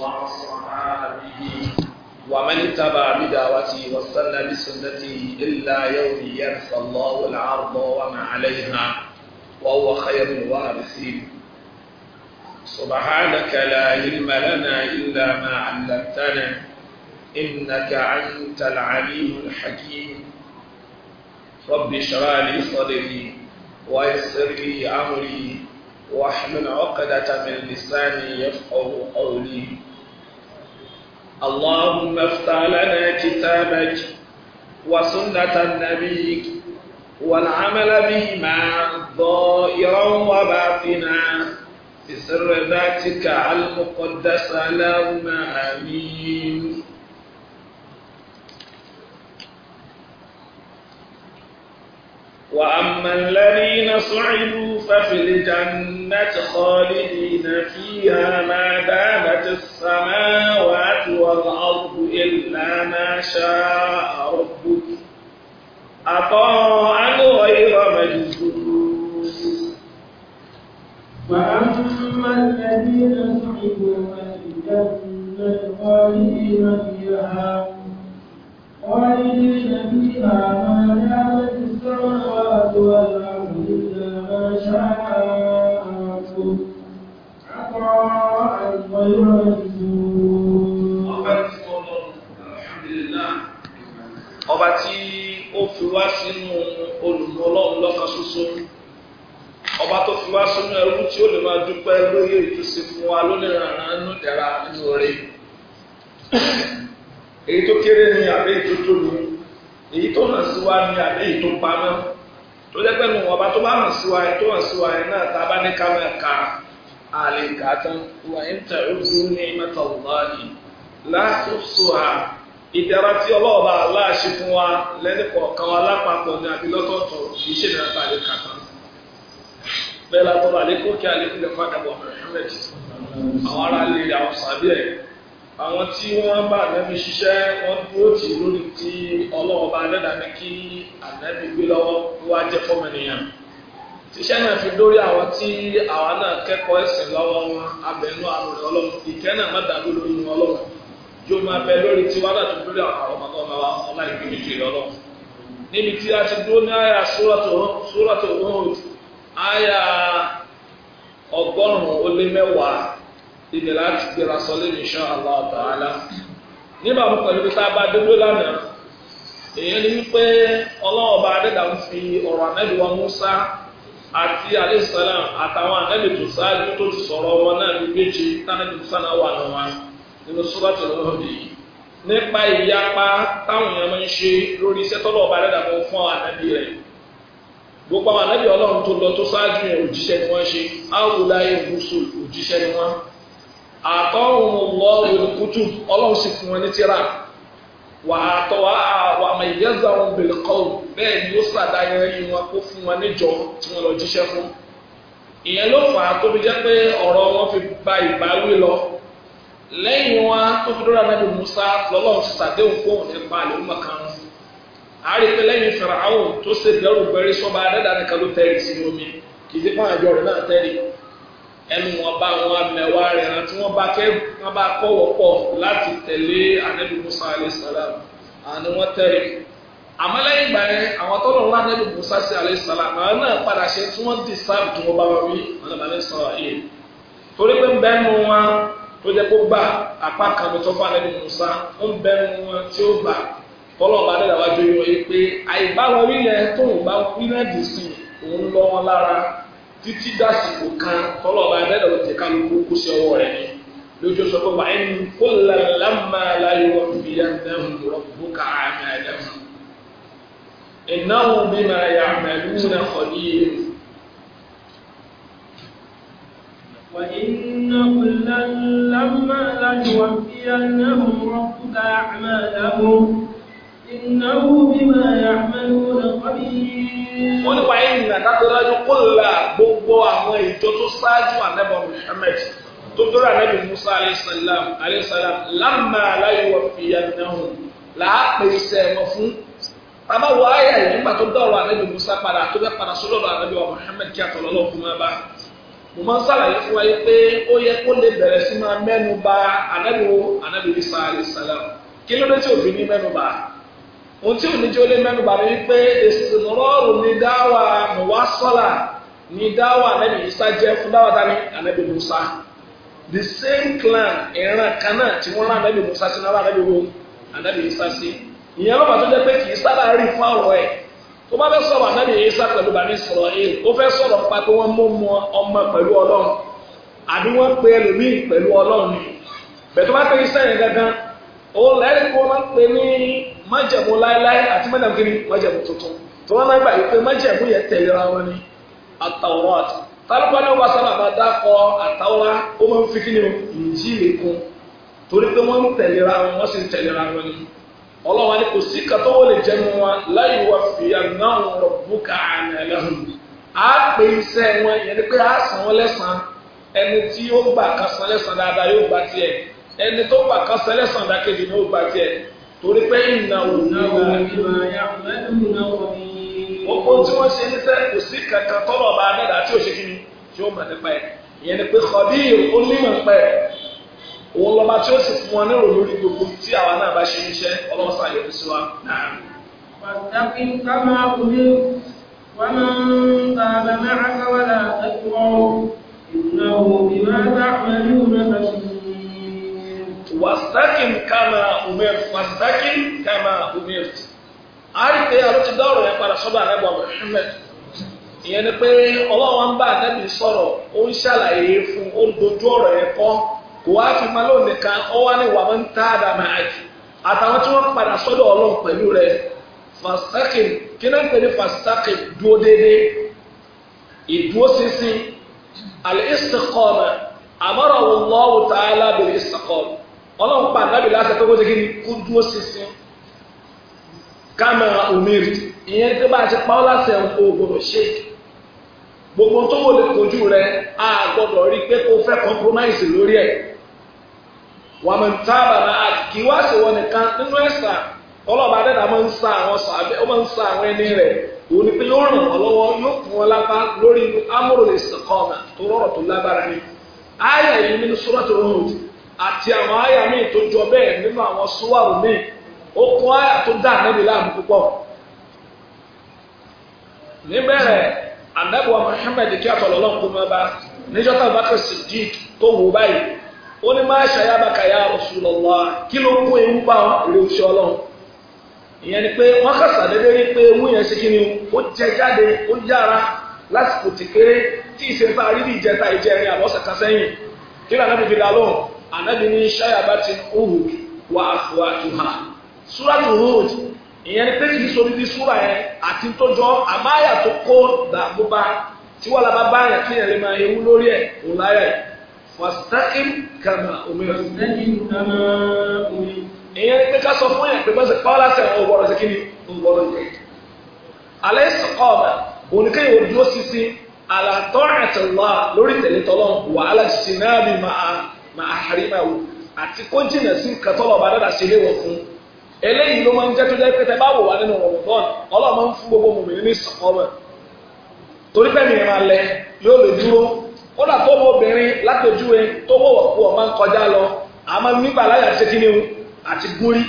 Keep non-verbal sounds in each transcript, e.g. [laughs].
وأصحابه ومن اتبع بدعوته وصلى بسنته إلا يوم يرفع الله العرض وما عليها وهو خير الوارثين سبحانك لا علم لنا إلا ما علمتنا إنك أنت العليم الحكيم رب اشرح لي صدري ويسر لي أمري واحمل عقدة من لساني يفقه قولي اللهم افتح لنا كتابك وسنة نبيك والعمل بهما ظاهرا وباطنا بسر ذاتك المقدس اللهم امين وأما الذين صعدوا ففي الجنة خالدين فيها ما دامت السماوات والأرض إلا ما شاء ربك عطاء غير مجدود وأما الذين صعدوا ففي الجنة خالدين فيها خالدين فيها ما دامت السماوات والأرض إلا ما شاء ربك عطاء غير مجزوم ọba tí ó fi wá sínú olùmọ̀ Ọlọ́run lọ́kan ṣoṣo ọba tó fi wá sínú ẹrú tí ó lè máa dúpẹ́ lóye ìtúsí fún wa lónìrànà nínú ìdára nínú rẹ̀ èyí tó kéré ni àbí èyí tó èyí tó hàn sí wa ni àbí èyí tó pamọ́ tó dẹ́pẹ́ nu ọba tó bá hàn sí wa yẹn tó hàn sí wa yẹn náà tá a bá ní ká máa ka àlè kà tán wà ń tẹ̀ ó ní mẹ́ta lọ́ọ̀lì látúnṣu à ìdára tí ọlọ́ọ̀bá aláàṣẹ fún wa lẹ́nu kọ̀ọ̀kan wa lápapọ̀ ní àbí kì í ṣe ìdára tá a lè kà tán bẹ́ẹ̀ látọ̀rọ̀ àlékún kí àlékún lè padà bọ̀ mẹ́rẹ̀ẹ́rẹ́ àwọn ará lè àwọn sàbí ẹ̀ àwọn tí wọ́n bá ànábì ṣiṣẹ́ wọ́n dúró tì lórí tí ọlọ́wọ́ bá kí gbé lọ́wọ́ jẹ́ fọ́mọnìyàn tíṣẹ́ náà fi dórí àwọn tí àwa náà kẹ́kọ̀ọ́ ẹ̀sìn lọ́wọ́ wọn abẹ́nú ọlọ́run ìkẹ́ náà má dàbí lórí wọn ọlọ́run yóò máa bẹ lórí ibẹ̀ láti gbéra sọlé ní insha Allah ta'ala níbàámu pẹ̀lú bí tá a bá dégbé lánàá èyí ni wípé ọlọ́wọ́ bá adéda ń fi ọ̀rọ̀ anábì wa Musa àti aleyhisselam àtàwọn anábì tó sáájú tó ti sọ̀rọ̀ wọn náà ní méje tánàbì Musa náà wà náà wá nínú sọ́dọ̀tì lọ́wọ́ yìí nípa ìyapa táwọn èèyàn máa ń ṣe lórí iṣẹ́ tọ́lọ́ ọba adéda fún anábì rẹ̀ gbogbo àwọn anábì ọlọ́run tó lọ tó sáájú yẹn òjíṣẹ́ ni wọ́n ṣe áwòláyé òjíṣẹ́ ni wọ́n àtọ́ òmùlọ́ olùkútù ọlọ́run sì fún wọn ní tíra wà àtọ́ wà àmà ìyẹ́zà wọn bèrè kọ́ọ̀ bẹ́ẹ̀ ni ó sàdáyẹ yìí wọn kó fún wọn níjọ tí wọn lọ jíṣẹ́ fún ìyẹn ló fà á tóbi jẹ́ pé ọ̀rọ̀ wọn fi ba ìbáwí lọ lẹ́yìn wọn tó fi Musa lọ́lọ́run nípa kan ẹnu wọn bá wọn amẹwàá rẹ̀ hàn tí wọ́n bá kẹ́ wọ́n bá kọ́wọ́ pọ̀ láti tẹ̀lé anabi musa alayhi salam àni wọ́n tẹ̀lé àmọ́ lẹ́yìn ìgbà yẹn àwọn tó lọ́wọ́ anabi musa sí alayhi salam àwọn náà padà ṣe tí wọ́n ti sáà tí wọ́n bá wà wí wọn náà sọ yìí torí pé ń bẹ́ tó jẹ́ kó gbà apá kan tó fún anabi musa ń bẹ́ nu tí ó gbà tọ́lọ́ọ̀bá dẹ́dàwájú yìí wọ́n yìí pé àìbáwọ̀ wílẹ̀ tó ń bá wílẹ̀ dì sí òun lọ́wọ́ lára títí dásìkò kan tọ́lọ́ba ẹ̀dẹ́dẹ̀ ló ti kálukú kó sí ọwọ́ rẹ̀ ni lójú sọ pé wà á ń kó lálámà láyé wọn fi yá dáhùn ká àmì àdáhùn. ìnáwó mi máa yà àmàlú náà kọ̀ ní iye. لما ليوفينهم ربك أعمالهم إنه بما يعملون خبير wọ́n ní wáyé nà dákúrájú kó la gbogbo àwọn ìjọ tó ṣáájú ànábà Muhammad tó dúró ànábì Musa aleyhisalaam aleyhisalaam lámà aláyíwá fìyà náà làápè iṣẹ́ ẹ̀mọ́ fún bàbá wo ayé yìí nígbà tó dọ̀rọ̀ ànábì Musa padà tó fẹ́ padà sọ́dọ̀ ànábì wa Muhammad kí àtọ̀lọ́lọ́ fún wa bá mo máa ń sàlàyé fún wa yìí pé ó yẹ kó lè bẹ̀rẹ̀ sí máa mẹ́nu bà ànábì wo ànábì kí ló dé tí òbí ní mẹ́nu bà ohun tí òní jẹ́ ó lé mẹ́nu bàbá yìí pé èsì rọrùn ní dáwà mọ̀wásọ́là ní dáwà ànábì Ìsá jẹ́ fún dáwà dání ànábì Mùsá the same clan ìran kan náà tí wọ́n rán ànábì Mùsá sí náà ànábì wo ànábì Ìsá sí ìyẹn lọ́pàá tó jẹ́ pé kì í sábà rí fún ọ̀rọ̀ ẹ̀ tó bá fẹ́ sọ̀rọ̀ ànábì Ìsá pẹ̀lú bàbá sọ̀rọ̀ ẹ̀ ó fẹ́ sọ̀rọ̀ pa pé wọ́n mú ọmọ pẹ̀lú Ọlọ́run àbí wọ́n pé májẹ̀mú láéláé àti májẹ̀mú kiri májẹ̀mú tuntun tó wọn náà gbà yìí pé májẹ̀mú yẹn tẹ̀léra wọn ni àtàwọn àti tálùkọ́ ní ọba sábà máa dákọ àtàwọn ó máa ń fi kíni ìjìnlẹ̀ kún torí pé wọ́n ń tẹ̀léra wọn wọ́n sì ń tẹ̀léra wọn ni ọlọ́wọ́n ni kò sí kàtọ́wọ́ lè jẹnu wọn láyé wà fìyà náà rọ̀ bùkà ẹni tí ó gbà kásán lẹ́sàn dáadáa yóò gbà tiẹ̀ ẹni tó gbà kásán lẹ́sàn dákejì ni gbà tiẹ̀ torí pé ìnáwó náà ìmọ̀ ẹ̀yà mẹ́rin náà wọ̀ ní. gbogbo tí wọ́n ṣe níṣẹ́ kò sí kankan tọ́lọ̀ ọba adẹ́dà tí ò ṣe kí ni tí ó mọ̀ nípa ẹ̀ ìyẹn ni pé kọ̀bí onímọ̀ pẹ̀ òun lọ́ba tí ó sì fún wọn nírò lórí gbogbo tí àwa náà bá ṣe níṣẹ́ ọlọ́sàn yóò sí wa náà. pàtàkì ká máa kú ní wọ́n máa ń ta àbẹ̀mẹ́ àkàwọ́lá ẹ̀kọ́ ìnáwó ìmọ̀ ẹ̀dá àmẹ́lú rẹ̀ bẹ̀rẹ̀ wàstákìm kama umar wàstákìm kama umar a rí pé àlọ́tí dọ́rọ̀ yẹn padà sọ́dọ̀ àrẹ́bọ̀ Muhammad ìyẹn ni pé ọlọ́wọ́n ń bá ànábì sọ̀rọ̀ ó ń ṣàlàyé fún ó dojú ọ̀rọ̀ yẹn kọ́ kò wá fi máa lónìí kan ó wá ní wàmọ́ ń tá àdàmà àjì àtàwọn tí wọ́n padà sọ́dọ̀ ọlọ́run pẹ̀lú rẹ̀ fàstákìm kí náà ń pè ní fàstákìm dúó déédéé ìdúó ṣinṣin al-istiqama amarahu Allahu ta'ala bil-istiqama ọlọ́run pa ànábì láṣẹ tó kóse kíni kó dúró sísìn kámẹ́ òmìnirí ìyẹn tó bá ti pa ọ́ láṣẹ o gbọ́dọ̀ ṣe gbogbo tó wò lè kojú rẹ a gbọ́dọ̀ rí pé kó fẹ́ compromise lórí ẹ̀ wà mí tábà náà kì í wá sí wọn nìkan nínú ẹ̀sà ọlọ́ọ̀bá dẹ́dà máa ń sa àwọn sàbẹ̀ ó máa ń sa àwọn ẹni rẹ̀ òun ni pé yóò ràn ọ́ lọ́wọ́ yóò kún ọ lápá lórí amúrò lè tó rọrọ̀ tó lágbára ni. àti àwọn àyà míì tó jọ bẹ́ẹ̀ nínú àwọn súwárù míì ó kún àyà tó dà níbi láàmú púpọ̀ níbẹ̀rẹ̀ anábọ̀ Muhammad kí àtọ̀lọ́lọ́n kó máa bá níjọ́ tá Abubakar Siddiq tó wò báyìí ó ní má ya Rasulullah kí ló kó ewu bá ilé ọlọ́run ìyẹn ni pé wọ́n kà sàdédé rí pé ewu yẹn ṣe kí ni ó jẹ jáde ó yára lásìkò tìkéré tí ìṣèlú bá rí ní anabi ní ṣáyàbátì uhud wà àfùwà ìhà súrátù uhud ìyẹn ní pẹ́ẹ́tì sọ ní ti súra yẹn àti tójọ́ àmáyà tó kó dàgbóbá tí wàhálà bá bá yẹn kí yẹn lè máa ewu lórí ẹ̀ òun láyà ẹ̀ fàstákìm kàmà omiyọ̀. ìyẹn ní pé ká sọ fún yẹn pé bá ṣe pa ọ́ láti ẹ̀ ọ̀ gbọ́dọ̀ alẹ́ sọ̀kọ́ ọ̀mà oníkẹ́yìn ojú ó sisi àtẹ̀wá lórí tẹ̀lé tọ́lọ́ wàhálà ṣìnáàbì máa mà àhàrímà wò ati kó jìnà sí nǹkan tọ́lọ̀ ọba dáadáa ṣe léwọ̀ fún eléyìí ló máa ń jẹ́ tó jẹ́ pé tẹ bá wò wá nínú Ramadan Ọlọ́run máa ń fún gbogbo mòmìnir ní sọ̀kọ́mọ̀ torí pé mi máa lẹ yóò lè dúró ó dà tó obìnrin látòjúwe tó wọ̀ wọ̀ kú ọ̀ máa ń kọjá lọ àmọ́ nígbà láyà ṣe kí ni o àti gúrí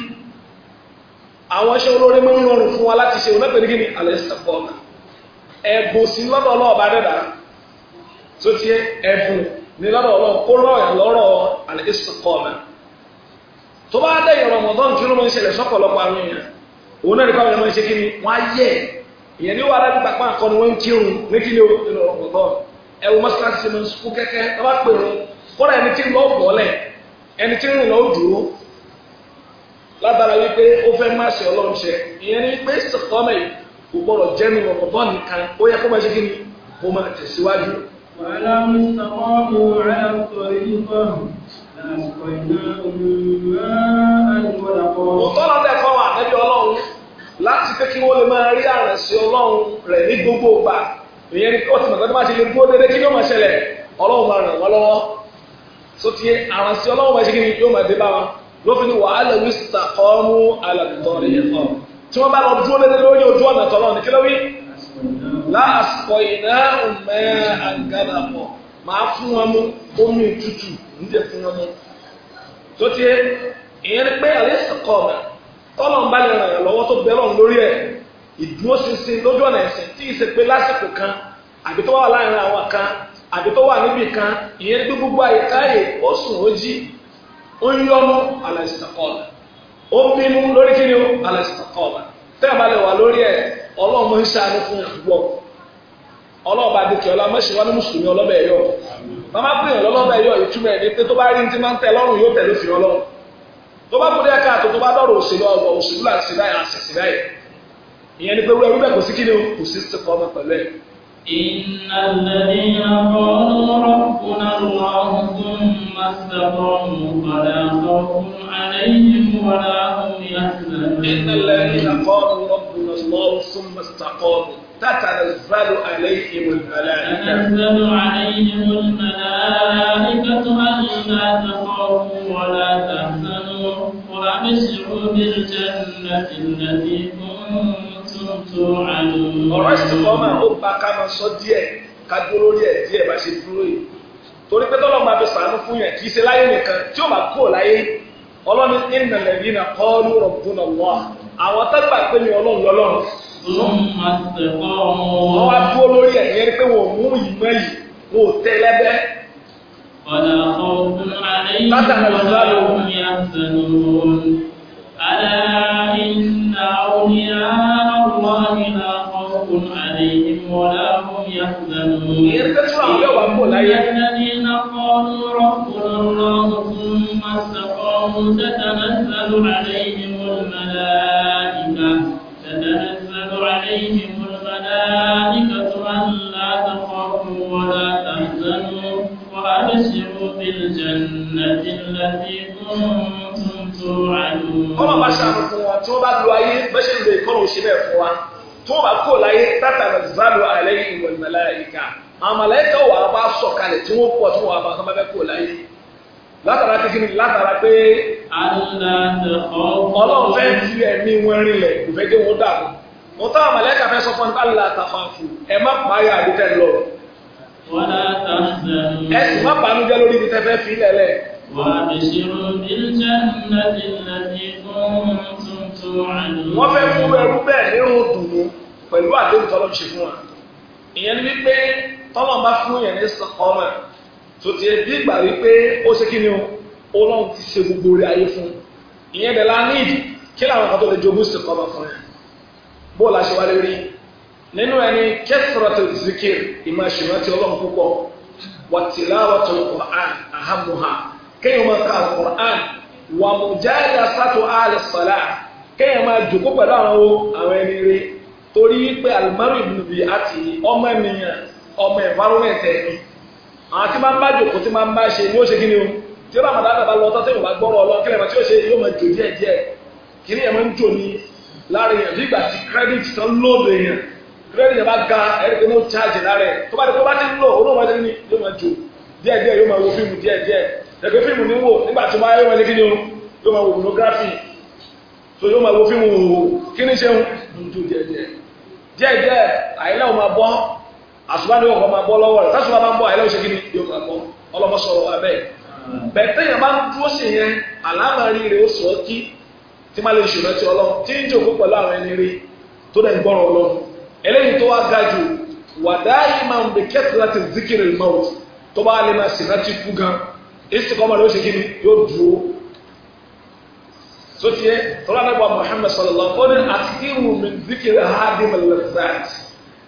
àwọn iṣẹ́ olóore máa ń rọrùn fún wa láti ṣe onápẹ̀ ní kíni alẹ́ sọ̀kọ́mọ̀ ẹ̀bùn sí lọ́dọ̀ ọlọ́ọ̀bá dẹ́dà tó ti ní lọ́rọ̀ ọlọ́run kó rọ̀yà lọ́rọ̀ al-istiqama tó bá dé ìrọ̀ mọ̀tọ́ tí ó mọ̀ ń ṣẹlẹ̀ sọ́pọ̀lọpọ̀ àwọn èèyàn òun náà ní káwọn èèyàn ṣe kí ni wọ́n á yẹ ìyẹn ní wàá rẹ̀ nípa pa àkọ́ni wọ́n ń kírun ní kí ni ó ní ọ̀rọ̀ mọ̀tọ́ ẹ wo mọ́sálásí ṣe máa ń sukú kẹ́kẹ́ ẹ bá pè wọn kọ́ra ẹni tí ń lọ bọ́ọ̀lẹ̀ ẹni tí ń rìn ولو استقاموا على الطريقة Òtọ́lá dẹ̀ fọ́ wọn ànábì ọlọ́run láti pé kí wọ́n lè máa rí àrànṣe ọlọ́run rẹ̀ ní gbogbo ìgbà. Ìyẹn ni ó ti mọ̀ tọ́jú máa ṣe lè dúró dédé kí ló máa ṣẹlẹ̀ ọlọ́run máa ràn wọ́n lọ́wọ́. Sotí àrànṣe ọlọ́run máa ṣe kí ni yóò máa dé bá wọn. Ló fi ní wàhálà wí sàkọ́mú alàdùtọ̀ rẹ̀ yẹn fún Tí wọ́n bá lọ dúró dédé lórí ojú ọ̀nà tọ́lọ́run láàsìkò iná ọmọ àgàdà pọ̀ máa fún wọn mú omi tútù níjẹ fún wọn mú tó ti ìyẹn pé àlẹ́sìkò ọ̀nà tọ́lọ̀ ń bá lè ràn lọ́wọ́ tó bẹ́ẹ̀ lọ́n lórí ẹ̀ ìdúróṣinṣin lójú ọ̀nà ẹ̀sìn tí kan àbí tó wà láàrin kan àbí tó wà kan ìyẹn gbogbo ó sùn ó jí ó ń yọnu ó bínú lórí ó bá ọlọ́ọ̀bá adékè ọlá mọ́ṣẹ́ wá ní mùsùlùmí ọlọ́bẹ̀ ẹ̀yọ́ màmá pèèyàn lọ́lọ́bẹ̀ ẹ̀yọ́ ìtumọ̀ ẹ̀ ní pé tó bá rí ti máa ń tẹ lọ́rùn yóò tẹ̀lé fi ọlọ́run tó bá kúrẹ́ káàtó tó bá dọ̀rọ̀ òṣèlú ọgbọ̀ òṣèlú láti ṣe báyìí ìyẹn ni pé wúlò تتنزل عليهم الملائكة تنزل عليهم الملائكة ألا تخافوا ولا تحزنوا وأبشروا بالجنة التي كنتم توعدون ọ̀rọ̀ ìsìnkọ́mà ó gba ká máa sọ díẹ̀ ká dúró rí ẹ̀ díẹ̀ bá ṣe dúró yìí torí pé tọ́lọ́ máa fi sàánú fún yẹn kì í ṣe láyé nìkan tí ó máa kú ò láyé ọlọ́ni ìnàlẹ́yìn náà kọ́ ló rọ̀ dúnà wá àwọn tágbà pé ní ọlọ́run lọ́lọ́run wọ́n wá dúró lórí ẹ̀ yẹn pé wọ́n mú ìmọ̀ yìí wọ́n ò tẹ́ lẹ́bẹ́. Látàrí ọ̀sán ló wù. ألا إن أولياء الله لا خوف عليهم ولا هم يحزنون الذين قالوا ربنا الله ثم استقاموا تتنزل عليهم màláíkà wà á bá sọ̀kalẹ̀ tí wọ́n pọ̀ tí wọ́n bá kọ́ bá bẹ́ kú láyé látara ti kiri látara pé ọlọ́run fẹ́ fi ẹ̀mí wọn rinlẹ̀ kò fẹ́ kí wọ́n dàrú mo tá màláíkà fẹ́ sọ fún mi kálí láta fa fún ẹ má pààyà àdúgbò lọ. ẹ sì má bànújẹ́ lórí ibi tẹ́ fẹ́ fi lẹ́lẹ̀. wọ́n fẹ́ fún ẹrú bẹ́ẹ̀ nírun dùnú pẹ̀lú àdéhùn tọ́lọ́ ṣe wa ìyẹn ni wípé tọ́lọ́n bá fún yẹn ní ọmọ tó ti ẹ bí gbà wípé ó ṣe kí ni o ọlọ́run ti ṣe gbogbo orí ayé fún ìyẹn dẹ̀ la need kí làwọn kan tó lè jogún sí ọmọ fún yẹn bó la ṣe wá lórí nínú ẹni kẹsìrọ̀tì zikir ìmọ̀ ìṣèrántí ọlọ́run púpọ̀ wàtìláwàtò Qur'an ahamuha kéèyàn máa ka Qur'an wà mùjáàdà sátò àlẹ sọlá kéèyàn máa jòkó pẹ̀lú àwọn àwọn ẹni rẹ torí pé alimari ibùdó àti ọmọ ènìyàn ọmọ environment ẹ̀yìn àwọn tí máa ń bá jòkó tí máa ń bá ṣe ni ó ṣe kí ni o tí ó bá màdá bàbá lọ tọ́tẹ́ ìwà gbọ́rọ̀ ọlọ́kẹ́lẹ̀ mà tí ó ṣe yóò máa jò díẹ̀ díẹ̀ kí ni ẹ̀ máa ń jò ní láàrin yẹn bí ìgbà tí credit tán lóòdù èèyàn credit yẹn bá ga ẹ̀rí pé mo charge lára ẹ̀ tó bá di pé bá ti ń lò ó náà máa ti ní yóò máa jò díẹ̀ díẹ̀ yóò máa wo fíìmù díẹ̀ díẹ̀ ẹ̀gbẹ́ fíìmù ní wò nígbà tí wọ́n á yóò máa ní kí ni o yóò máa wo pornography so yóò máa wo fíìmù wò kí ni ṣe àṣùbá ni ọkọ̀ máa bọ́ lọ́wọ́ rẹ̀ táṣùbá máa ń bọ́ àìlẹ́ òṣèkí ni yóò máa bọ́ ọlọ́mọ sọ̀rọ̀ wa bẹ́ẹ̀ bẹ̀tẹ̀ yẹn bá ń dúró sí yẹn àlámàrí rẹ̀ ó sọ kí tí má lè ṣòro ti ọlọ́run tí ń jòkó pẹ̀lú àwọn ẹni rí tó dẹ̀ ń gbọ́rọ̀ ọlọ́run eléyìí tó wá ga jù wàdá yìí máa ń láti zikiri mouth tó bá lè máa sì láti kú gan istikọ́mọ̀ ló ṣe kí ni yóò dúró tó tọ́lá nàgbà Muhammad sallallahu alaihi wa sallam ó ní àti irun mi zikiri hadi malalat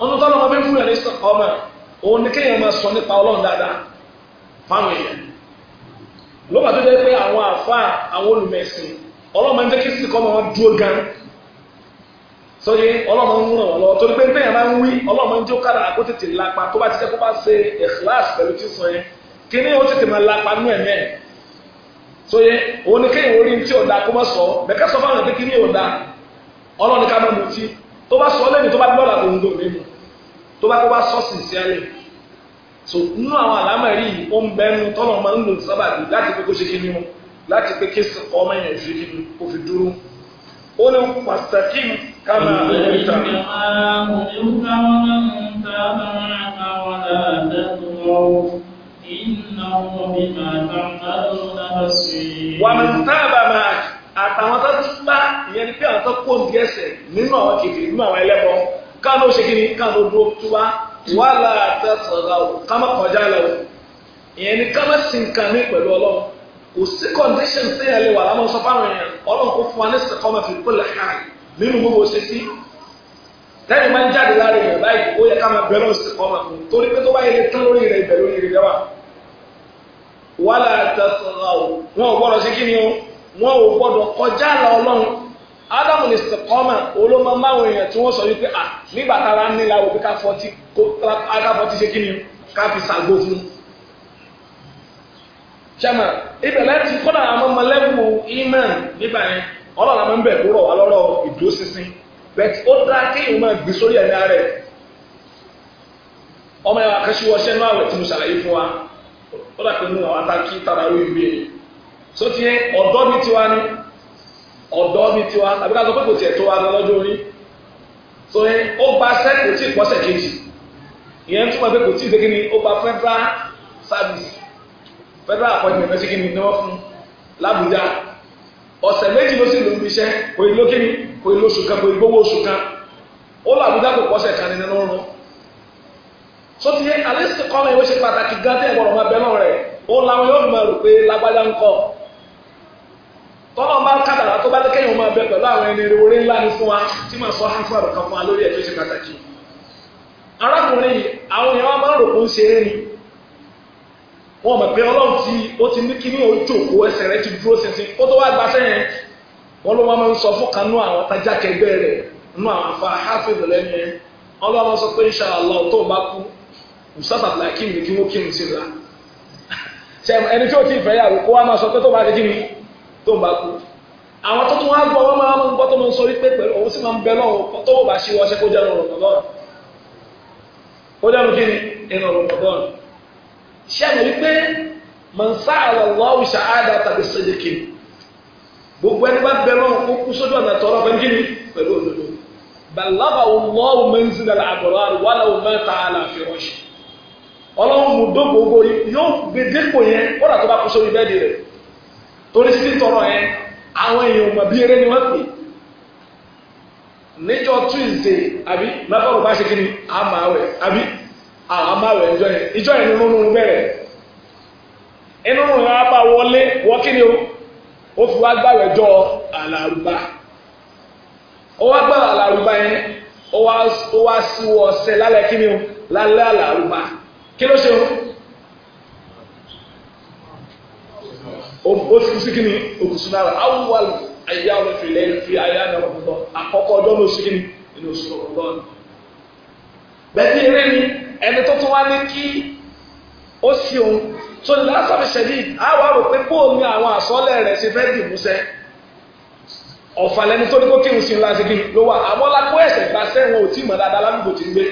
ọdún tọ́lọ́ ọmọ bẹ́ẹ̀ fún yàrá ìsọ̀ ọmọ òun ní kéèyàn máa sọ nípa ọlọ́run dáadáa fáwọn èèyàn lọ́wọ́ tó jẹ́ pé àwọn àfáà àwọn olùmẹ̀sìn ọlọ́run máa ń jẹ́ kí sì kọ́ ọmọ wọn dúró gan sọyẹ ọlọ́run ń ràn wọ́n lọ torí pé bẹ́ẹ̀ máa ń wí ọlọ́run máa ń jó kára àkó tètè lápá tó bá ti jẹ́ kó bá ṣe ẹ̀kíláàsì pẹ̀lú tí sọ yẹn kí ni ó tètè máa lápá nú ẹ̀mẹ́ sọyẹ òun ni kéèyàn orí tí ò da kó má sọ bẹ́ẹ̀ ká sọ fáwọn ẹ̀kẹ́ kí ni ò da ọlọ́run ká má mutí tó bá sọ lẹ́nu tó bá lọ́la tó ń dò lẹ́nu tó bá tó bá sọ sì sí ẹlẹ́ so nínú àwọn àlámẹ̀rí ó ń bẹnu tọ́nà máa ń lò sábà bí láti pé kó ṣe kí ni o láti pé kí ọmọ yẹn ṣe kí ni kó fi dúró ó ní pàtàkì kánà ẹ̀ríta. wàmí tábà àtàwọn tó ti bá ìyẹn ni pé àwọn tó kó ní ẹsẹ̀ nínú àwọn kìkì nínú àwọn ẹlẹ́bọ káwọn ó ṣe kí ni káwọn ó dúró tú wá wà látàtàrà o káwọn kọjá lọ o ìyẹn ni káwọn sì ń kàn pẹ̀lú ọlọ́run kò sí condition tí ẹ lè wà láwọn sọ fáwọn èèyàn ọlọ́run kò fún wa ní sèkọ́mọ̀ fi kó lè hàn nínú gbogbo ṣe sí lẹ́yìn máa ń jáde lára èèyàn báyìí ó yẹ ká máa bẹ̀rẹ̀ sèkọ́mọ̀ fún torí pé tó bá yẹ tán lórí rẹ̀ ìbẹ̀ lórí rẹ̀ wà wàhálà tẹ̀sán wọn ò gbọ́dọ̀ sí kí ni o wọn ò gbọ́dọ̀ kọjá lọ ọlọ́run ádámù ní sèkọ́mà olóma máwọn èèyàn tí wọ́n sọ wípé a nígbà tára nílá wo pé ká fọtí kó ká fọtí ṣe kí ni ká fi ṣàgbó fún un. sẹ́mà ìbẹ̀lẹ̀ ti kọ́nà àwọn ọmọlẹ́wù imán nígbà yẹn ọlọ́run àwọn bẹ̀ kúrò wà lọ́rọ̀ ìdúró sísìn bẹ́ẹ̀ ó dá kéèyàn máa gbé sórí ẹ̀dá rẹ̀ ọmọ ẹ̀wà kẹ́síwọ́sẹ́ náà wẹ̀ tí mo ṣàlàyé fún wa ó dà pé nínú àwọn atákí tàràwé ìwé yẹn sótìyẹn ọ̀dọ́ ní tiwa ni ọ̀dọ́ bíi tiwa àbí ká sọ pé kò tiẹ̀ tó wa gan lọ́jọ́ orí so ó gba sẹ́ kò tí ì pọ́sẹ̀ kejì ìyẹn túmọ̀ pé kò tí ì ṣe kíni ó gba federal service federal appointment ẹ̀ ṣe kíni ni wọ́n fún l'Abuja ọ̀sẹ̀ méjì ló sì lò ń bí iṣẹ́ kò ì ló kíni kò ì lóṣù kan kò ì gbówó oṣù kan ó lọ Àbújá kò pọ́sẹ̀ kan nínú ọ̀run so ti yẹ alẹ́ sọ́kọ́ mi ìwé ṣe pàtàkì gan tẹ́ ẹ̀gbọ́n ọ̀rọ̀ máa tọ́lọ́ bá kàtàkà tó bá dé kéèyàn máa bẹ pẹ̀lú àwọn ẹni rere orí ńlá ni fún wa tí sọ hàn fún àbùkà fún wa lórí ṣe pàtàkì. arákùnrin yìí àwọn èèyàn wa ni wọn mọ̀ pé ọlọ́run tí ó ti ní kíní òjòkó ẹsẹ̀ rẹ ti dúró ṣinṣin ó tó wá gba sẹ́yìn wọn ló máa ń sọ fún kanú àwọn tajà kẹgbẹ́ rẹ̀ nú àwọn afa [laughs] tó ń bá kú àwọn tó tún wá gbọ́ wọ́n máa ń gbọ́ tó máa ń sọ wípé pẹ̀lú òun sì máa ń bẹ lọ́wọ́ tó wò bá ṣe wọṣẹ́ kó jẹ́nu rọ̀mọ̀dọ́n kó jẹ́nu kí ni inú rọ̀mọ̀dọ́n ṣé àmì wípé mọ̀nsá àlọ́lọ́ ìṣàádá tàbí sẹ́dẹ̀kì gbogbo ẹni bá bẹ lọ́wọ́ kó kú sójú ọ̀nà tọ́lọ́ pẹ̀lú kí ni pẹ̀lú òdodo bàlábà ọlọ́wọ́ mẹ́nsìlẹ̀ àbọ̀rọ̀ wàláwọ̀ mẹ́ta àlàáfíà torí sí tọrọ yẹn àwọn èèyàn mọ̀ eré ni wọ́n pè níjọ́ Tuesday àbí mẹ́fọ́rù bá ṣe kíni àmàwẹ̀ àbí àmàwẹ̀ ìjọ yẹn ìjọ yẹn ni nínú bẹ̀rẹ̀ inú rẹ̀ á bá wọlé wọ́ kíni o ó fi wá gbàwẹ̀ jọ àlàrúbá ó wá gbàwẹ̀ àlàrúbá yẹn ó wá síwọ́ ọ̀sẹ̀ lálẹ́ kíni o lálẹ́ àlàrúbá kí ló ṣe o. ó ti sí kíni òkùsùn náà awúwàlù ayé àwọn ìfìlẹ̀ fi ayé àwọn ọ̀pọ̀lọpọ̀ àkọ́kọ́ ọjọ́ ló sí kíni inú oṣù ọ̀pọ̀lọpọ̀ bẹ́ẹ̀ni eré ni ẹni tó tún wá ní kí ó sí òun tó ní lásàbí ṣẹ̀dí àwọn àrò pé bóò ní àwọn àsọ́lẹ̀ rẹ̀ ṣe fẹ́ dì múṣẹ́ ọ̀fà lẹni tó ní kó kírun sí ńlá sí kí ló wà àmọ́lákó ẹ̀sẹ̀ gbàṣẹ́ wọn ò tí mọ̀ dáadáa lábúgbò tí ń gbé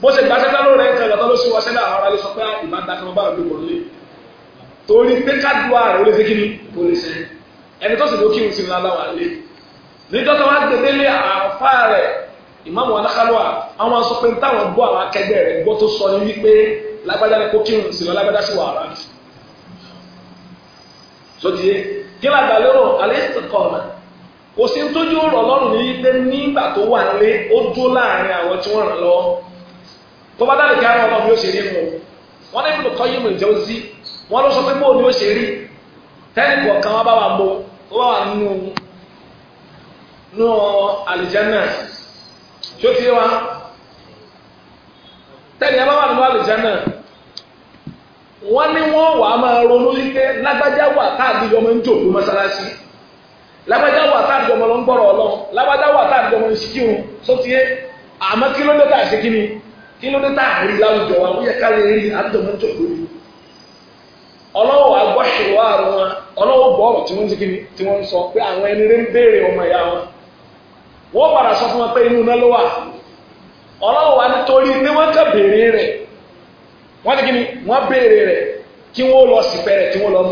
bó ṣe gbàṣẹ́ tá ló rẹ̀ ń kan ìgbà tó ló ṣe wọṣẹ́ náà àwọn ará sọ pé ah, ìbá ń wọn bá rẹ̀ torí pé kádùá rẹ̀ ó lè ṣe kíni kò lè ṣe ẹni tó sì ló kírun sí ńlá wà lé níjọ́ tó wá gbẹdẹ́lé àáfà rẹ̀ ìmáàmù alákàlùwà àwọn sọ pé táwọn gbọ́ àwọn akẹgbẹ́ rẹ̀ gbọ́ tó sọ ní wípé lágbájá ni kó kírun sí lọ lágbájá sí wàhálà sọdíye kí làgbà lérò alẹ́ ìtọ́kọ̀ọ̀nà kò sí tójú ọ̀rọ̀ lọ́rùn ní pé nígbà tó wà nílé ó dó láàrin àwọn tí wọ́n ràn lọ́wọ́ tó bá dáre wọ́n lọ sọ pé bóò ni ó ṣe rí tẹ́lẹ̀ kọ̀ọ̀kan wọn bá wà mọ́ ó bá wà nínú nínú àlìjẹ́nà tí ó ti wá tẹ́lẹ̀ ẹ bá wà nínú àlìjẹ́nà wọ́n ní wọ́n wà á máa ronú wípé lágbájá wà táàbí ọmọ ń jòkó mọ́sálásí lágbájá wà táàbí ọmọ ló ń gbọ́rọ̀ ọlọ́run lágbájá wà táàbí ọmọ ń ṣíkírun sótìyé àmọ́ kí ló dé ṣe kí ni kí ló dé rí láwùjọ wa ó yẹ ká lè rí àdúgbò mọ́ ń ọlọ́wọ́ agbọ́ṣòwò àrùn wọn ọlọ́wọ́ bọ́ ọ̀rọ̀ tí wọ́n ti kíni tí wọ́n ń sọ pé àwọn ẹni ń béèrè ọmọ ìyá wọn wọ́n padà sọ fún wọn pé inú iná ló wà ọlọ́wọ́ wa nítorí pé wọ́n rẹ̀ wọ́n ti wọ́n béèrè rẹ̀ kí wọ́n lọ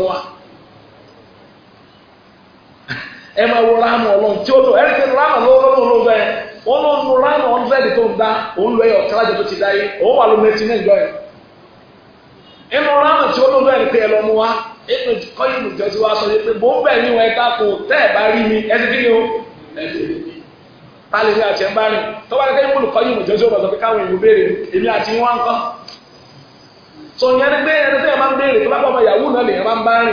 inú ránù tí ó lò bẹ́ẹ̀ ni pé ẹ lọ mú wa inú kọ́yìn ìjọ tí wàá sọ yìí pé mò ń bẹ̀ níwọ̀n ẹ̀ta kò tẹ́ ẹ̀ bá rí mi ẹ ti kíni o ẹ ti rí mi ta lè fi àti ẹ̀ bá rìn tó bá dẹ́kẹ́ ìmúlù kọ́yìn ìjọ tí ó bọ̀ sọ pé káwọn èèyàn béèrè èmi àti wọn kọ́ so ìyẹn ni pé ẹni tẹ́yẹ̀ máa ń béèrè tó bá bọ̀ ọmọ yahoo náà lèèyàn máa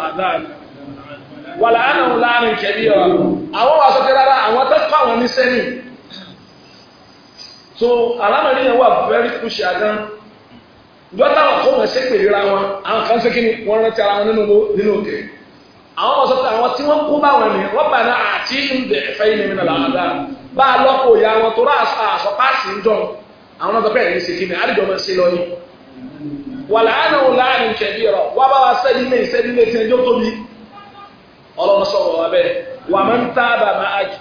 ń bá rìn wà láàánú láàánú kẹbí ọ̀rọ̀ àwọn wà sọ́kẹ́ rárá àwọn tó àwọn níṣẹ́ ni so alámọ̀rí yẹn wà very crucial gan dọ́tà wọn kó wọn ṣépè ríra wọn àwọn kan ṣe kí ni wọ́n rántí ara wọn nínú òkè àwọn wà sọ́kẹ́ àwọn tí wọ́n kó bá wọn ni wọ́n bá náà àti ìdè ẹ̀fẹ́ yìí nìmi nàlá àdá bá a lọ́kọ̀ òyà wọn tó rà àṣọ páàsì ń jọ àwọn ọ̀dọ́ bẹ́ẹ̀ ní ni àdìjọ máa ọlọ́run sọ̀rọ̀ wa bẹ́ẹ̀ wà máa ń tábà máa àjì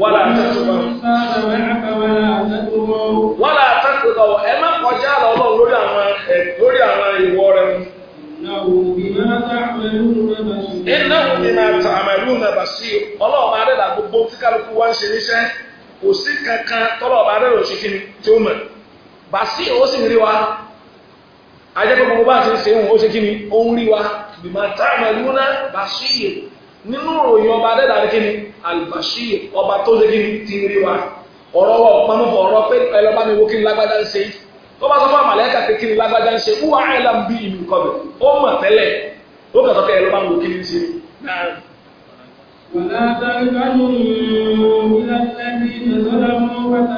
wàlà àtẹ́tùmọ̀ wàlà àtẹ́tùmọ̀ ẹ má kọjá àlọ́ ọlọ́run lórí àwọn lórí àwọn ìwọ rẹ mu. ìnáwó mi máa ta àmàlú náà bà sí ọlọ́run máa dẹ́dà gbogbo tí kálukú wá ń ṣe níṣẹ́ kò sí kankan tọ́lọ̀ máa dẹ́dà tí ó mọ̀ bà sí òun sì ń rí wa ajẹ́pẹ́ gbogbo bá ṣe ń ṣe òun ó ṣe kí ni ó ń rí wa bìmọ̀ táìmù ẹ̀lúná bàṣíyè nínú ìròyìn ọba adẹ́dà kí ni àlùbàṣíyè ọba tó ṣe kí ni ti ń rí wa ọ̀rọ̀ wa ọ̀pamọ́ fọ ọ̀rọ̀ pé ẹlọ́ba mi wo kí ni lágbájá ń ṣe tó bá sọ fún àmàlẹ́kà pé kí ni lágbájá ń ṣe wúwa àìlà ń bí ìlú kọbẹ̀ ó mọ̀ tẹ́lẹ̀ ó kà sọ́kẹ́ ẹlọ́ba mi wo kí ni ń ṣe ولا تركنوا إلى الذين ظلموا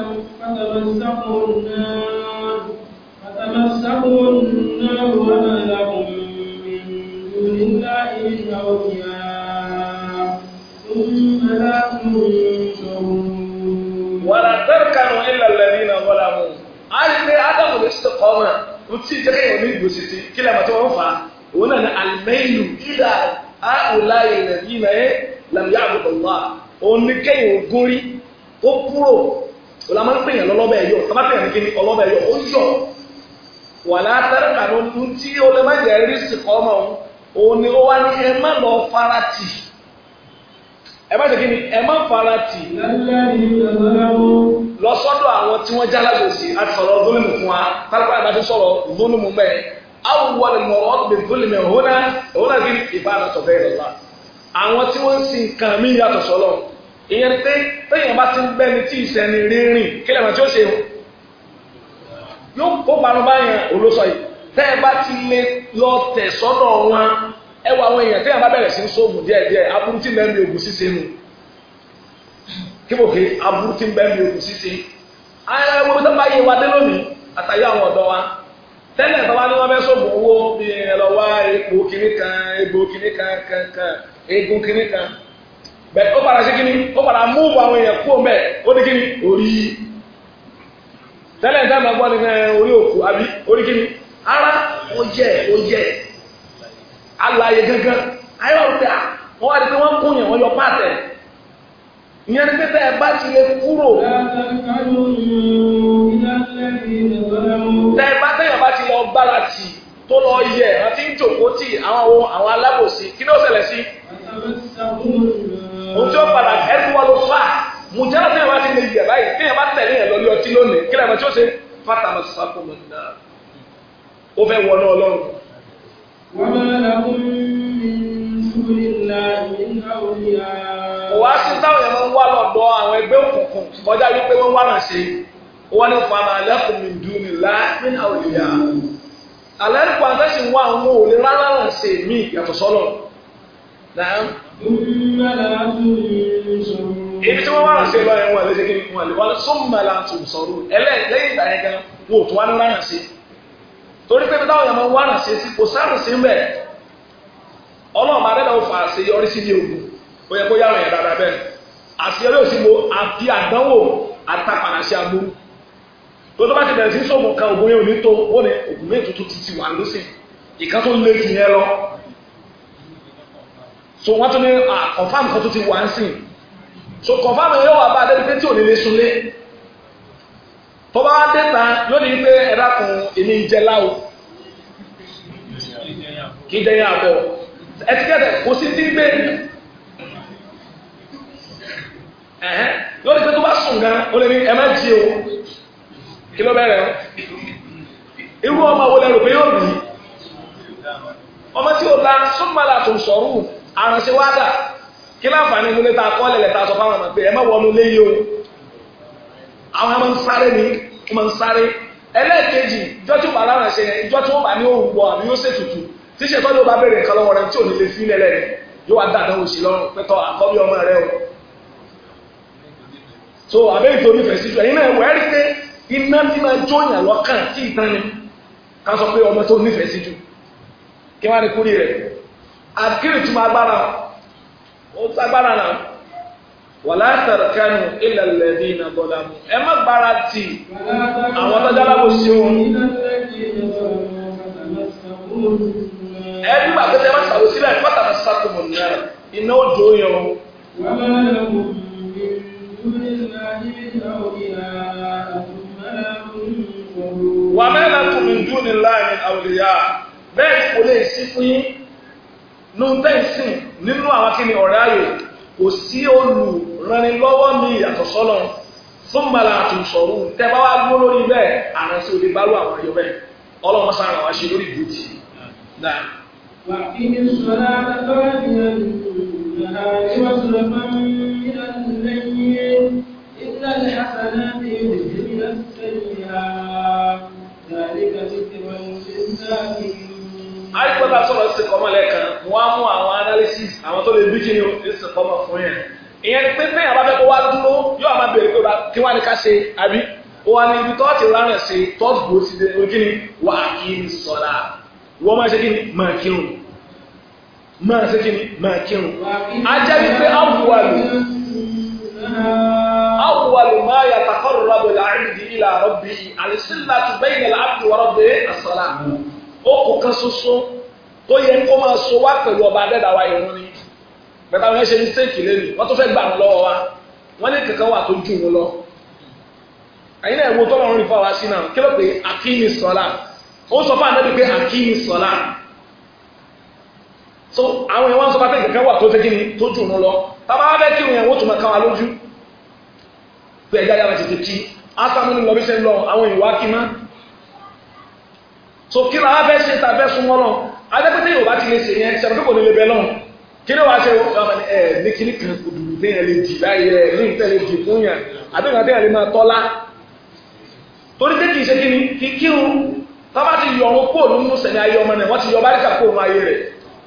فتمسكوا النار تمسكهم النار وما لهم من دون الله من أولياء ثم لا تنصرون ولا تركنوا إلا الذين ظلموا àìpé ádámù lè ṣe kọ́ ọ́nà ntí ìjẹ́kẹ́ yẹn ní ìgbòsí ti kí lẹ́mọ̀ tí ó kúrò òun máa ń pè yàn lọ́lọ́bẹ̀ yọ ní kíni ọlọ́bẹ̀ yọ ó yọ wàlá tẹ́rẹ̀kànú ní tí ó lè má jẹ́ rí sìkọ́ ọmọ òun òun ni ó wá ní ẹ má lọ fara tì ẹ má jẹ́ ni ẹ má fara tì lọ sọ́dọ̀ àwọn tí wọ́n jálágbò sí àti sọ̀rọ̀ zolimu fún wa tálípà àti àti sọ̀rọ̀ zolimu mẹ́ awùwọ́ ni mọ̀ ọ́ bẹ zolimu òun náà òun náà kí ni ìbára tọ̀ bẹ́ẹ̀ lọ́la àwọn tí wọ́n ń sin nǹkan mí yàtọ̀ sọ́lọ̀ ìyẹn pé téèyàn bá ti ń bẹ́ni tí ìsẹ́ni rírìn kílẹ̀ mọ̀ tí ó ṣe yóò kó panubá yẹn yìí tẹ́ ẹ bá ti lè lọ tẹ̀ sọ́dọ̀ wọn ẹ wọ àwọn èèyàn tẹ́ ẹ bá bẹ̀rẹ̀ sí ń sóògùn díẹ̀ díẹ̀ aburú bẹ́ẹ̀ mi ògùn ṣíṣe nu kíbòkè aburú tí bẹ́ẹ̀ mi ògùn ṣíṣe ayẹyẹ wo tó bá yé wa dé lónìí àtàyé àwọn ọ̀dọ́ wa tẹ́lẹ̀ tó bá wọ́n fẹ́ sóògùn owó bí ẹ lọ wá epo kan egbò kan kankan egun kìíní kan tẹ́lẹ̀ nígbà máa gbọ́ ní orí òkú àbí orí kíni ara ó jẹ ó jẹ alààyè gangan ayọ̀ ọ̀tẹ̀ wọ́n wá di pé wọ́n kún yẹn wọ́n yọ páàtẹ̀ ìyẹn ní pípẹ́ ẹ bá ti lè kúrò tẹ́ ẹ bá tẹ́yàn bá ti lọ gbára tì tó lọ yẹ àwọn ń jòkó tì àwọn àwọn alábòsí kí ni ṣẹlẹ̀ sí ohun tí ó padà ẹ̀rù wọn ló fà á mùjá náà wá sí ilé yìí báyìí bí ẹ bá tẹ̀lé yẹn lórí ọtí lónìí kí lẹ́mọ̀ tí ó ṣe fatama sakoma náà ó fẹ́ wọnú ọlọ́run. wọ́n máa ń lakún mi nítorí láàyè àwòyá. wàá sí táwọn yẹn máa ń wá lọ́dọ̀ àwọn ẹgbẹ́ òkùnkùn kọjá wípé wọ́n wá ràn ṣe wọ́n ní fama alẹ́kùn mi dùn ní láàyè àwòyá. alẹ́ nípa àtẹ́sí wà ń wò lè ebi tí wọ́n wá ránṣẹ́ lọ ẹ̀wọ̀n lè ṣe kí wọ́n lè wọ́n súnmọ́ láti sọ̀rọ̀ ẹlẹ́yìn ìgbà yẹn gan wọn ò tún wá ní ránṣẹ́ torí pé táwọn yẹn máa wá ránṣẹ́ sí kò sáránṣẹ́ ń bẹ̀ ọlọ́run máa dẹ́dọ̀ fà ṣe yọrí sí ní ogun ó yẹ kó yára yẹn dáadáa bẹ́ẹ̀ àṣeyọrí ò sí mo àfi àdánwò àtàpàdà agbó tó tó bá ti bẹ̀rẹ̀ sí sóògùn kan ògùn yẹn ò ní tó wọ́n ní ògùn mẹ́rin tuntun ti ti wà lóṣìn ìkan tó lé ti yẹn lọ so wọ́n tún ní confam kan tó ti wà ń sìn so kọ̀fàmù yóò wà bá débi pé tí ò ní lè sunlé tọ́ba dẹ́ta yóò ní pé ẹ̀dá kan èmi ń jẹ láwo kì í dẹ́yìn àbọ̀ ẹtikẹ́tẹ̀ kò sí ti gbé yóò ní pé tó bá sùn gan ó lè ní ẹ má jí o kí ló bẹ̀rẹ̀ o irú ọmọ wo lẹ́rù pé yóò rí ọmọ tí ó la súnmọ́lá tó sọ̀rù àrùn sí wádà kí láǹfààní nílé tá a kọ́ lẹ̀lẹ̀ tá a sọ fáwọn ọmọ pé ẹ má wọnú lé yìí àwọn ọmọ ń sáré ni wọ́n máa ń sáré ẹlẹ́ẹ̀kejì ìjọ tí ó bá lára ṣe yẹn ìjọ tí wọ́n bá ní òun wọ àmì yóò ṣètùtù tí ṣe tọ́jú bá bèrè nǹkan lọ́wọ́ rẹ tí ò ní lè fi ilẹ̀ rẹ yóò wá dáadáa òṣì lọ́rùn pẹ́tọ́ àkọ́bí ọmọ rẹ o. so àbẹ́ ìtò onífẹ̀ẹ́ sí ju ẹ̀yin náà wọ́n rí pé iná tí máa jó yàn lọ́kàn tí ìtàn ni ká sọ pé ọmọ tó nífẹ̀ẹ́ sí kí wọ́n á kúrì rẹ̀ àkírí máa gbára ó sagbára náà wàlá tẹ̀rẹ̀kẹ́nu ilẹ̀ lẹ́bí iná bọ́lá mu ẹ má gbára tì àwọn tọ́jà lábò sí o ẹ nígbà pé ẹ má sílẹ̀ ẹ má sàkómọ̀ ní iná ó jó yẹn o. wàmẹ́lẹ́kùn mi dúró ní láàrin àwòrán bẹ́ẹ̀ kò lè sí fún yín nùtẹ́sìn nínú àwọn kí ni ọ̀rẹ́ ayò kò sí olùrànilọ́wọ́ mi yàtọ̀ sọ́lọ́ fún bala àtúnṣọ̀rù tẹ́ bá wá gbó lórí bẹ́ẹ̀ àrùn sí òde bá lù àwọn ayọ̀ bẹ́ẹ̀ ọlọ́run sára wá ṣe lórí ìdíjì náà. àríkọ́tà sọ̀rọ̀ sí kọ́mọ̀ lẹ́ẹ̀kan wọ́n á mú àwọn analysis àwọn tó lè bí kí ni ó sì kọ́mọ̀ fún yẹn ìyẹn pé bẹ́ẹ̀ bá fẹ́ kó wá dúró yóò máa bèrè pé kí wá ní ká ṣe àbí ó wá ní ibi tọ́ọ̀tì rárẹ̀ ṣe tọ́ọ̀tì bó ti dé kí ni wà á kí ni sọ̀rọ̀ wọ́n máa ṣe kí ni máa kírun máa ṣe kí ni máa kírun á jẹ́ wípé áwùwàlù áwùwàlù máa yàtàkọ́rù rọ̀bì làárín ìdí ìlà rọ̀bì àlìsílà tùbẹ́yìn okùn kan ṣoṣo tó yẹ kó máa so wá pẹ̀lú ọba adẹ́dàwá irun ni bẹ́ẹ̀ báwọn ṣe ní mistake lẹ́nu wọ́n tó fẹ́ gbà wọn lọ́wọ́ wa wọ́n ní kankan wà tó jù wọn lọ. àyìn náà wo tọ́lọ́run rí fáwọn sí kí ló so àwọn sọ fún kankan wà tó fẹ́ kí ni tó jù wọn lọ wa fẹ́ kí wọn máa ká wa lójú pé ẹ̀dá yàrá so kí làwọn abẹ́ ṣe tàbẹ́ súnmọ́ lọ adẹ́pẹ́tẹ́ yorùbá ti lè ṣe yẹn ṣàbí kò ní lè bẹ lọ́hùn kí ló wá ṣe ẹ ní kíní kan kùdù léyìn lè dì báyìí ẹ léyìn tẹ́lẹ̀ dì fún yàn àbẹ́yìn àbẹ́yìn lè máa tọ́lá torí pé kì í ṣe kí ni kí kírun tábà ti yọ ọ̀run kó nínú sẹ̀ni ayé ọmọ náà wọ́n ti yọ báríkà kó nínú ayé rẹ̀.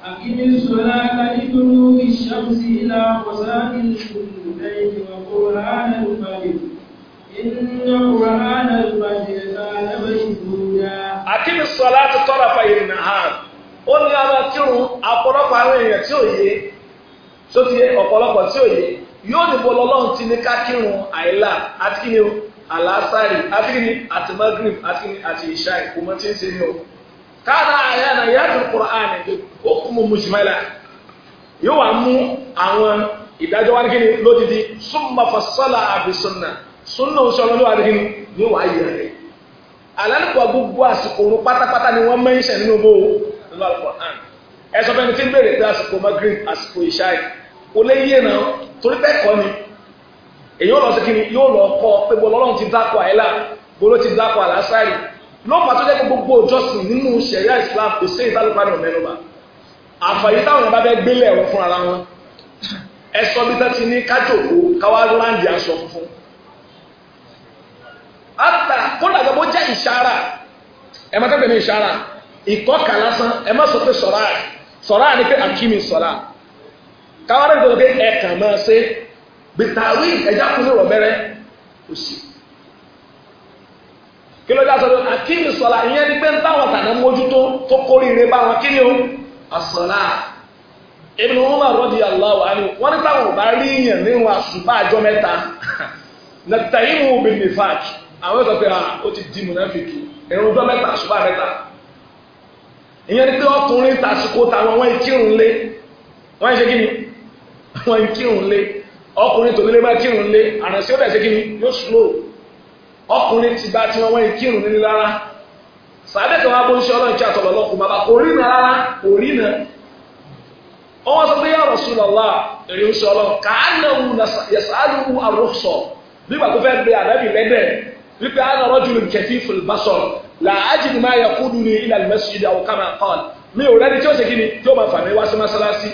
àkíní sọlá akíni sọlá ti tọ́ra fàyè nà ha ó ní ara kírun ọ̀pọ̀lọpọ̀ àwọn èèyàn tí ò yé sóti ọ̀pọ̀lọpọ̀ tí ò yé yóò dìbò lọ́lọ́run ti ní ká kírun àìlà àti kí ni o àlásàrì àti kí ni àti magrib àti kí ni àti ìṣá ìkùmọ tí ń ṣe ní o káàdà àyà náà yàtọ̀ kùrán ó kú mu mùsùlùmẹ́lá yóò wá mú àwọn ìdájọ́ wá ní kí ni lódìdí súnmọ́ fasọ́là àbísọ́nà súnmọ́ sọ́lọ́lọ́ àdìgínní ni wàá yẹ̀rẹ̀ alálùkọ́ gbogbo àsìkò òru pátápátá ni wọ́n mẹ́ńṣẹ̀ nínú owó nínú àlùkò hàn ẹ sọ fẹ́ni tí ń bèrè pé àsìkò magreth àsìkò ìṣáì kò lè yé náà torí pé ẹ̀kọ́ ni èyí ò lọ sí kí ni yóò lọ kọ́ pé bọ́ lọ́lọ́run ti dákọ̀ àyílà bó ló ti dákọ̀ àlásàrì lọ́pàá tó jẹ́ pé gbogbo ìjọsìn nínú sẹ̀ríà Islam kò sí ìtàlùpá náà mẹ́nuba àfàyè táwọn bá bẹ́ gbélé ẹ̀rọ fún ara wọn ẹ sọ bí tá ti ní kájòkó káwá láǹdì aṣọ funfun àtà kódà gbogbo jẹ́ ìṣara ẹ má tẹ́gbẹ̀ẹ́ ní ìṣara ìkọ́kà lásán ẹ má sọ pé sọ̀rọ̀ àì sọ̀rọ̀ àì ní pé àkíní sọ̀rọ̀ àì káwọn rẹ̀ gbogbo pé ẹ kàn máa ṣe gbìtàwí ẹja kúrò rọ̀bẹ́rẹ́ kò sí kí ló dá sọ pé àkíní sọ̀rọ̀ ìyẹn ni pé ń táwọn tàná mójútó tó kórìíre bá wọn kíni o àsọ̀rọ̀ àì Ibn Umar radiyallahu anhu wọ́n ní táwọn ò bá rí yàn nínú àṣùbà àjọ mẹ́ta [laughs] nàtàyìmù bìnnìfàkì àwọn sọ pé ah, ó ti di mùnáfíkì ẹ̀rùn ọjọ́ mẹ́ta ṣùgbọ́n mẹ́ta ìyẹn ni pé ọkùnrin tàṣíkò táwọn wọ́n ń kírun lé wọ́n ń ṣe kí ni [laughs] wọ́n ń kírun lé ọkùnrin tòlélé bá kírun lé àrùn sí ó dẹ̀ ṣe kí ni yóò ṣùlò ọkùnrin ti bá tí wọ́n wọ́n ń kírun nílé rárá sàbẹ̀ kan wá bó ń ṣe ọlọ́run tí àtọ̀lọ́ lọ́kùn bàbá kò rí nà rárá kò rí nà wọ́n sọ pé ya Rasulullah èrè ń ṣe ọlọ́run kàánà wù yẹ̀sàálù wù àrùsọ̀ nígbà tó fẹ́ bẹ àdábì lẹ́dẹ̀ẹ́ wípé ana rajulun kathiful basar la ajidu ma yaquduni ila al-masjid aw kama qala mi ò rẹ́ni tí ó ṣe kí ni tí ó máa fà mí wá sí mọ́sálásí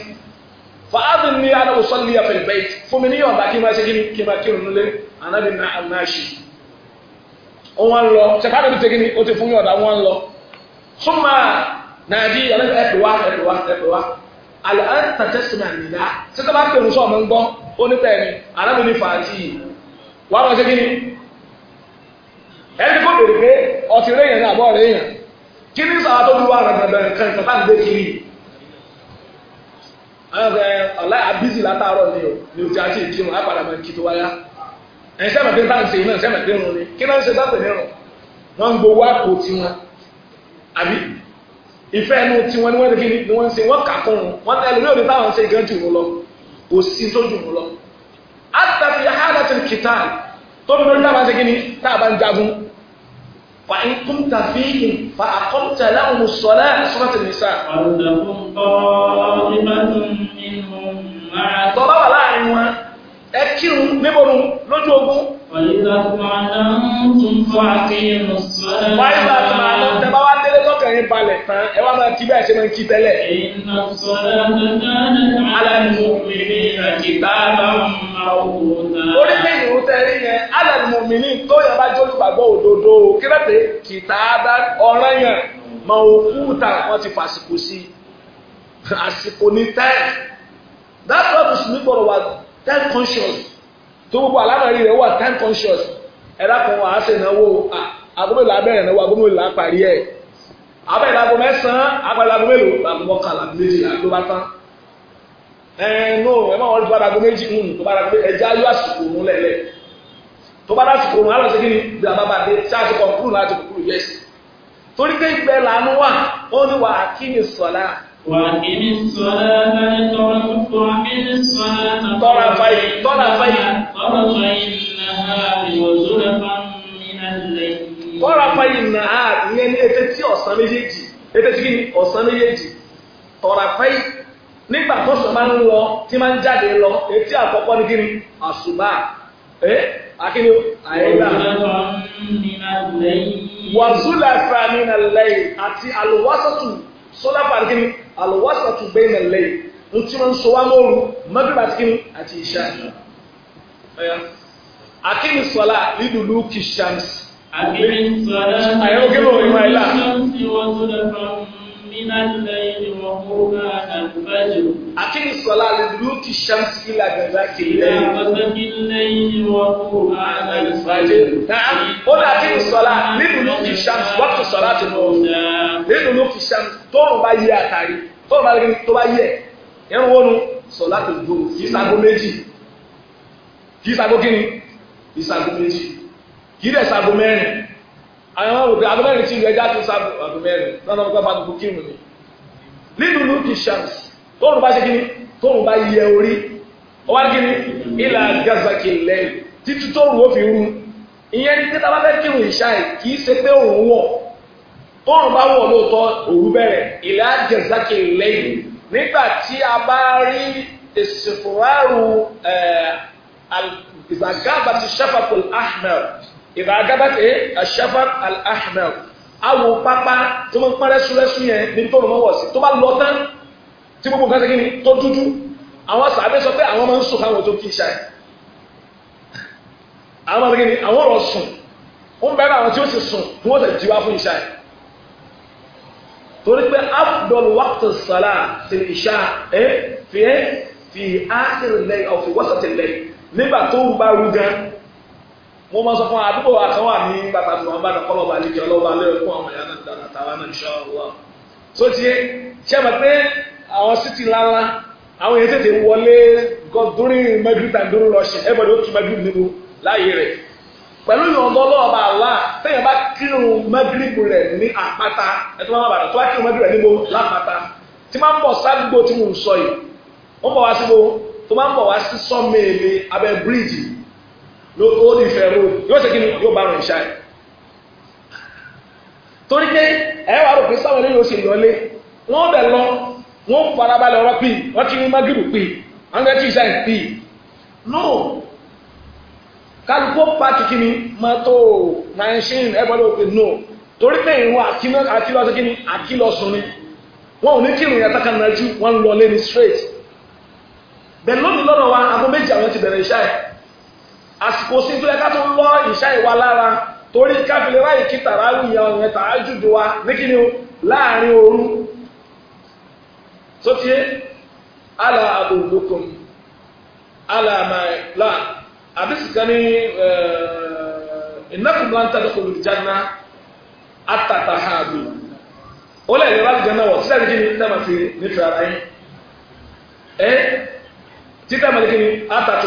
fàáfin ní ana usalli fil bayt fún mi ní ọ̀bà kí n máa ṣe kí ni kí n máa kírun nílé anábì náà anáṣì wọn lọ ṣẹfàdé mi ṣe kí ni ó ti fún mi ọ̀dà wọn lọ súnmọ́ nàdí ẹ̀pẹ̀wá ẹ̀pẹ̀wá ẹ̀pẹ̀wá àlùhàn tàtẹ́sìmì àmìlá títí bá pèrò sọ́ọ̀mù ń gbọ́ ó ní bẹ́ẹ̀ ni anábì ní fàájì wàá máa ṣe kí ni ẹni kó bèrè pé ọtí rẹ̀ yẹn ní àbọ̀ rẹ̀ yẹn kí ní sọ̀rọ̀ tó wúwo àrùn ni o ni òjò àti ìkírun àpàdà máa kí tó wáyá ẹ̀yin sẹ́mi pé táǹsì náà sẹ́mi pé rún ni kí náà ń ṣe sáfẹ̀ nírun wọ́n ń gbowó ìfẹ́ ẹnu tiwọn ni wọ́n ti ni wọ́n ń ṣe wọ́n kà fún un wọ́n tẹ ẹlòmíràn ní táwọn ń ṣe gan jù wọn lọ kò sí tó jù wọn lọ. àtàkì àhàdàtì kìtà tóbi lórí táwọn ṣe kí ni táwọn bá ń jagun فإن قمت فيهم فأقمت لهم الصلاة سورة النساء. فلتكن طائفة منهم معك. طلب لا عنوان أكيروا نبروا لجوبوا. فإذا اطمأننتم فأقيموا الصلاة. فإذا اطمأننتم ọkàn yín balẹ̀ tán ẹ wá máa kí bẹ́ẹ̀ ṣe máa kí tẹ́lẹ̀. orílẹ̀ ìlú tẹ́rí yẹn alàlùmọ̀mìnì tó yẹn bá jólù gbàgbọ́ òdodo kírẹ́pẹ̀ kìtàbà ọ̀ràn yẹn mọ̀ òkúta wọ́n ti fàsìkò sí àsìkò ní tẹ́ẹ̀ that's why mùsùlùmí gbọ́dọ̀ wà time conscious tó gbogbo àlámọ̀rí rẹ̀ wà time conscious ẹ̀dá kan wà á ṣe ìnáwó agbóhùn ìlà abẹ́rẹ́ ìnáwó agbóhùn ìlà parí ẹ̀ abẹ́rẹ́ lago mẹ́sàn-án abẹ́rẹ́ lago mélòó lago mọ́kànlá méjìlá ló bá tán ẹ̀ẹ́n no ẹ má wọlé tó bá lago méjì ń tó bá lago méjì ẹ̀jẹ̀ ayé àsìkò òun lẹ̀lẹ̀ tó bá lásìkò òun alọ́ segin ní gbàgbà dé sáàsì kọ̀ọ̀kúrú láti kọ̀ọ̀kúrú yẹ torí pé ìgbẹ́ lànà wà ó ní wà kí ni sọ̀lá. wà kí ni sọ̀lá láti tọrọ fún wa kí ni sọ̀lá náà. tọ́lá fàyè tọ́lá fàyè. tọ́lá fàyè náà ìwọ̀n tó lè fa mi náà lẹ́yìn. wọ́n apá yìí nà á ìyẹn ní ji tí ọ̀sán tí kí lọ tí máa ń jáde lọ etí àkọ́kọ́ ní kí àṣùbà ẹ́ akínú àyẹ̀dá wàzúlà fàmínà lẹ́yìn àti àlùwásàtù sólà pàdé kí ni àlùwásàtù lẹ́yìn àti أقم الصلاة للشمس وزلفا من الليل وقرآن الفجر أقم الصلاة لدلوك الشمس إلى غساك الليل غساك الليل وقرآن الفجر نعم قل أقم الصلاة لدلوك الشمس وقت صلاة الظهر لدلوك الشمس tóòrùn bá yẹ àtàrí tóòrùn bá yẹ tó bá yẹ ẹrù wọnú sọlá tó dùn kì í sago méjì kì í sago kíni kì í sago méjì kìí dẹ̀ sago mẹ́rin àwọn ọmọ òbí ago mẹ́rin tí ìlú ẹja tó sago ago mẹ́rin lọ́nà ọgbà bá gbogbo kírun ni nínú lókì shams tóun bá ṣe kíni tóun bá yẹ orí ọwá kíni ilà gazaki lẹ́yìn títí tóun ó fi rú ìyẹn ní títà bá fẹ́ kírun ìṣá ẹ̀ kìí ṣe pé òun wọ̀ tóun bá wọ̀ lóòótọ́ òru bẹ̀rẹ̀ ilà gazaki lẹ́yìn nígbà tí a bá rí ìsìnkúrárù ẹ̀ ìzàgàbàtì shafakul ahmed ìbá agábàtẹ aṣáfà al-ahmar awo pápá tó máa ń pẹ́ rẹ́súrẹ́sú yẹn níbi tó rùn wọ̀ sí tó bá lọ tán tí gbogbo nǹkan ṣe kí ni tó dúdú àwọn sàbẹ̀ sọ pé àwọn máa ń sùn káwọn tó kí iṣẹ́ yẹn àwọn máa ń gbé àwọn ọ̀rọ̀ sùn ó ń bẹ̀rẹ̀ àwọn tí ó sì sùn fún ọ̀sẹ̀ jíwá fún ìṣá ẹ̀ torí pé afdol waqt sala ti ìṣá ẹ̀ fi ẹ́ fi áṣìlẹ̀ ọ̀fìwọ́sọ̀tìlẹ̀ nígbà tó ń bá rú gan mo máa sọ fún àdúgbò àtàwọn àmì bàtà tó wọn bá nà kọlọ balẹ̀ jẹ ọlọ́ba lẹ́yìn fún àwọn ìyá náà dára tàwa náà insha Allah so ti yé ṣé ẹ mọ̀ pé àwọn sítì ńláńlá àwọn èyí tètè wọlé gọdúrí mẹgbìtà dúró lọṣẹ ẹgbẹ̀rún ó tún mẹgbìtà nínú láàyè rẹ̀ pẹ̀lú ìyọ̀ǹdọ́ lọ́ọ̀bà àlá téèyàn bá kírun mẹ́gírìbù rẹ̀ ní àpáta ẹ̀tọ́ máa bàdàn tó bá kírun mẹ́gírìbù rẹ̀ níbo lápáta tí máa ń bọ̀ sádùgbò tí mò ń ló kó ìfẹ́ ro yóò ṣe ni yóò bá rìn ṣá ẹ̀ torí pé ẹ rò pé sáwọn eléyìí ó ṣe ìyọlé wọ́n bẹ̀ lọ wọ́n farabalẹ̀ ọ̀rọ̀ pì wọ́n kí ní mágìrì pì wọ́n kẹ́ tí pì no kálukó pàtì kí ni mọ́tò nineteen no torí pé ìwọ àkílọ́ ṣe kí ni àkílọ́ sùn ni wọn ò ní kí ìròyìn náà jù wọn straight lónìí wa àwọn méjì àwọn ti bẹ̀rẹ̀ iṣẹ́ ẹ̀ àsìkò sí tó ká tó lọ ìṣá ìwà lára torí káfílẹ̀ ráyè kí tàràwì yẹn ọ̀yẹn tàájúdù wa ní kí ni o láàrin tó ala adullukum ala máa àbísìkan ní innakum lan tadkhulul janna àtàtà ha bì ó tẹ́mà nífẹ̀ẹ́ ara yín àtàtà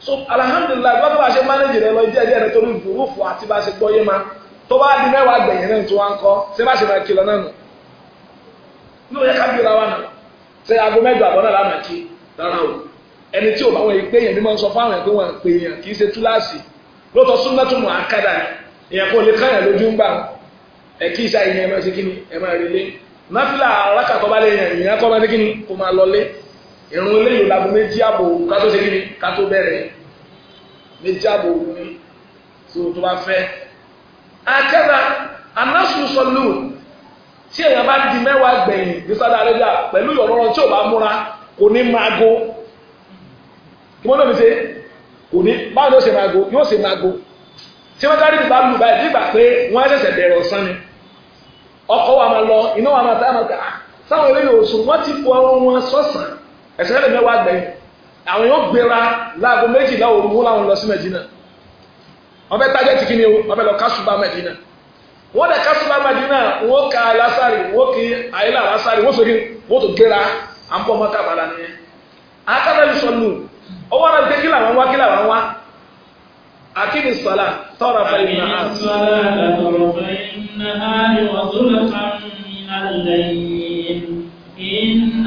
so alihamudulilayi bá bá a ṣe mánéjì rẹ lọ díẹ̀ díẹ̀ rẹ torí burúfu àti bá a ṣe gbọ́ yé ma tó bá di mẹ́wàá gbẹ̀yìn náà tó wá ń kọ́ ṣé bá ṣe máa kí lọ náà nù ní òye kábíyì ra wa nà ṣe aago mẹ́jọ àbọ̀ náà lánàá kí rárá o ẹni tí ò bá wọn yìí pé èèyàn bí máa ń sọ fáwọn ẹ̀ pé wọn pè èèyàn kì í ṣe túláàsì lóòótọ́ súnmọ́tò mọ̀ àkàdà èèyàn kò lè káyàn lójú ń gbà ẹ̀ kí ìṣá ìyẹn ìrún eléyìí lago méjì àbò kátó ṣe kíni kátó bẹ̀rẹ̀ méjì àbò ní tó tó bá fẹ́. akẹ́dà anásùn sọlù tí èèyàn bá di mẹ́wàá gbẹ̀yìn ní Saudi Arabia pẹ̀lú ìyọ̀rọ̀ tí ò bá múra kò ní máa go kí wọ́n lómi ṣe kò ní báwo ni ó ṣe máa go yóò ṣe máa go tí wọ́n kárí ìgbà lù báyìí nígbà pé wọ́n ṣẹ̀ṣẹ̀ bẹ̀rẹ̀ ọ̀sán ni ọkọ̀ wa máa lọ iná wa máa tá a sáwọn eléyìí òsùn wọ́n ti fọ ọrùn wọn sọ́sàn ẹ̀sẹ̀ lè mẹ́wàá gbẹ̀yìn àwọn yóò gbéra láago méjìlá òru wọn làwọn lọ sí Mẹdínà wọn fẹ́ tájẹ́tì kí ni o wọn fẹ́ lọ kásùbà Mẹdínà wọn dẹ̀ kásùbà Mẹdínà wọn ka lásàrì wọn kì í àyílà lásàrì wọn sọ̀rọ̀ wọn tó gbéra à ń bọ̀ mọ́ kábàlà nìyẹn akadàlù sọ̀nù ọwọ́ ara gbé kí làwọn wá kí làwọn wá akíni sọ̀là tọ́ra fẹ́yìn náà. akíni sọ̀là tọ́ra fẹ́yìn náà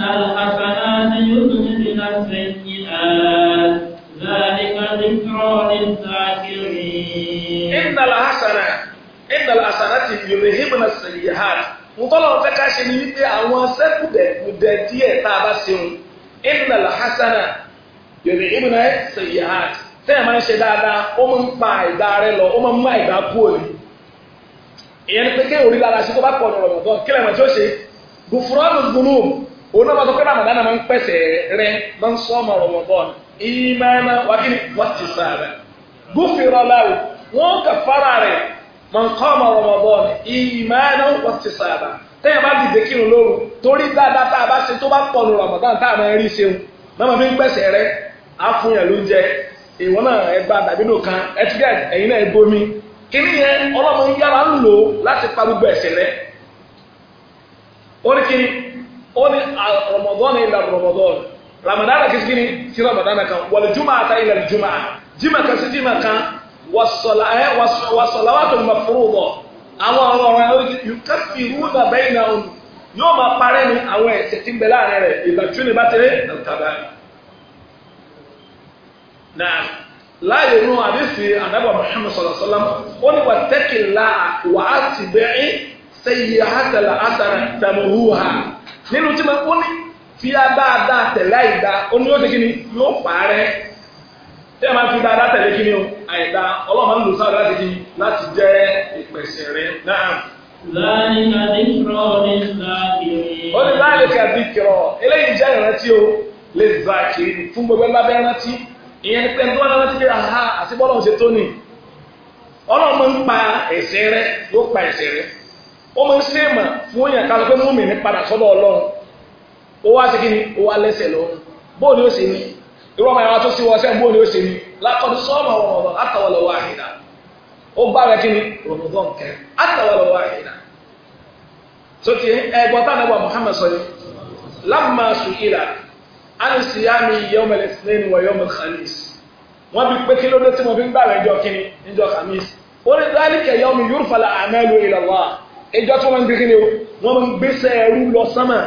الحسنات يذهبن السيئات ذلك ذكرى للذاكرين إن الحسنات إن الحسنات يذهبن السيئات ntọ́lọ́wọ́ fẹ́ ká ṣe ni wípé àwọn sẹ́kùdẹ̀kùdẹ̀ díẹ̀ tá a bá ṣeun إن الحسنات يذهبن السيئات tẹ́yà máa ń ṣe dáadáa ó máa ń pa àìdá rẹ lọ ó máa ń má ìdá kú òní ìyẹn ni pé kéwòn rí lára ṣe tó bá pọ̀ ní ọ̀rọ̀ mọ̀tọ́ kílẹ̀ mọ̀ tí ó òun náà bá sọ pé ramadan máa ń pẹ̀sẹ̀ rẹ máa ń sọ ọmọ Ramadan ìmọ̀ọ́nà wákìlì wọ́n ti sára gúfèrè láwù wọ́n kà fara rẹ̀ máa ń kọ́ ọmọ Ramadan ìmọ̀ọ́nà wọ́n ti sára tẹ́yìn bá dìde kírun lóru torí dáadáa tá a bá ṣe tó bá pọ̀ nù ramadan tá a máa rí ṣeun náà máa fi ń pẹ̀sẹ̀ rẹ á fún yàn ló ń jẹ ìwọ náà ẹ gba dàbínú kan ẹ ti gẹ́ẹ̀ ẹ̀yin náà ẹ bomi kíní yẹn ọlọ́mọ yára ń lò láti pa gbogbo ẹ̀ṣẹ̀ rẹ. oríkìí ó ní rọmọdọ́nà ilà rọmọdọ́nà ramadana kìsìkì ni sí ramadana kan wàlú jùmọ̀ àtà ilà jùmọ̀ jìmọ̀ kan sí jìmọ̀ kan wàsọ̀làwàtò eh, mafurubọ̀ àwọn ọ̀rọ̀ ọ̀rọ̀ yóò kẹ́fì rúdà bẹ́yìn náà yóò máa parẹ́ ní àwọn ẹ̀ṣẹ̀ tí ń bẹ láàrin rẹ̀ ìbàjú ni bá tẹ́lẹ̀ àlùkàbà náà láàyè nù Muhammad sallallahu alaihi wasallam ó ní wà tẹ́kì láà wà á ti nínú tí mo kú ní fi dáadáa tẹ̀lé àìdá ó ní ó ti kíni yóò fà tí a máa fi dáadáa tẹ̀lé kíni o àìdá ọlọ́mọ ń lò sáré láti kíni láti jẹ́ ìpèsè rẹ náà. láàrin àdìkúrọ̀ ní láàrin. ó ní láàrin kàdìkúrọ̀ eléyìí jẹ́ ìrántí o lè zà kiri fún gbogbo ẹ̀ bá rántí ìyẹn pé ẹni tó wà láti fi àhá àti bọ́lọ̀ ṣe tó ní ọlọ́mọ ń pa ẹ̀ṣẹ̀ rẹ yóò pa ẹ̀ṣẹ̀ rẹ ó máa ń ṣe mà fún èèyàn kan pé mú mi ní padà sọ́dọ̀ ọlọ́run ó wá sí kí ni ó wá lẹ́sẹ̀ lọ́rùn bóò ni ó ṣe ní irú ọmọ ìwà tó sí wọ́n sẹ́yìn bóò ni ó ṣe ní lákọ̀ọ́dún sọ́ọ̀mà ọ̀rọ̀ àtàwọ̀lọ̀ wà àhìnà ó gbá rẹ kí ni rọ̀mọ̀dọ́n kẹ àtàwọ̀lọ̀ wà àhìnà tó ti ẹgbọ́n bí pé kí ló dé tí mo fi ń gbà rẹ jọ kí ni níjọ khamis ó ní dáríkẹ yọmi yurfala amalu ila Allah ìjọ tí wọ́n máa ń gbé kíni o wọ́n máa ń gbèsè ẹrú lọ sánmà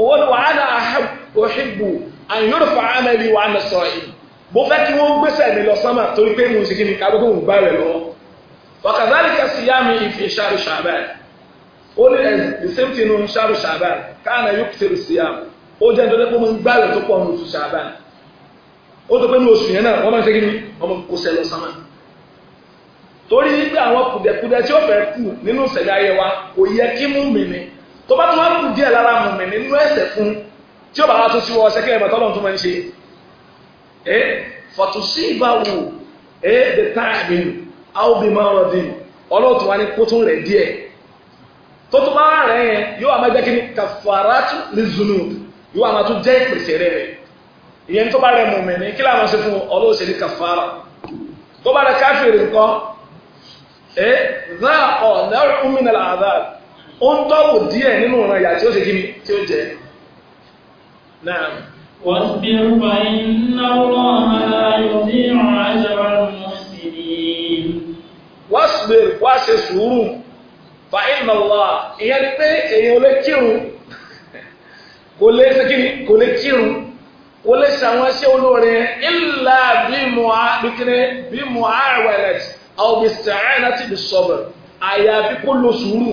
òwò ni wàhálà òṣìbù àyùnfà àmàlì wà ní sọ yìí mo fẹ́ kí wọ́n gbèsè mi lọ sánmà torí pé mo sì kíni kábíkó mo bá rẹ̀ lọ wàkàtàlì kẹsì yá mi ìfi ṣáàrù ṣàbà ó ní ẹ̀ ìsèmtì nù ṣáàrù ṣàbà káàna yóò kìtìrì sí yá ó jẹ́ nítorí pé mo ń gbàlẹ̀ torí wípé àwọn kùdẹ̀kùdẹ̀ tí ó fẹ́ kù nínú ìṣẹ̀lẹ̀ ayé wa kò yẹ kí mú mi ni tó bá tún wá kù díẹ̀ lára mú mi nínú ẹ̀ṣẹ̀ fún tí ó bá wá tún sí wọ ṣẹ́kẹ́ ìbàtọ́ lọ́n tó máa ń ṣe é fọ̀tùsí ìbáwò é the time àwọn obì máa rọ̀ dín ọlọ́ọ̀tún wa ní kó tún rẹ̀ díẹ̀ tó tún bá rẹ̀ yẹn yóò wá jẹ́ kí ni kàfàràtù ní zunu yóò wá tún jẹ́ ìpèsè rẹ̀ ẹ́ záàkọ̀ náà ọmọnà àdáàlì ó ń tọ́wò díẹ̀ nínú ọ̀nà ìyà tí ó ṣe kí ni tí ó jẹ náà wọ́n bí rúbà iná ọlọ́run aláyọ̀ ní ọ̀rọ̀ ajẹ́rọ̀ mọ́sílì wọ́n sì wá ṣe sùúrù fa iná lọ ìyẹn ni pé èèyàn lè kírun kò lè ṣe kí ni kò lè kírun kò lè ṣàwọn iṣẹ́ olóore ńlá bí mo á bí mo á wẹ̀lẹ̀ sí àwọn bí sàánà ti bí sọ̀bẹ̀ àyàfi kó lo sùúrù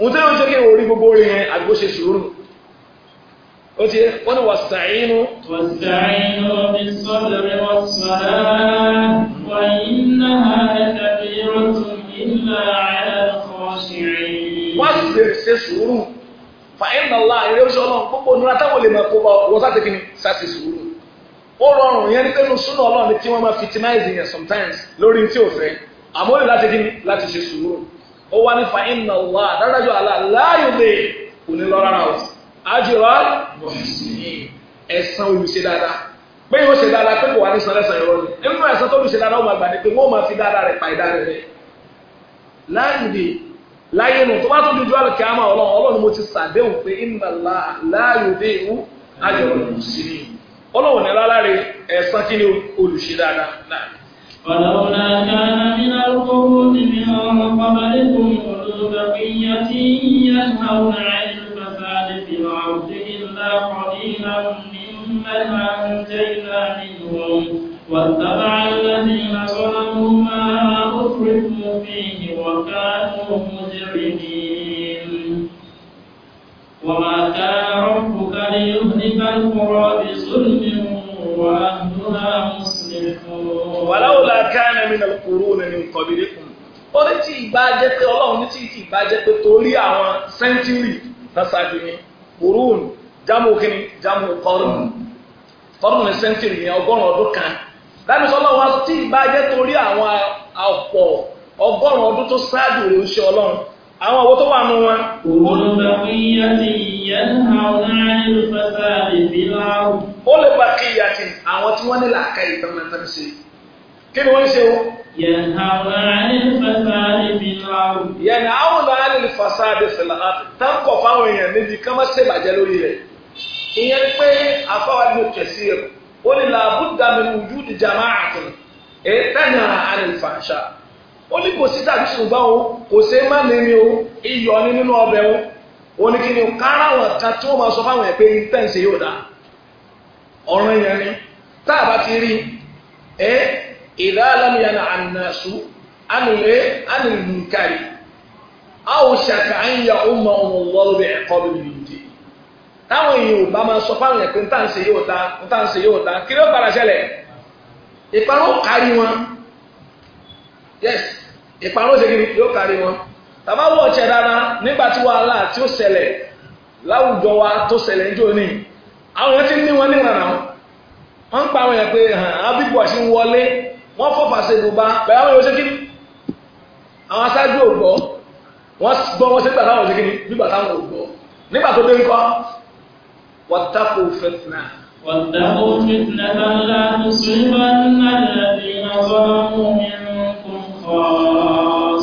òun tó ń ṣe kí orí gbogbo orí yẹn àgbó ṣe sùúrù ó ti wọ́n ni wà sàánù. wà sàánù bí sọ́bẹ̀rẹ̀ wà sàánà wà wọ́n sì náà láàrin ilé oṣù ó rọrùn yẹn ní pé nu súnà ọlọ́run ni kí wọ́n máa fitimize yẹn sometimes lórí tí ò fẹ́ àmọ́ lè láti kíni láti ṣe sùúrù ó wá ní fàáyín nà wá dájú àlá láàyò lè kò ní lọ rárá o àjùrọ̀ ẹ̀sán olùṣe dáadáa pé yóò ṣe dáadáa pé kò wá ní sanlẹ̀sán ìrọ̀lẹ́ nínú ẹ̀sán tó olùṣe dáadáa ó máa gbà ní pé wọ́n máa fi dáadáa rẹ̀ pa ìdá rẹ̀ rẹ̀ láàyò lè láyé nù tó bá tún dojú àlùkí àmà ọlọ́run ọlọ́run mo ti sàdéhùn pé ìnàlá láàyò dé ìwú àjọ̀rọ̀ ìlú sí ni ọlọ́run ní aláre ẹ̀sán kí ni olùṣe dáadáa náà. Fàlọ́lá kára nínú ọkọ̀wó ní mi ọmọ pàmàlékún olóògbà ìyá tí ìyá àwọn àìlú bàbá lè fi ọ̀dẹ́ ìlà kọ̀dínà ní mẹ́ta ń jẹ́ ìlà nínú wọn. واتبع وما كان ربك ليهلك القرى بظلم وأهلها مسلمون ولولا كان من القرون من قبلكم ó ní tí ìbá jẹ́ pé ọlọ́run ní tí ìbá jẹ́ pé torí àwọn sẹ́ńtírì lọ́sàájú ni qurun jámù kínní jámù kọ́rùn kọ́rùn ní sẹ́ńtírì yẹn ọgọ́rùn ọdún kan dábì sọ ọlọ́run wá tí ìbá torí àwọn àpọ̀ ọgọ́rùn ọdún tó ṣáájú rẹ̀ ń ṣe ọlọ́run àwọn owó tó wà nù wọn. ó lè bá kí ìyá tí àwọn tí wọ́n ní làákà ìtọ́mọ̀tọ́ ṣe kí ni wọ́n ṣe o. ينهون عن الفساد في الأرض ينهون عن الفساد èèyàn níbi ká má ṣe bàjẹ́ lórí rẹ̀ ìyẹn ni pé afáwa ni kẹsí rẹ̀ ó ní làbúdà mi di jamaà tó ẹ̀ tẹ̀yàn àrẹ̀ ìfàṣà ó ní kò sí tàbí ṣùgbọ́n o kò ṣe má mi o iyọ̀ nínú ọbẹ̀ o ó ní kí ni kára àwọn tí wọ́n máa sọ fáwọn ẹ̀ pé intense yóò dá yẹn ni tá a bá ti rí ẹ ìdá alámìyànà ànàṣù ánìlẹ̀ a ò ṣàkà ń ya ó mọ ohun bí bí mi dì táwọn èèyàn ò bá máa sọ fáwọn ẹ̀ pé ntànṣe yóò dá ntànṣe yóò dá kí ló ìparun ṣe kiri yóò kárí wọn tàbá wọ ọ̀chẹ̀ dáadáa nígbà tí tí ó ṣẹlẹ̀ láwùjọ wa tó ṣẹlẹ̀ ń àwọn ti ní wọn níranà wọn ń pa yẹn pé abibu àti wọlé wọn fọfà ṣe bùbá àwọn yóò ṣe àwọn aṣáájú ò wọ́n gbọ́ wọ́n ṣe gbà táwọn ṣe ò nígbà tó dé bá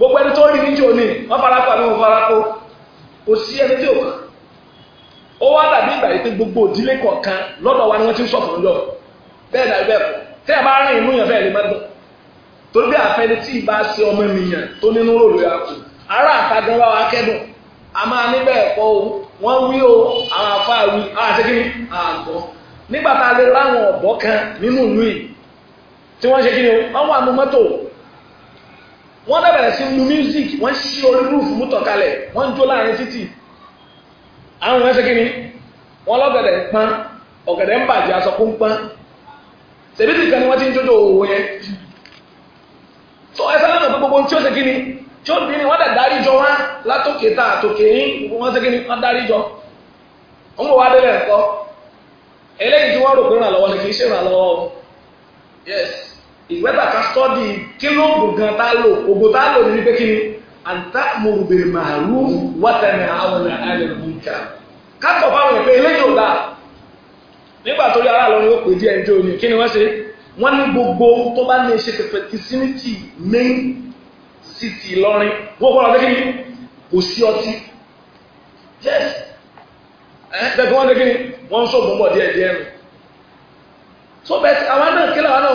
gbogbo ẹni tó rí níjó ní wọ́n farako àbí wọ́n farako kò sí ẹni tí ò kàn ó wá dàbí ìgbà yìí pé gbogbo òdílé kọ̀ọ̀kan lọ́dọ̀ wa ni wọ́n ti ń ṣọ̀fọ̀ lọ bẹ́ẹ̀ dàbí bẹ́ẹ̀ kọ́ tẹ́ ẹ bá rìn inú yẹn bẹ́ẹ̀ lè má dùn torí bí àfẹ́ni tí ì bá ṣe ọmọ ènìyàn tó nínú ròlò yà kù ará àtàgán bá wa kẹ́dùn a máa níbẹ̀ ẹ̀kọ́ o wọ́n wí o àwọn afáà wí Ni àgbọ̀ nígbà tá a lè ráwọn ọ̀bọ kan nínú ìlú yìí tí wọ́n ṣe kí ni wọ́n wà nù mọ́tò wọ́n bẹ̀rẹ̀ sí mú music wọ́n ṣí orí rúfù mú tọ̀kalẹ̀ wọ́n ń jó láàrin títì àwọn ẹ̀ṣẹ́ kí ni wọ́n lọ́gẹ̀dẹ̀ ń pán ọ̀gẹ̀dẹ̀ ń bàjẹ́ aṣọ kó ń pán ṣèbí ti kan ni wọ́n ti ń jójó òwò yẹn tó ẹsẹ̀ lọ́nà gbogbo tí ó ṣe kí ni tí ó bí ni wọ́n dẹ̀ darí jọ wá látòkè ta àtòkè yín gbogbo wọ́n ṣe kí ni wọ́n darí jọ wọ́n mọ̀ wá délẹ̀ ẹ̀kọ́ eléyìí tí wọ́n rò pé ràn lọ́wọ́ ni kì í ṣèrànlọ́wọ́ yes ìgbẹ́ta kan sọ́dí kí ló gùn gan tá lò ògùn tá lò ní wípé kí ni àǹtá mòrùbèrè màálù wátẹ̀mẹ̀ àwọn àlẹ́mùkà kápọ̀ fáwọn ìpè eléyìí ò dáa nígbà tó yára lọ ni ó pè díẹ̀ ní òní kí ni wọ́n ṣe wọ́n ní gbogbo tó bá ní ṣe pẹ̀pẹ̀ kìsínítì main city Ìlọrin wọ́n kọ́ lọ kí ni kò sí ọtí yes ẹ̀ẹ́dẹ̀gbọ́n wọ́n ní kí ni wọ́n ń ṣògbọ́n bọ̀ díẹ̀ díẹ̀ nù so bẹ́ẹ̀ àwọn náà kí làwọn náà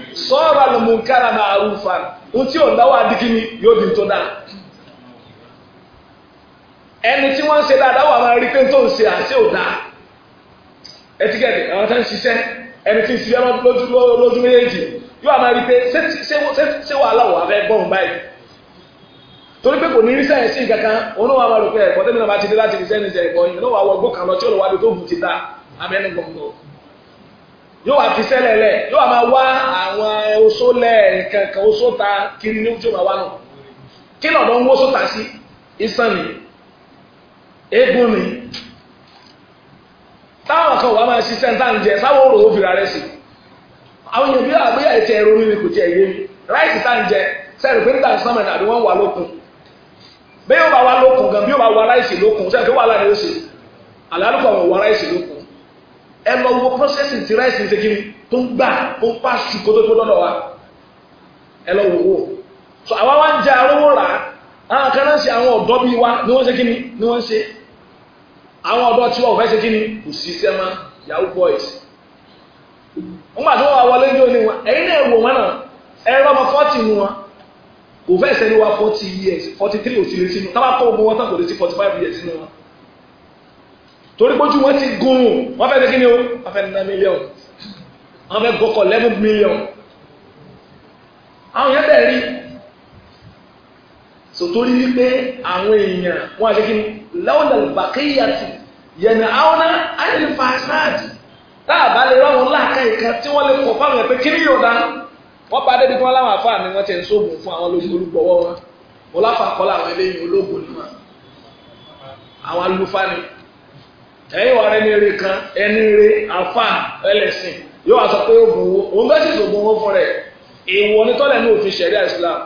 sọ́ọ̀rọ̀ àlùmùkára máa rú fa ohun tí ò náwó adíkíní yóò di tó dáa ẹni tí wọ́n ń ṣe dáadáa wà máa rí pé tó ń ṣe àṣẹ ò dáa ẹtíkẹ́tì àwọn tó ń ṣiṣẹ́ ẹni tí ń ṣiṣẹ́ lójú méjèèjì yóò máa rí pé ṣé wàhálà wà fẹ́ gbọ́n báyìí torí pé kò ní rí sẹ́yìn sí kankan òun wà máa rò pé ẹ̀kọ́ tẹ́mi náà bá ti dé láti rí sẹ́yìn sí ẹ̀kọ́ yóò wá fi sẹ́lẹ̀ lẹ̀ yóò wá máa wá àwọn oṣó lẹ̀ kankan oṣó ta kiri ní ojú ìwà wa nù kí lọ́dọ̀ ta sí isan ni eégún ni táwọn kan wà máa ṣiṣẹ́ níta ń jẹ sáwọn òrò òfìrà rẹ̀ sí àwọn èèyàn bí àgbéyà ẹ̀tẹ̀ ẹ̀rọ mi kò tiẹ̀ yé mi ráìsì tá ń jẹ sẹ́ẹ̀rì pé tàbí wọ́n wà lókun bí yóò bá wà lókun gan bí yóò bá wà lókun sẹ́ẹ̀rì pé wà ẹ lọ wo processing ti rice ṣe kiri tó ń gbà tó ń pàṣù kó tó tó wa ẹ lọ wò wò so àwa wá ń jẹ arówó rà á àwọn kan náà ṣe àwọn ọ̀dọ́ bíi wa ni wọ́n ṣe kí ni ni wọ́n ṣe àwọn ọ̀dọ́ tí wọ́n fẹ́ ṣe kí ni kò sí sẹ́mà yahoo boys wọ́n gbà tó wà wọlé ní òní wọn ẹ̀yin náà wò wọn náà ẹ̀rọ ọmọ fọ́ọ̀tì nu wọn kò fẹ́ sẹ́ni wa forty years forty three ò sí lè sínú tábà kọ́ ogun wọn tán kò lè sí forty five years nínú wọn torí pójú wọn ti gùn wọn fẹ́ kí ni o wọn fẹ́ ná mílíọ̀nù wọn fẹ́ gbọ́kọ̀ eleven mílíọ̀nù àwọn yẹn bẹ̀rẹ̀ rí sòtórí wípé àwọn èèyàn wọn àti kí ni lọ́wọ́dàlù bàkéyàtì yẹ̀nà àwọn àyẹ̀lẹ́fà sáàdì tá a bá lè ráwọn láàká ìka tí wọ́n lè kọ̀ fáwọn ẹ̀pẹ́ kí ni yóò dá wọ́n bá débi tí wọ́n láwọn àfáà ni wọ́n ti ń sóògùn fún àwọn olùgbọ̀wọ́ wọn wọ́n láfa kọ́ làwọn eléyìí olóògùn ni wọn àwọn alùfáà ni ẹ̀yin wà kan ẹni eré afa ẹlẹ́sìn yóò wá sọ pé ó bùn owó òun bẹ́ẹ̀ sì tó Islam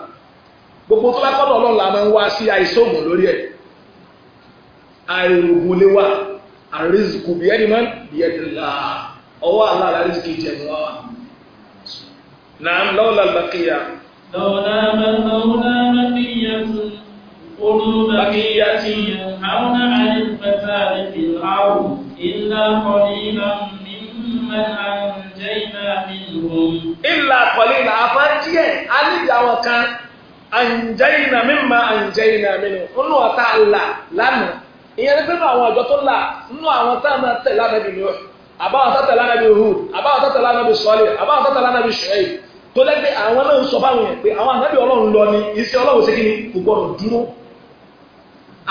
gbogbo tó bá kọ́dọ̀ ọlọ́run la máa ń wá sí àìsóògùn lórí ẹ̀ àìrògùn lé wa àrísìkò bí ẹni máa ń bí ẹni là ọwọ́ alára àrísìkò ìjẹun كل بقية ينهون عن الفساد في الأرض إلا قليلا ممن أنجينا منهم إلا قليلا أفرجي ألي دعوة anjaina mímà anjaina mínú nínú ọ̀tá àlà lánàá ìyẹn ní pé nínú àwọn àjọ tó là nínú àwọn tá a máa tẹ̀ lánàá bí nìyọ àbáwọn tá a tẹ̀ lánàá bí Hud àbáwọn tá a tẹ̀ lánàá bí sọ́ọ̀lì àbáwọn tá a tẹ̀ lánàá bí Ṣuaib tó lẹ́gbẹ̀ẹ́ àwọn náà ń sọ báwọn yẹn pé àwọn ànábì ọlọ́run lọ ni iṣẹ́ ọlọ́run ṣe kí ni kò gbọ́dọ̀ dúró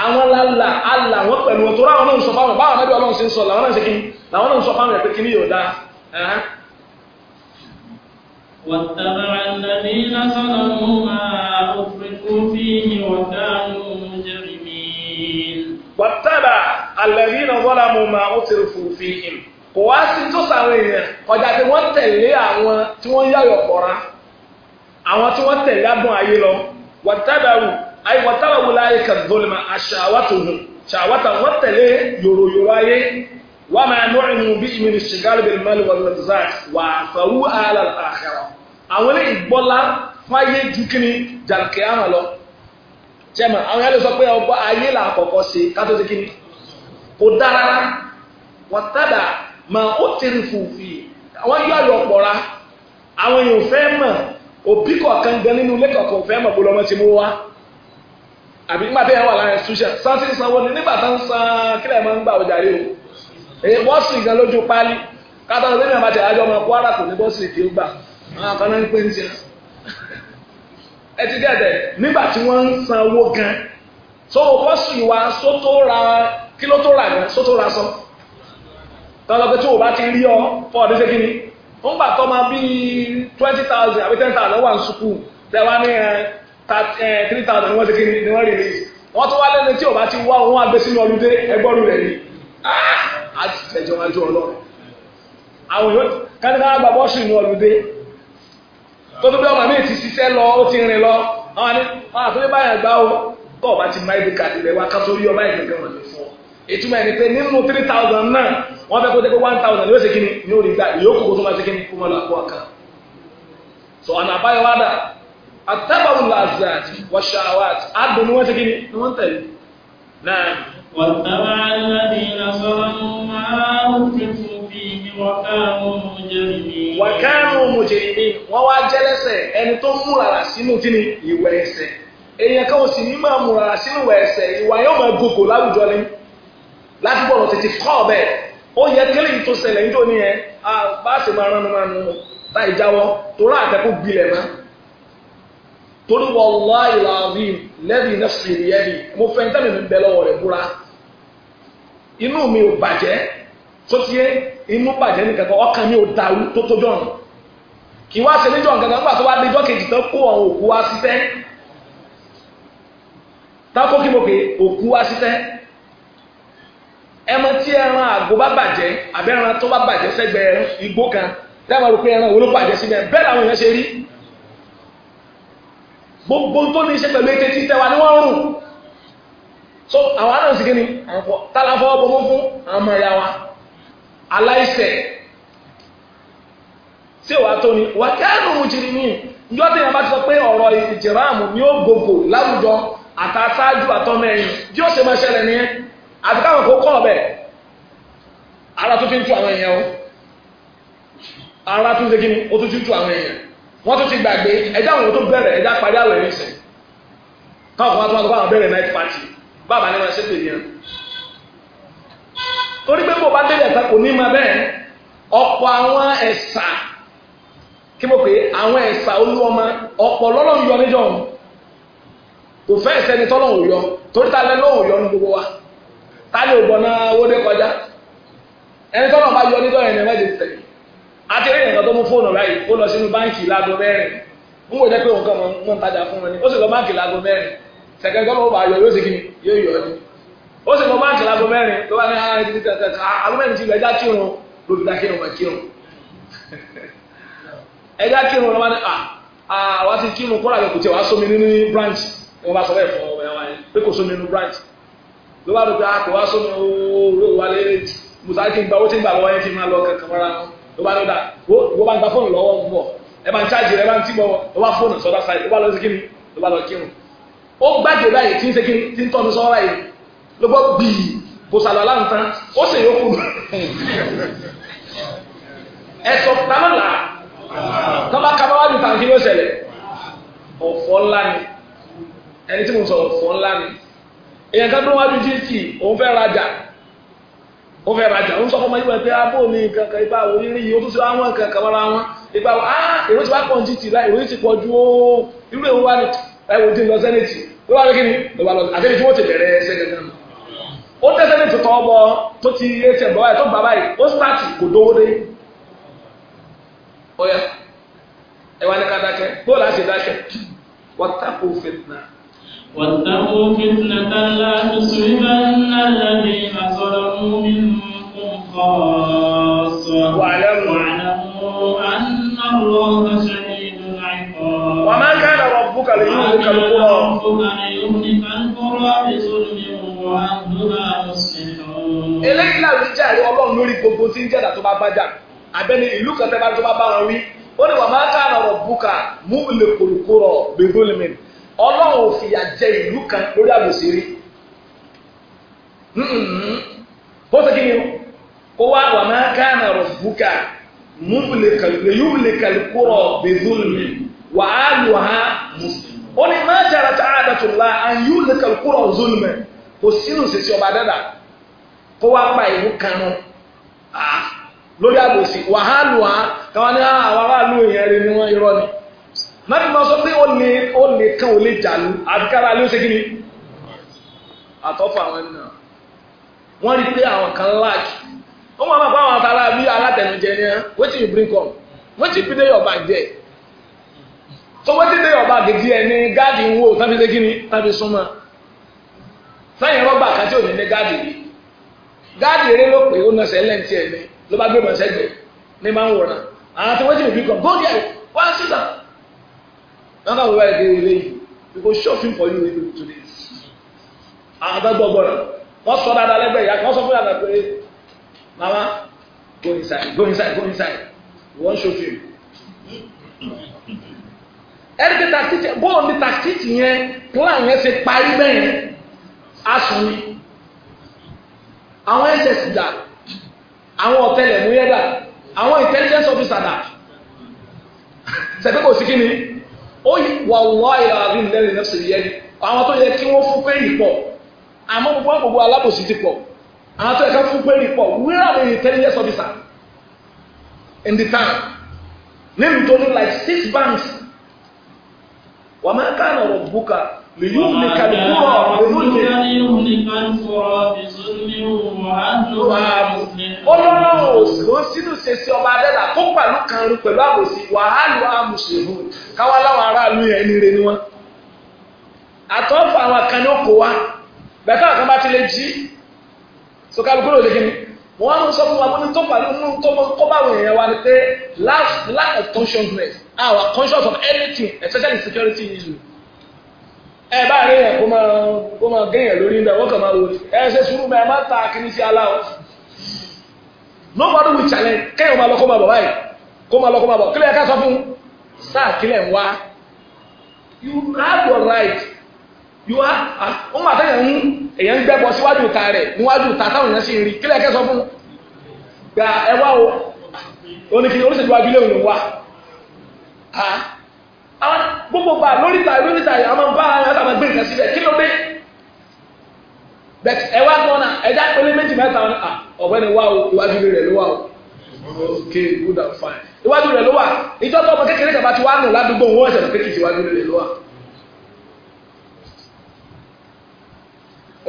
àwọn lálà alà wọ́n pẹ̀lú wọn tó ráwọn náà ń sọ fáwọn báwọn náà bí ọlọ́run ṣe ń sọ làwọn náà ń ṣe kí làwọn náà ń sọ fáwọn ẹ̀pẹ́ kí ní yóò dá واتبع الذين ظلموا ما أفركوا فيه وكانوا مجرمين واتبع الذين ظلموا kò wá sí tó sàwọn èèyàn kọjá tí wọ́n tẹ̀lé àwọn tí wọ́n yáyọ̀ pọ̀ra àwọn tí wọ́n tẹ̀lé adùn ayé lọ wàtábàrù ayi wọ́tara wula ayé kan zolima aṣàwátò hù ṣàwátà wọ́n tẹ̀lé yòròyòrò ayé wọ́n máa nọ́ ìmú bí ìmìnì ṣìgáàlì bẹ̀rẹ̀ mẹ́lì wọ́n lọ́dún zak wà fàwù àlà àkàrà àwọn ilé ìgbọ́lá fáyé jukini jàǹkẹ́ àmà lọ jẹ́mọ̀ àwọn yàrá sọ pé ọgbọ́ ayé là àkọ́kọ́ sí kátó ti kíni kò dára wọ́tàdà máa ó tẹ̀rì fùfì àwọn yọ àyọ̀ pọ̀ra àwọn èèyàn fẹ́ mọ̀ òbí kọ̀ọ̀kan gan nínú ilé kọ̀ọ̀kan fẹ́ mọ̀ bó lọ́mọ ti mú wá àbí nígbà tẹ́yẹ̀ wà lára ẹ̀sùnṣẹ́ sánsí sanwó ni nígbà tán san kílẹ̀ máa ń gbà ọjà rí o wọ́n sì gan lójú páálí kátà lóde ní àbàtì àjọ ọmọ kwara kò ní bọ́sì tí ó gbà àwọn kan náà ń pè ń jẹ ẹ ti gẹ̀dẹ̀ nígbà tí wọ́n ń san owó gan so bọ́sì wa sótó ra kí ló tó rà gan sótó ra sọ tọ́lọ́pẹ́ tí o bá ti rí ọ fọ́ ọdún ṣe kí ni ó ń gbà tọ́ twenty thousand àbí ten thousand wà ń sukù tẹ́wàá 3,000 eh, thousand ni wọ́n ti kí ni wọ́n release wọ́n tún wá lẹ́nu tí ò ti wá òun àgbẹ̀ sínú ọlùdé ẹgbọ́rù rẹ̀ ni á ah! ti tẹ̀jọ́ wájú ọlọ́run àwọn èèyàn kánikánná gba bọ́ọ̀sì inú ọlùdé tó tó bí ọmọ mi ti ṣiṣẹ́ lọ ó ti rìn lọ àwọn ah, o tó o bá ti máa ibi kàdé rẹ wá kátó wọn lè fún ọ ìtumọ̀ pé nínú náà wọ́n fẹ́ kó tẹ́ pé yóò ṣe kí ni yóò rí gbà yóò tó máa ṣe kí ni kó máa lọ àpò àkà so àbáyọ wá dà àtàbàwò làzàt wàṣàwàt àdùn ni wọ́n ti kí ni ni wọ́n tẹ̀lé náà. واتبع الذين ظلموا ما أوتوا فيه وكانوا مجرمين وكانوا مجرمين wọ́n wá jẹ́lẹ́sẹ̀ ẹni tó múrara sínú kí ni ìwẹ̀ ẹ̀ṣẹ̀ èèyàn kan ò sì ní máa múrara sínú ìwẹ̀ ẹ̀ṣẹ̀ ìwà yóò máa gòkò láwùjọ ni láti bọ̀rọ̀ tètè kọ́ ọ̀bẹ ó yẹ kí lèyìn tó ṣẹlẹ̀ nítorí yẹn bá a sì máa ránu máa nu láì jáwọ́ tó rà àtẹ́kù gbilẹ̀ máa. tolu wàláì làbí lẹ́bi nẹ́fì ìyẹ́bi mo fẹ́ ntẹ́mi mi bẹ lọ́wọ́ rẹ̀ búra inú mi ò sotie inú bàjẹ́ nìkan kan ọkàn mi ò dàrú tó tó dọ̀rùn kì wá ṣe níjọ́ nǹkan nígbà tó wá níjọ́ kejì tán kó àwọn òkú wá síṣẹ́ tákó kí mo pè òkú wá síṣẹ́ ẹmọ tí ẹran àgbo bá bàjẹ́ àbẹ́ran tó bá bàjẹ́ sẹ́gbẹ̀ẹ́ igbó kan tẹ́wọ̀n rò pé ẹran ló làwọn èèyàn ṣe rí gbogbo tó ní iṣẹ́ pẹ̀lú ètè títẹ̀ wà ní wọ́n rùn so àwọn náà sì kí ni tálàfọ́ ọgbọ̀n fún àwọn ọmọ ìyá wa aláìṣẹ̀ tí wàá tó ni wà kẹ́rù mùjìrì mi yọ́ tí yàrá ti sọ pé ọ̀rọ̀ ìjìráàmù ni ó gbogbo láwùjọ àtàtàjù àtọ́mẹ́rin bí ó ṣe máa ṣẹlẹ̀ nìyẹn àti káwọn kò kọ́ ọ̀bẹ ara tó fi ń tú àwọn èèyàn o ara tó ń ṣe kí ni ó tó wọ́n tún ti gbàgbé ẹjá àwọn tó bẹ̀rẹ̀ ẹjá parí àwẹ̀ rẹ̀ sẹ̀ káwọn kan tó wọn kó àwọn bẹ̀rẹ̀ night party bàbá ni wọn ṣe pè yẹn torí pé bó bá délẹ̀ ta kò ní ma bẹ́ẹ̀ ọ̀pọ̀ àwọn ẹ̀sà kí mo pè é àwọn ẹ̀sà olúwọ́mọ ọ̀pọ̀ lọ́lọ́run yọ níjọ́ òun kò fẹ́ ìsẹ́ni tọ́lọ́run yọ torí ta lẹ́ lọ́run yọ ní gbogbo wa ta ni ògbọ́n náà wọlé kọjá ẹni àtẹ̀rẹ́ ìrìnkan tó mú fóònù báyìí ó lọ sínú báǹkì láago mẹ́rin ń wò jẹ́ pé òun kàn mọ́ ń tajà fún wọn ni ó sì lọ báǹkì láago mẹ́rin sẹ̀kẹ́ gbọ́dọ̀ ó bá yọ yóò sì kí ni yóò yọ ni ó sì lọ báǹkì láago mẹ́rin tó bá ní ara ah, ẹni tẹ̀ tẹ̀ àgọ́ mẹ́rin ti lọ ẹja kírun lóbi dá kírun mà kírun [laughs] ẹja kírun lọ́wọ́ ni ah, ah, àwa ti kírun kọ́ra yòókù tí wàá sómi nínú branch ni wọ́n bá sọ bẹ́ẹ̀ fún ọmọ ẹ̀ wá yẹn pé kò sómi nínú branch ló bá dùn pé a kò wá sómi ooo ló wà lé musa kí n gba owó tí n gbà lọ́wọ́ yẹn kí n máa lọ kankan mọ́ra wọn ló bá lọ́dà wọ́n bá ń gba fóònù lọ́wọ́ ń bọ̀ ẹ bá ń ṣáàjì rẹ bá ń tì bọ̀ ló bá fóònù sọ́dọ̀ sáyé ló bá lọ sí kíni ló bá lọ kírun ó gbàdé báyìí tí ń ṣe kíni tí ń tọ́nu sọ́ra yìí ló gbọ́ gbìyì kò aláǹtán ó sì yókù ẹ sọ tamala tọ́ba kaba wájú tàǹkì ló ṣẹlẹ̀ ọ̀fọ̀ ńlá ni ẹni tí mo sọ ọ̀fọ̀ ńlá ni èèyàn kan tó wájú jíìkì òun fẹ́ ó fẹ́ rajà ó ń sọ fọmọ yíwẹ̀ pé abó ah, mi nǹkan ipa àwọn oríire yìí ó tún sí àwọn nǹkan kan mọ́ra wọn ipa wọn á èrò ti wá pọ̀ ní títì láì ìròyìn ti pọ̀ ju ooo irú èwo wá ní ẹwọ tí lọ sẹ́nẹ̀tì ló wá lọ ló wá lọ àtẹ́ni tí wọ́n ti bẹ̀rẹ̀ sẹ́nẹ̀tì náà ó tẹ́ sẹ́nẹ̀tì tọ́ ọmọ tó ti atm bọ́ báyìí tó bàbá yìí ó sítáàtì kò dówó dé ọ̀yà ẹ̀wà ní ká dákẹ́ bóòlù dákẹ́ wọ́n tàkó fẹ́ẹ́ náà واتقوا فتنة لا تصيبن الذين ظلموا منكم خاصة واعلموا أن الله شديد العقاب وما كان ربك ليهلك القرى ليهلك القرى بظلم وأهلها مصلحون eléyìí náà ló jẹ́ àríwá ọlọ́run lórí gbogbo tí ń jẹ́dà tó bá bá jà àbẹ́ni ìlú kan tẹ́ bá tó bá bá wọn wí ó ní wàá má kàn bùkà mú ilẹ̀ kòlùkòrò bẹ́ẹ̀ ọlọ́run ò fìyà ìlú kan lórí àgbòsí rí ó sì kí ni kó wá wà máa káàmà rọ̀bùkà múlẹ̀kàlù kúrọ̀ wà á lù ha mùsùlùmí ó ní máa jàrà tá a dàtò lá àyù lẹ̀kàlù kúrọ̀ zúlmi kò sínú ọba dada kó wá pa ìlú kan nù ah, lórí wà á lù káwọn ní ah, àwọn aráàlú láti máa sọ pé ó lè ó lè kán ó lè jà ní àbíkára ló ṣe kíni àtọ́fà àwọn ẹni náà wọ́n rí pé àwọn kan láàkì wọ́n máa bá àwọn àtàrà bí alátẹnujẹ ni ẹ́ wetin you bring come wetin be dey your bag there so wetin dey your bag there ni gáàdì ń wò tábí ṣe kíni tábí súnmọ́ sẹ́yìn rọ́bà kàtí òní ní gáàdì rí gáàdì eré ló pè ó na sẹ́lẹ̀ tiẹ̀ ni ló bá gbé bọ̀ sẹ́gbẹ̀ẹ́ ní máa ń wòran àwọn wetin you bring come go there wá sísan náà káwọn wáyé kéré you. we go show film for you wey you today àgbẹ̀gbọ̀ ah, gbọ́dọ̀ wọ́n sọ dáadáa lẹ́gbẹ̀ẹ́ ìyá kan sọ fún yàrá pé mama go inside go inside go inside we wan show film ẹni pé tactiti bọ́ọ̀lù ní tactiti yẹn plan yẹn ṣe parí bẹ́yẹn asùn ni àwọn ss dà àwọn ọ̀tẹlẹ̀múyẹ́ dà àwọn intelligence officer dà ṣẹ̀fẹ́ kò sí kí ni ó yí wàhùwà ìyàrí lẹ́rìn nẹ́fṣẹ̀ yẹ ni àwọn tó yẹ kí wọ́n fún pẹ́ẹ́nì pọ̀ àmọ́ gbogbo àgbogbo alábòsí ti pọ̀ àwọn tó yẹ ká fún pẹ́ẹ́nì pọ̀ where are the intelligence officer in the town nílùú tó ní like six banks wàmà kánà rọ̀ bùkà lè yóò ní kàlùkù rọ̀ lè yóò ọlọ́run òsìwọ́n sínú ṣèṣe ọba adẹ́dà tó pẹ̀lú kan rú pẹ̀lú àbòsí wàhálù àmùsùlùmù káwá láwọn aráàlú yẹn ní ni wọn. àtọ́fà àwọn kan ní oko wa bẹ̀ká àwọn bá ti lè jí sọkàlùkù lè kí wọ́n á sọ fún wa ní tó pẹ̀lú nínú tó mọ kó bá wọ̀nyẹn wa ni pé lack of consciousness our conscious of anything especially security issues ẹ bá rí yẹn kó máa kó máa gẹ́yìn lórí ń bẹ wọ́n kàn máa wò ẹ ṣe sùúrù bẹ́ẹ̀ má ta kí ní sí aláwọ̀ nobody will challenge kẹ́yìn máa lọ kó máa bọ̀ báyìí kó máa lọ kó máa bọ̀ kílẹ̀ ká sọ fún sáà kílẹ̀ ń wá you have your right you have ọmọ ah, àtẹ̀yẹ̀ ń èyàn ń gbẹ́bọ síwájú ìta rẹ̀ níwájú ìta táwọn èèyàn sì ń rí kílẹ̀ kẹ́ sọ fún gba ẹwà o oníkìlẹ̀ oníṣèlú abílẹ̀ òun ló wà ah, gbogbo gba lórí ta lórí ta yìí a máa ń bá ara yàtọ̀ máa gbé nǹkan síbẹ̀ kí ló dé bẹ́ẹ̀ ẹ wá gbọ́n náà ẹ̀dá pélé méjì mẹ́ta wọn à ah, ọ̀gbẹ́ni wá o ìwájú rẹ̀ ló wà o ok good and fine ìwájú rẹ̀ ló wà ìjọ tó ọmọ kékeré kàbá ti wá nù ládùúgbò wọn ẹ̀sẹ̀ kékeré ti wájú rẹ̀ ló wà.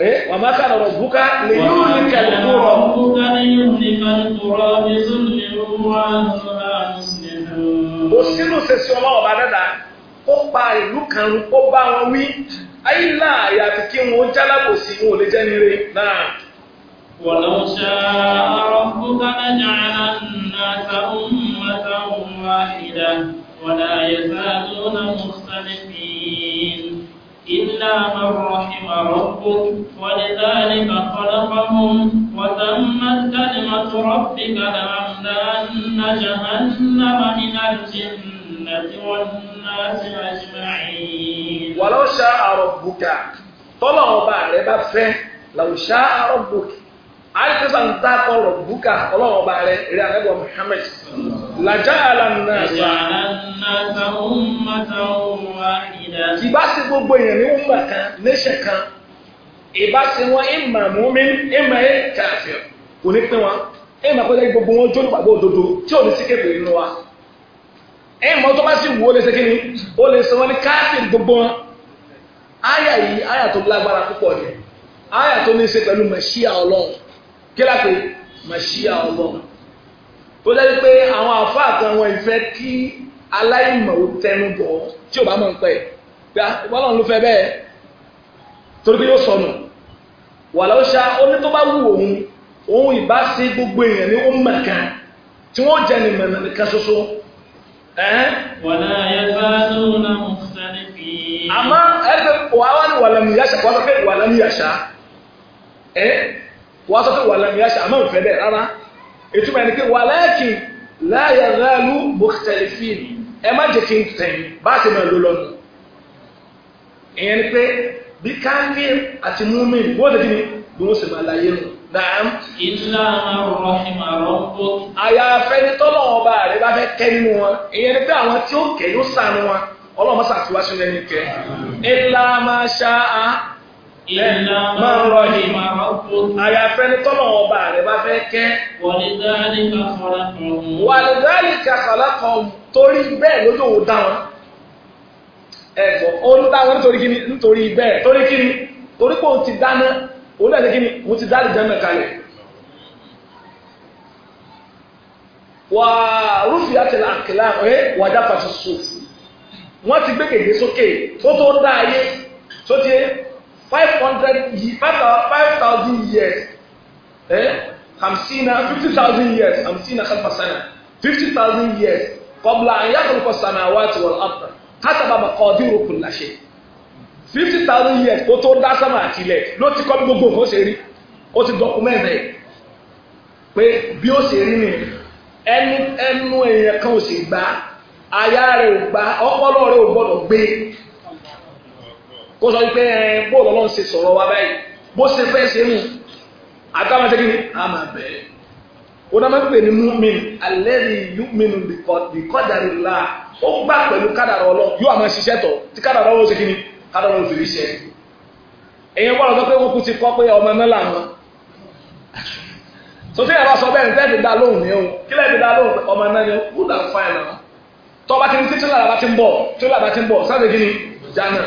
ee wà má kà lọ́rọ̀ bùkà lè yóò lè kẹlẹ̀ tó rọ̀. òsínú sèṣin ọlọ́wọ́ ó pa ìlú kan run ó bá wọn wí ayé náà àyàfi kí wọn ó jálábòsí wọn ò lè jẹ́ nire náà. ولو شاء ربك لجعل الناس أمة واحدة ولا يزالون مختلفين إلا من رحم ربك ولذلك خلقهم وتمت كلمة ربك لأملأن جهنم من الجنة والناس wàlọ́ ṣá àrọ̀ bùkà tọ́lọ̀ ọba rẹ bá fẹ́ làwọn ṣá àrọ̀ bùkà àìsísà ń dá kọlọ̀ bùkà ọlọ́wọ́ ọba rẹ eré àgbẹ̀wò Muhammad làjà àlànà sá. ìbá sí gbogbo èèyàn ní umma kan nation kan ìbá sí wọn ìmà mu'min ìmà kafir kò ní pín wọn ìmà kọ́lẹ́ gbogbo wọn jó nípa gbogbo tí ò ní sí kékeré nínú wa ẹ̀mọ́ tó bá sì wò ó lè ṣe kí ni ó lè sọ wọn ní káàkiri gbogbo wọn àyà yìí àyà tó lágbára púpọ̀ ni àyà tó ní í ṣe pẹ̀lú màṣíà ọlọ́run kí lápè màṣíà ọlọ́run tó jẹ́ pé àwọn àfáà kan wọn ìfẹ́ kí aláìmọ̀ ó tẹnu bọ̀ tí ò bá mọ̀ ń pẹ́ gbà ọlọ́run ló fẹ́ bẹ́ẹ̀ torí pé yóò sọnù wàlọ́ ṣá ó ní tó bá wù òun òun ìbá sí gbogbo èèyàn ní ó mọ̀ tí wọ́n jẹ́ nìkan ṣoṣo Eh? wàlá yẹ bá lóun àmúṣálí fi. àmọ́ ẹgbẹ́ wàá wá ní wàlámù yàṣà wàá sọ pé wàlámù yàṣà ẹ eh? wàá sọ pé wàlámù yàṣà àmọ́ òfẹ́ bẹ́ẹ̀ rárá ìtumọ̀ ẹni pé wàláàkì láyà rálù ẹ má jẹ́ kí n tẹ̀yìn bá máa lò lọ́nu. ìyẹn ni pé bí káńdé àti múmi wọ́n ti kí ni bí wọ́n sì máa láyé nù. Nàám. Ìlà àrọ̀hìmà rọ̀bọ̀. Àyàfẹ́ ni tọ́lọ̀ ọba rẹ̀ bá fẹ́ kẹ́ nínú wọn. Ìyẹn ni pé àwọn tí ó kẹ́ yóò sànú wọn. Ọlọ́run mọ́sà fi wá sí ẹni kẹ́. Ìlà máa ṣá a. Ìlà máa rọ̀hìmà rọ̀bọ̀. Àyàfẹ́ ni tọ́lọ̀ ọba rẹ̀ bá fẹ́ kẹ́. Wàlídálíkà kọ̀lákọ̀. Wàlídálíkà kọ̀lákọ̀ torí bẹ́ẹ̀ lójú òun dá bẹ́ẹ̀. Torí òun náà ṣe kí ni mo ti dáàlì jẹ́mẹ̀ kalẹ̀ wà rúfì àti àkìlá ẹ̀ wà dáfà ti sùn wọ́n ti gbé gègé sókè tó tó dá ayé tó ti five hundred five thousand years ẹ̀ hamsina fifty thousand years hamsina khalfa sana fifty thousand years qabla an yakhluqa samawati wal arda hasaba maqadiru kulli shay fifty thousand years kó tó dá sánmà àtìlẹ̀ ló ti kọ́ bí gbogbo nǹkan ṣe rí ó ti document ẹ̀ pé bí ó ṣe rí ni ẹnu ẹnu èèyàn kan ò sì gbà aya rẹ̀ ò gbà ọpọlọ rẹ̀ ò gbọdọ̀ gbé kó sọ pé ẹ bó lọ́lọ́run ṣe sọ̀rọ̀ wa báyìí bó ṣe fẹ́ ṣe mú àtàwọn ṣe kí ni a máa bẹ̀ẹ́ o náà máa ń pè ní múmin alẹ́rì yúmínú bìkọ́dàrí la ó gbà pẹ̀lú kádàrọ̀ ọlọ́run yóò àmọ́ ṣiṣẹ́ tọ̀ tí kádàrọ̀ ọlọ́run ṣe kí ni kádọ́nà òfin ríṣẹ́ èyàn bọ́lá sọ pé òkú ti kọ́ pé ọmọ náà làwọn so tí yàrá sọ bẹ́ẹ̀ tẹ́ẹ̀dì dá lóhùn ní òun kí lẹ́ẹ̀dì dá lóhùn ọmọ náà ní good and fine náà tọ́ba ti ní tí tílára bá ti ń bọ̀ tílára bá ti ń bọ̀ sáde gíní jánà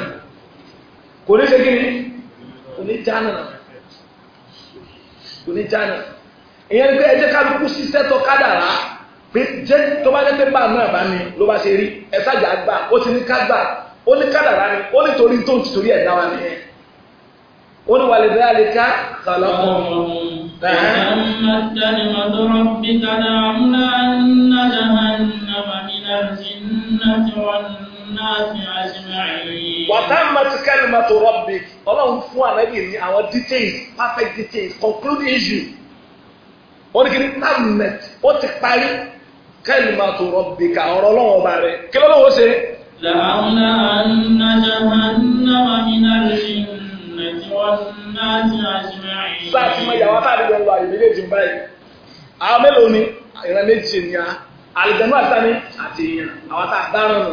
kò ní ṣe gíní kò ní jánà kò ní jánà ìyẹn ni pé ẹjẹ́ kálukú sí sẹ́tọ̀ kádàrá pé jẹ́ tó bá jẹ́ pé bá náà bá ní ló bá ṣe rí ẹ̀ sájà gbà ó ní kádàrá ni ó ní torí tó ń ti torí ẹ̀dá wa ni ẹ̀ ó ní wàlẹ̀ bẹ́ẹ̀ lè ká kàlọ́ mọ́ wàtàmàtì kalimatu rabbik ọlọ́run fún ànábì ní àwọn details perfect details concluding issue ó ní kí ní tammet ó ti parí kalimatu rabbika ọ̀rọ̀ ọlọ́run ọba rẹ̀ kí lọ́lọ́wọ́ ṣe لأملأن جهنم من الجنة والناس أجمعين bá a ti mọ ìyàwó àtàrí ló ń lọ àyè báyìí àwọn mélòó ni ìran méjì ni a àlùjànnú àtàní àti èèyàn àwọn tá a dáràn nù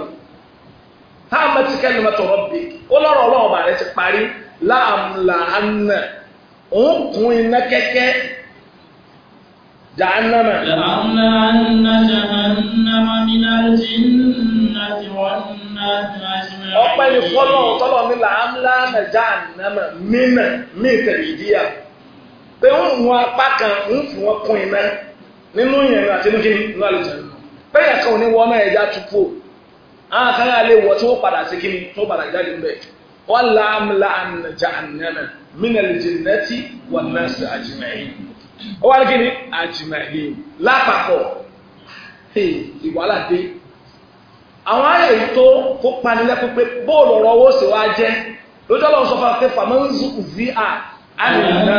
tá a mẹtí kẹ́ni mẹtọ rọ́bì ó lọ́rọ̀ ọlọ́run bàrẹ ti parí láàmùlà ànà òun kún iná kẹ́kẹ́ jahannama. لأملأن جهنم من الجنة ọpẹ́ ni fọ́lọ́ tọ́lọ́ ní làámlá nàjà ànámà mínà mí tẹ̀lìdíà pé ń mú apá kan ń fi wọn kún iná nínú yẹn àti nínú kíni nínú àlejò pé kan ò ní wọ́n náà ẹja túpọ̀ àwọn kan yà lè wọ tí wọ́n padà sí kíni tó padà jáde ń bẹ̀ wọ́n làámlá nàjà ànámà mínà lìjìnnẹ́tì wọ́n náà sí àjìmẹ́yìn ó ní kíni àjìmẹ́yìn lápapọ̀ ìwàlá àwọn ará èyí tó kó panilẹ́kún pé bóòlù ọ̀rọ̀ owó sì wá jẹ́ lójú ọlọ́run sọ fún wa pé fàmọ́ ń zùkú sí à Àfáwa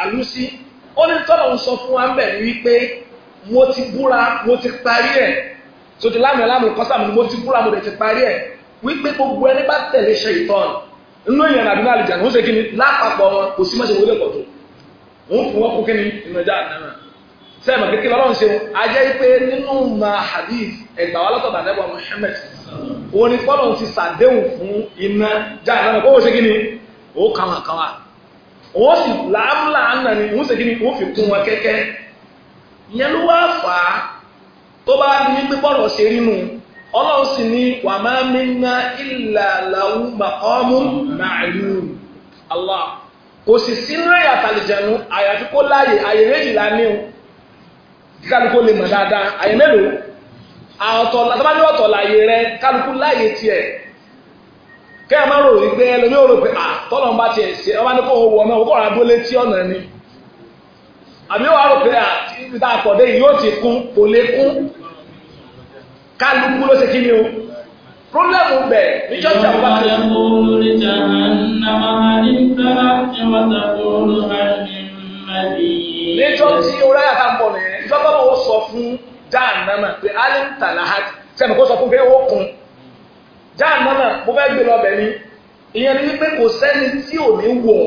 àlúsí, ó ní tọ́lọ̀ ń sọ fún wa ń bẹ̀ wípé mo ti búra, mo ti parí ẹ̀ so ti láàmì aláàmì kọ́sàmù ni mo ti kúrò àmúdẹ̀ ti parí ẹ̀ wípé gbogbo ẹni bá tẹ̀lé ṣe ìtọ́n inú èèyàn àbí náà àlìjànú ó ṣe kí ni lápapọ̀ wọn kò sí mọ́ṣẹ́ wọlé pọ̀ tó òun fún wọn kú kí ni ìnàjà àdáná sẹ́ẹ̀mọ̀ kékeré ọlọ́run ṣe ajẹ́ pé nínú ma hadith wa lọ́tọ̀ dàdẹ́bọ̀ Muhammad òun ni pọ́lọ̀ ti sàdéhùn fún iná já àdáná kó wọ́n ṣe kí ni ó kàwọn kàwọn òun sì làámùlà àná ni òun ṣe kí ni òun fi kún wọn kẹ́kẹ́ ìyẹn ló wá fà á tó bá ní wípé bọ́rọ̀ ṣe rí nù ọlọ́run sì ní wà máa ń ná ìlà làwọn màkọ́mú Allah kò sì sí rẹ̀ àtàlìjẹ̀nu àyàfi kó láàyè àyè ní o lè mọ̀ dáadáa àyè mélòó àtọ̀ ọ̀tọ̀ láàyè rẹ kálukú láàyè tiẹ̀ kẹ́ ẹ má rò wípé ẹlòmí ò rò pé kálukú ló ṣe kí ni o pírọ́blẹ́mù bẹ̀ níjọ́ tí àwọn bá ti. níjọ́ tí orí ayé àtàkùn nìyẹn níjọ́ bá wọn sọ fún jahannama pé alintalahat sẹ́mi kó sọ fún pé ó kun jahannama mo fẹ́ gbé lọ bẹ̀ ni ìyẹn ni wípé kò sẹ́ni tí ò ní wọ̀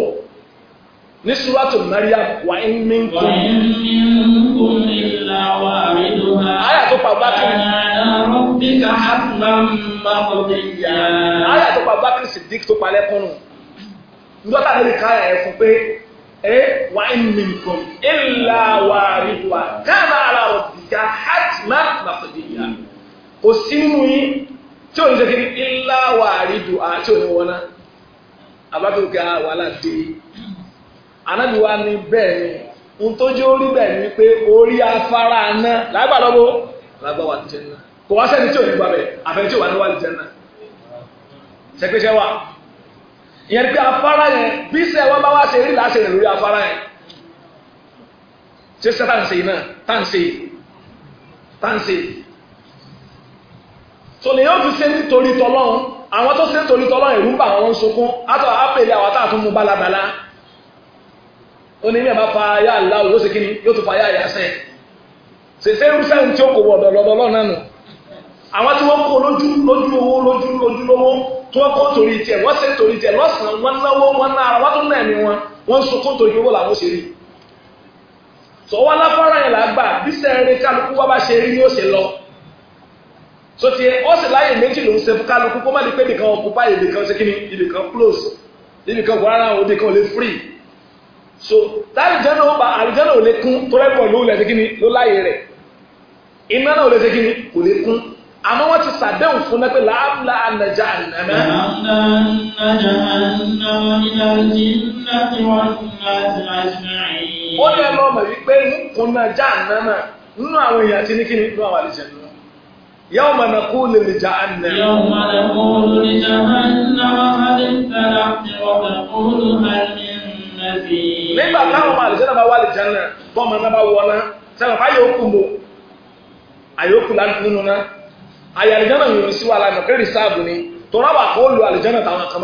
ní suratu Maryam wà ń mí kú. wà ń mí kú ilà wà rí lóha. àyà tó bákì. àrùn bí ká hàtúmá má kò dé yá. àyà tó bákì Siddiq tó palẹ̀ kúnnù. ndọ́tà lórí káyà ẹ̀ fún pé ẹ wà ń mí ilà wà káàmà ká má kò yá. kò sí nínú yín anábìwá ni bẹ́ẹ̀ ni n tó jẹ́ orí bẹ́ẹ̀ ni pé orí afárá aná lágbàlọ́bọ̀ lágbàwà ti jẹ́ náà kò wá sẹ́ni tí ò ní gbà bẹ́ẹ̀ àfẹ́ tí ò wá ní wà ní jẹ́ náà ṣẹ́pẹ́ṣẹ́ wà ìyẹn pé afárá yẹn bí sẹ́ wọ́n bá wá ṣe rí láṣẹ rẹ̀ lórí afárá yẹn ṣé sẹ́ tàǹsì náà tàǹsì tàǹsì tó lè yóò fi ṣe nítorí tọlọ́run àwọn tó ṣe nítorí tọlọ́run ìrú bá ń sunkún àtọ̀ àpèlè àwọn tá a tún ó ní ní ẹ̀ bá fa ayá àlá òun yóò ṣe kí ni yóò tún fa ayá àyàsẹ́ ṣèṣe irúṣẹ́ ohun tí ó kò wọ̀ lọ́dọ̀ lọ́nà nù àwọn tí wọ́n kó lójú lójú owó lójú lójú lówó tí wọ́n kó torí tiẹ̀ wọ́n ṣe torí tiẹ̀ lọ́sàn-án wọ́n náwó wọ́n nára wọ́n tún náà ní wọn wọ́n sunkún torí owó làwọn ṣe rí sọwọ́ aláfárá yẹn là gbà bí sẹ́ẹ̀rẹ́ kálukú wá bá ṣe rí ni ó ṣe lọ sọtí ó sì láyè méjì ló ṣe fún kálukú kó má di pé ibìkan ọkùpá ibìkan ṣe kí ni ibìkan close ibìkan kò rárá ibìkan ò lè free so tálìjẹ́nà ó ba àlìjẹ́nà ò lè kún tó rẹ́pọ̀ ló lẹ̀ ṣékíní ló láyé rẹ̀ iná náà ò lè ṣékíní kò lè kún àmọ́ wọ́n ti sàdéhùn fún náà pé làálà ànàjà ànàmẹ́. làálà ànàjà ànàmọ́ ìlà jìnnà tí wọ́n ń láti àjùmáyé. ó ní ẹnu ọmọ yìí pé nkùnà já ànàmà nínú àwọn èèyàn àti níkíní nínú àwọn àlìjẹ́nà yàwó ma na kó lè lìjà ànà. yàwó ma na kó lè lìjà ànàmọ́ àdìsẹ́lá nígbà táwọn ma àlùjẹ́ náà bá wà àlùjẹ́ náà bọ́ọ̀mù náà bá wọ̀ náà sẹ́wọ̀n fà yóò kú mọ́ àyókù láti nínú náà àyà náà sí wa lánàá ni tọ́lá bà kó lu àlùjẹ́ náà táwọn kan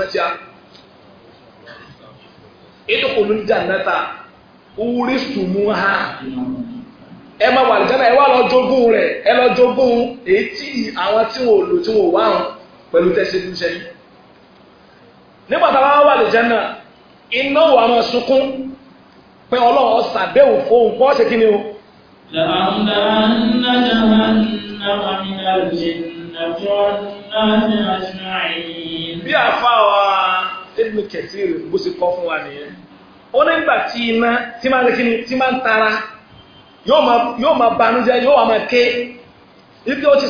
ètò kò jà nẹ́ta sùnmù ha ẹ máa wà àlùjẹ́ náà ẹ wà lọ jogún rẹ̀ ẹ lọ jogún àwọn tí wọn ò lò tí wọn ò wá iná wà máa sunkún pé ọlọ́run ṣàbẹ̀wò fóun kọ́ ṣe kí ni o. bí àfa wa Ibn Kathir bó ṣe kọ́ fún wa nìyẹn ó ní gbà tí iná tí máa ń tara yóò máa banújẹ yóò wà máa ké ibi ó ti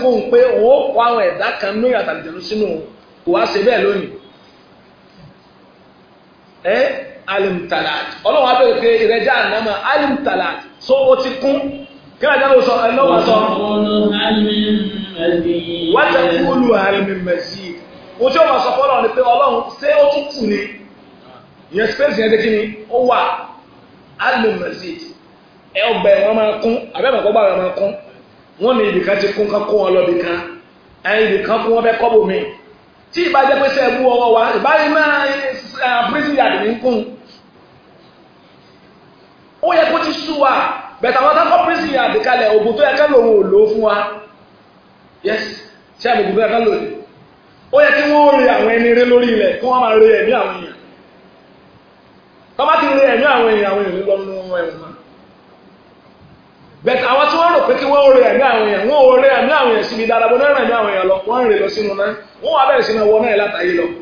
fóun pé òun ó kọ́ àwọn ẹ̀dá kan ní sínú kò wá ṣe bẹ́ẹ̀ ẹ alimtalat ọlọ́wọ́ abẹ́rẹ́ pé ìrẹ́jà ànámà alimtalat so ó ti kún kí wàá sọ ẹlọ́wọ́ sọ. wọ́n ti kúlù mẹ́sì mo tí ó máa sọ fọ́lọ́ ni pé ọlọ́run ṣé ó tún kù space yẹn ó wà mẹ́sì ẹ ọgbà máa kún wọn máa kún ní ibìkan ti kún wọn lọ ibìkan ibìkan wọn kọ́ prison yard ní nkún ó yẹ kó ti sú wa wọn tákọ́ prison yard kalẹ̀ ògùn tó yẹ ká lòun yes ṣé àmì ògùn tó yẹ ó yẹ kí wọ́n rí àwọn ẹni rí lórí ilẹ̀ kí wọ́n máa rí ẹ̀mí àwọn èèyàn bá ti rí ẹ̀mí àwọn èèyàn àwọn èèyàn lọ nínú ẹ̀wọ̀n náà bẹ̀tà àwọn tí wọ́n rò pé kí wọ́n rí ẹ̀mí àwọn èèyàn wọ́n rí ẹ̀mí àwọn èèyàn síbi dáadáa ẹ̀mí àwọn èèyàn lọ wọ́n rìn lọ sínú náà wọ́n wá bẹ̀rẹ̀ sínú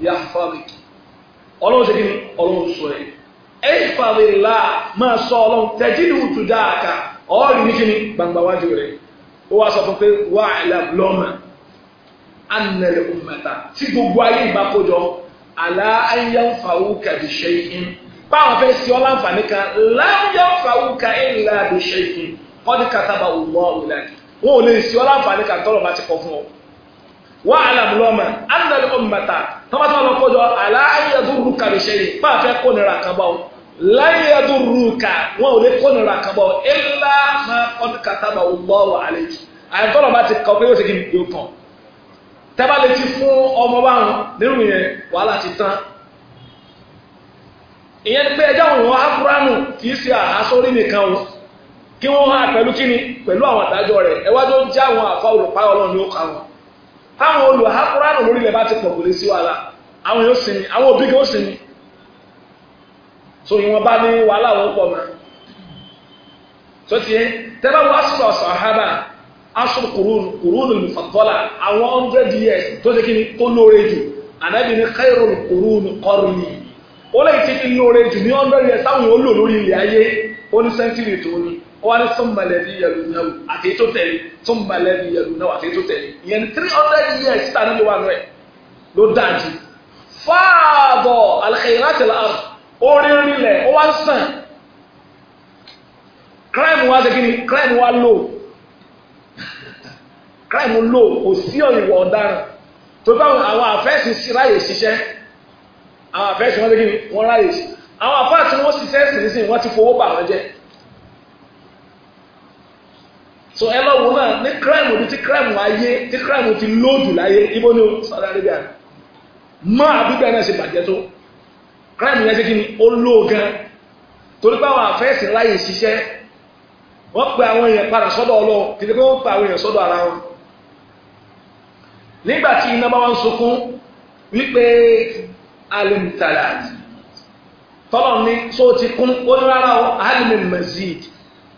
yahfazik ọlọ́run ṣe kí ni ọlọ́run sọ ẹ̀ ẹ̀fàlélà máa sọ ọlọ́run tẹ̀jìlì òtù dáàkà ọ̀ọ́rì ní kí ni gbangba wájú rẹ̀ ó wá sọ fún pé wà ìlàbùlọ́mà annẹ̀lẹ̀ ummata tí gbogbo ayé ìbá kójọ àlá ayélujáfàwù kàbí ṣẹ́yìn báwọn fẹ́ sí ọlá àǹfààní kan láyélujáfàwù ká ìlà àbí ṣẹ́yìn kọ́ni kàtàbà òwò ọ̀wùlà wọn ò lè sí ọlá àǹfààní kan tọ́lọ̀ bá ti kọ fún ọ wàhálà lọ́mà annal ummata tọ́mátọ́ lọ kọjọ aláyàdúrúkà lè ṣe yìí pàfẹ́ kónira kábọ̀ láyàdúrúkà wọn ò lè kónira kábọ̀ illa ma qad kataba Allahu ụ àìtọ́lọ̀ bá ti kọ́ pé yóò ṣe kí yóò kàn tẹ́bá lè ti fún ọmọ báwọn nínú yẹn wàhálà ti tán ìyẹn pé ẹjọ́ kì í ṣe nìkan kí hàn pẹ̀lú kíni pẹ̀lú àwọn àdájọ́ rẹ̀ ẹwájú àwọn àfa olùpáyọ̀ ọlọ́run táwọn olùhà kúránù lórí ilẹ̀ bá ti pọ̀ kò lè sí wàhálà àwọn yóò sinmi àwọn òbí kò sinmi so ìwọ̀n bá ní wàhálà wọn pọ̀ mọ́ so tiẹ̀ tẹ́lá wọ́n asọ̀rọ̀ sàhábà asọ̀rọ̀ kùrúnù kùrúnù mufaddala àwọn hundred years tó ṣe kí ni tó lóore jù ànábì ní khairul kùrúnù qarni ó lè ti ní lóore jù ní hundred years táwọn yóò lò lórí ilẹ̀ ayé ó ní sẹ́ńtírì tó ní wọ́n ní sọ́mbàlẹ́bí yẹlu náà àti ètò tẹ̀lé sọ́mbàlẹ́bí yẹlu náà àti ètò tẹ̀lé ìyẹn ní three hundred years tí àná mi wà nù ẹ̀ ló dájú fáàbọ̀ alxeyiratil ar. orin rinlẹ̀ ó wá ń sàn crime wa ṣe kí ni crime wa low crime low O sí ìwà ọ̀daràn tó bá àwọn àfẹ́sì ráyè ṣiṣẹ́ àwọn àfẹ́sì wọn ṣe kí ni wọ́n ráyè ṣiṣẹ́ àwọn àfẹ́sì wọn ṣiṣẹ́ sì ní sìn ti fowó ba. wọ́n jẹ́ so ẹ lọ wo náà ní crime ní ti crime ayé tí crime ti lóòdù láyé ibo ni o Saudi Arabia mọ àbíbẹ náà ṣe bàjẹ́ tó crime yẹn ṣe kí ni ó lóògan torí pé àwọn àfẹ́sì láyè ṣiṣẹ́ wọ́n pe àwọn èèyàn padà sọ́dọ̀ ọlọ́ kìdí pé wọ́n pa àwọn èèyàn sọ́dọ̀ ara wọn nígbà tí iná bá wọn sunkún wípé alimtala tọ́lọ̀ ní so ti kún ó ní rárá o alimmazid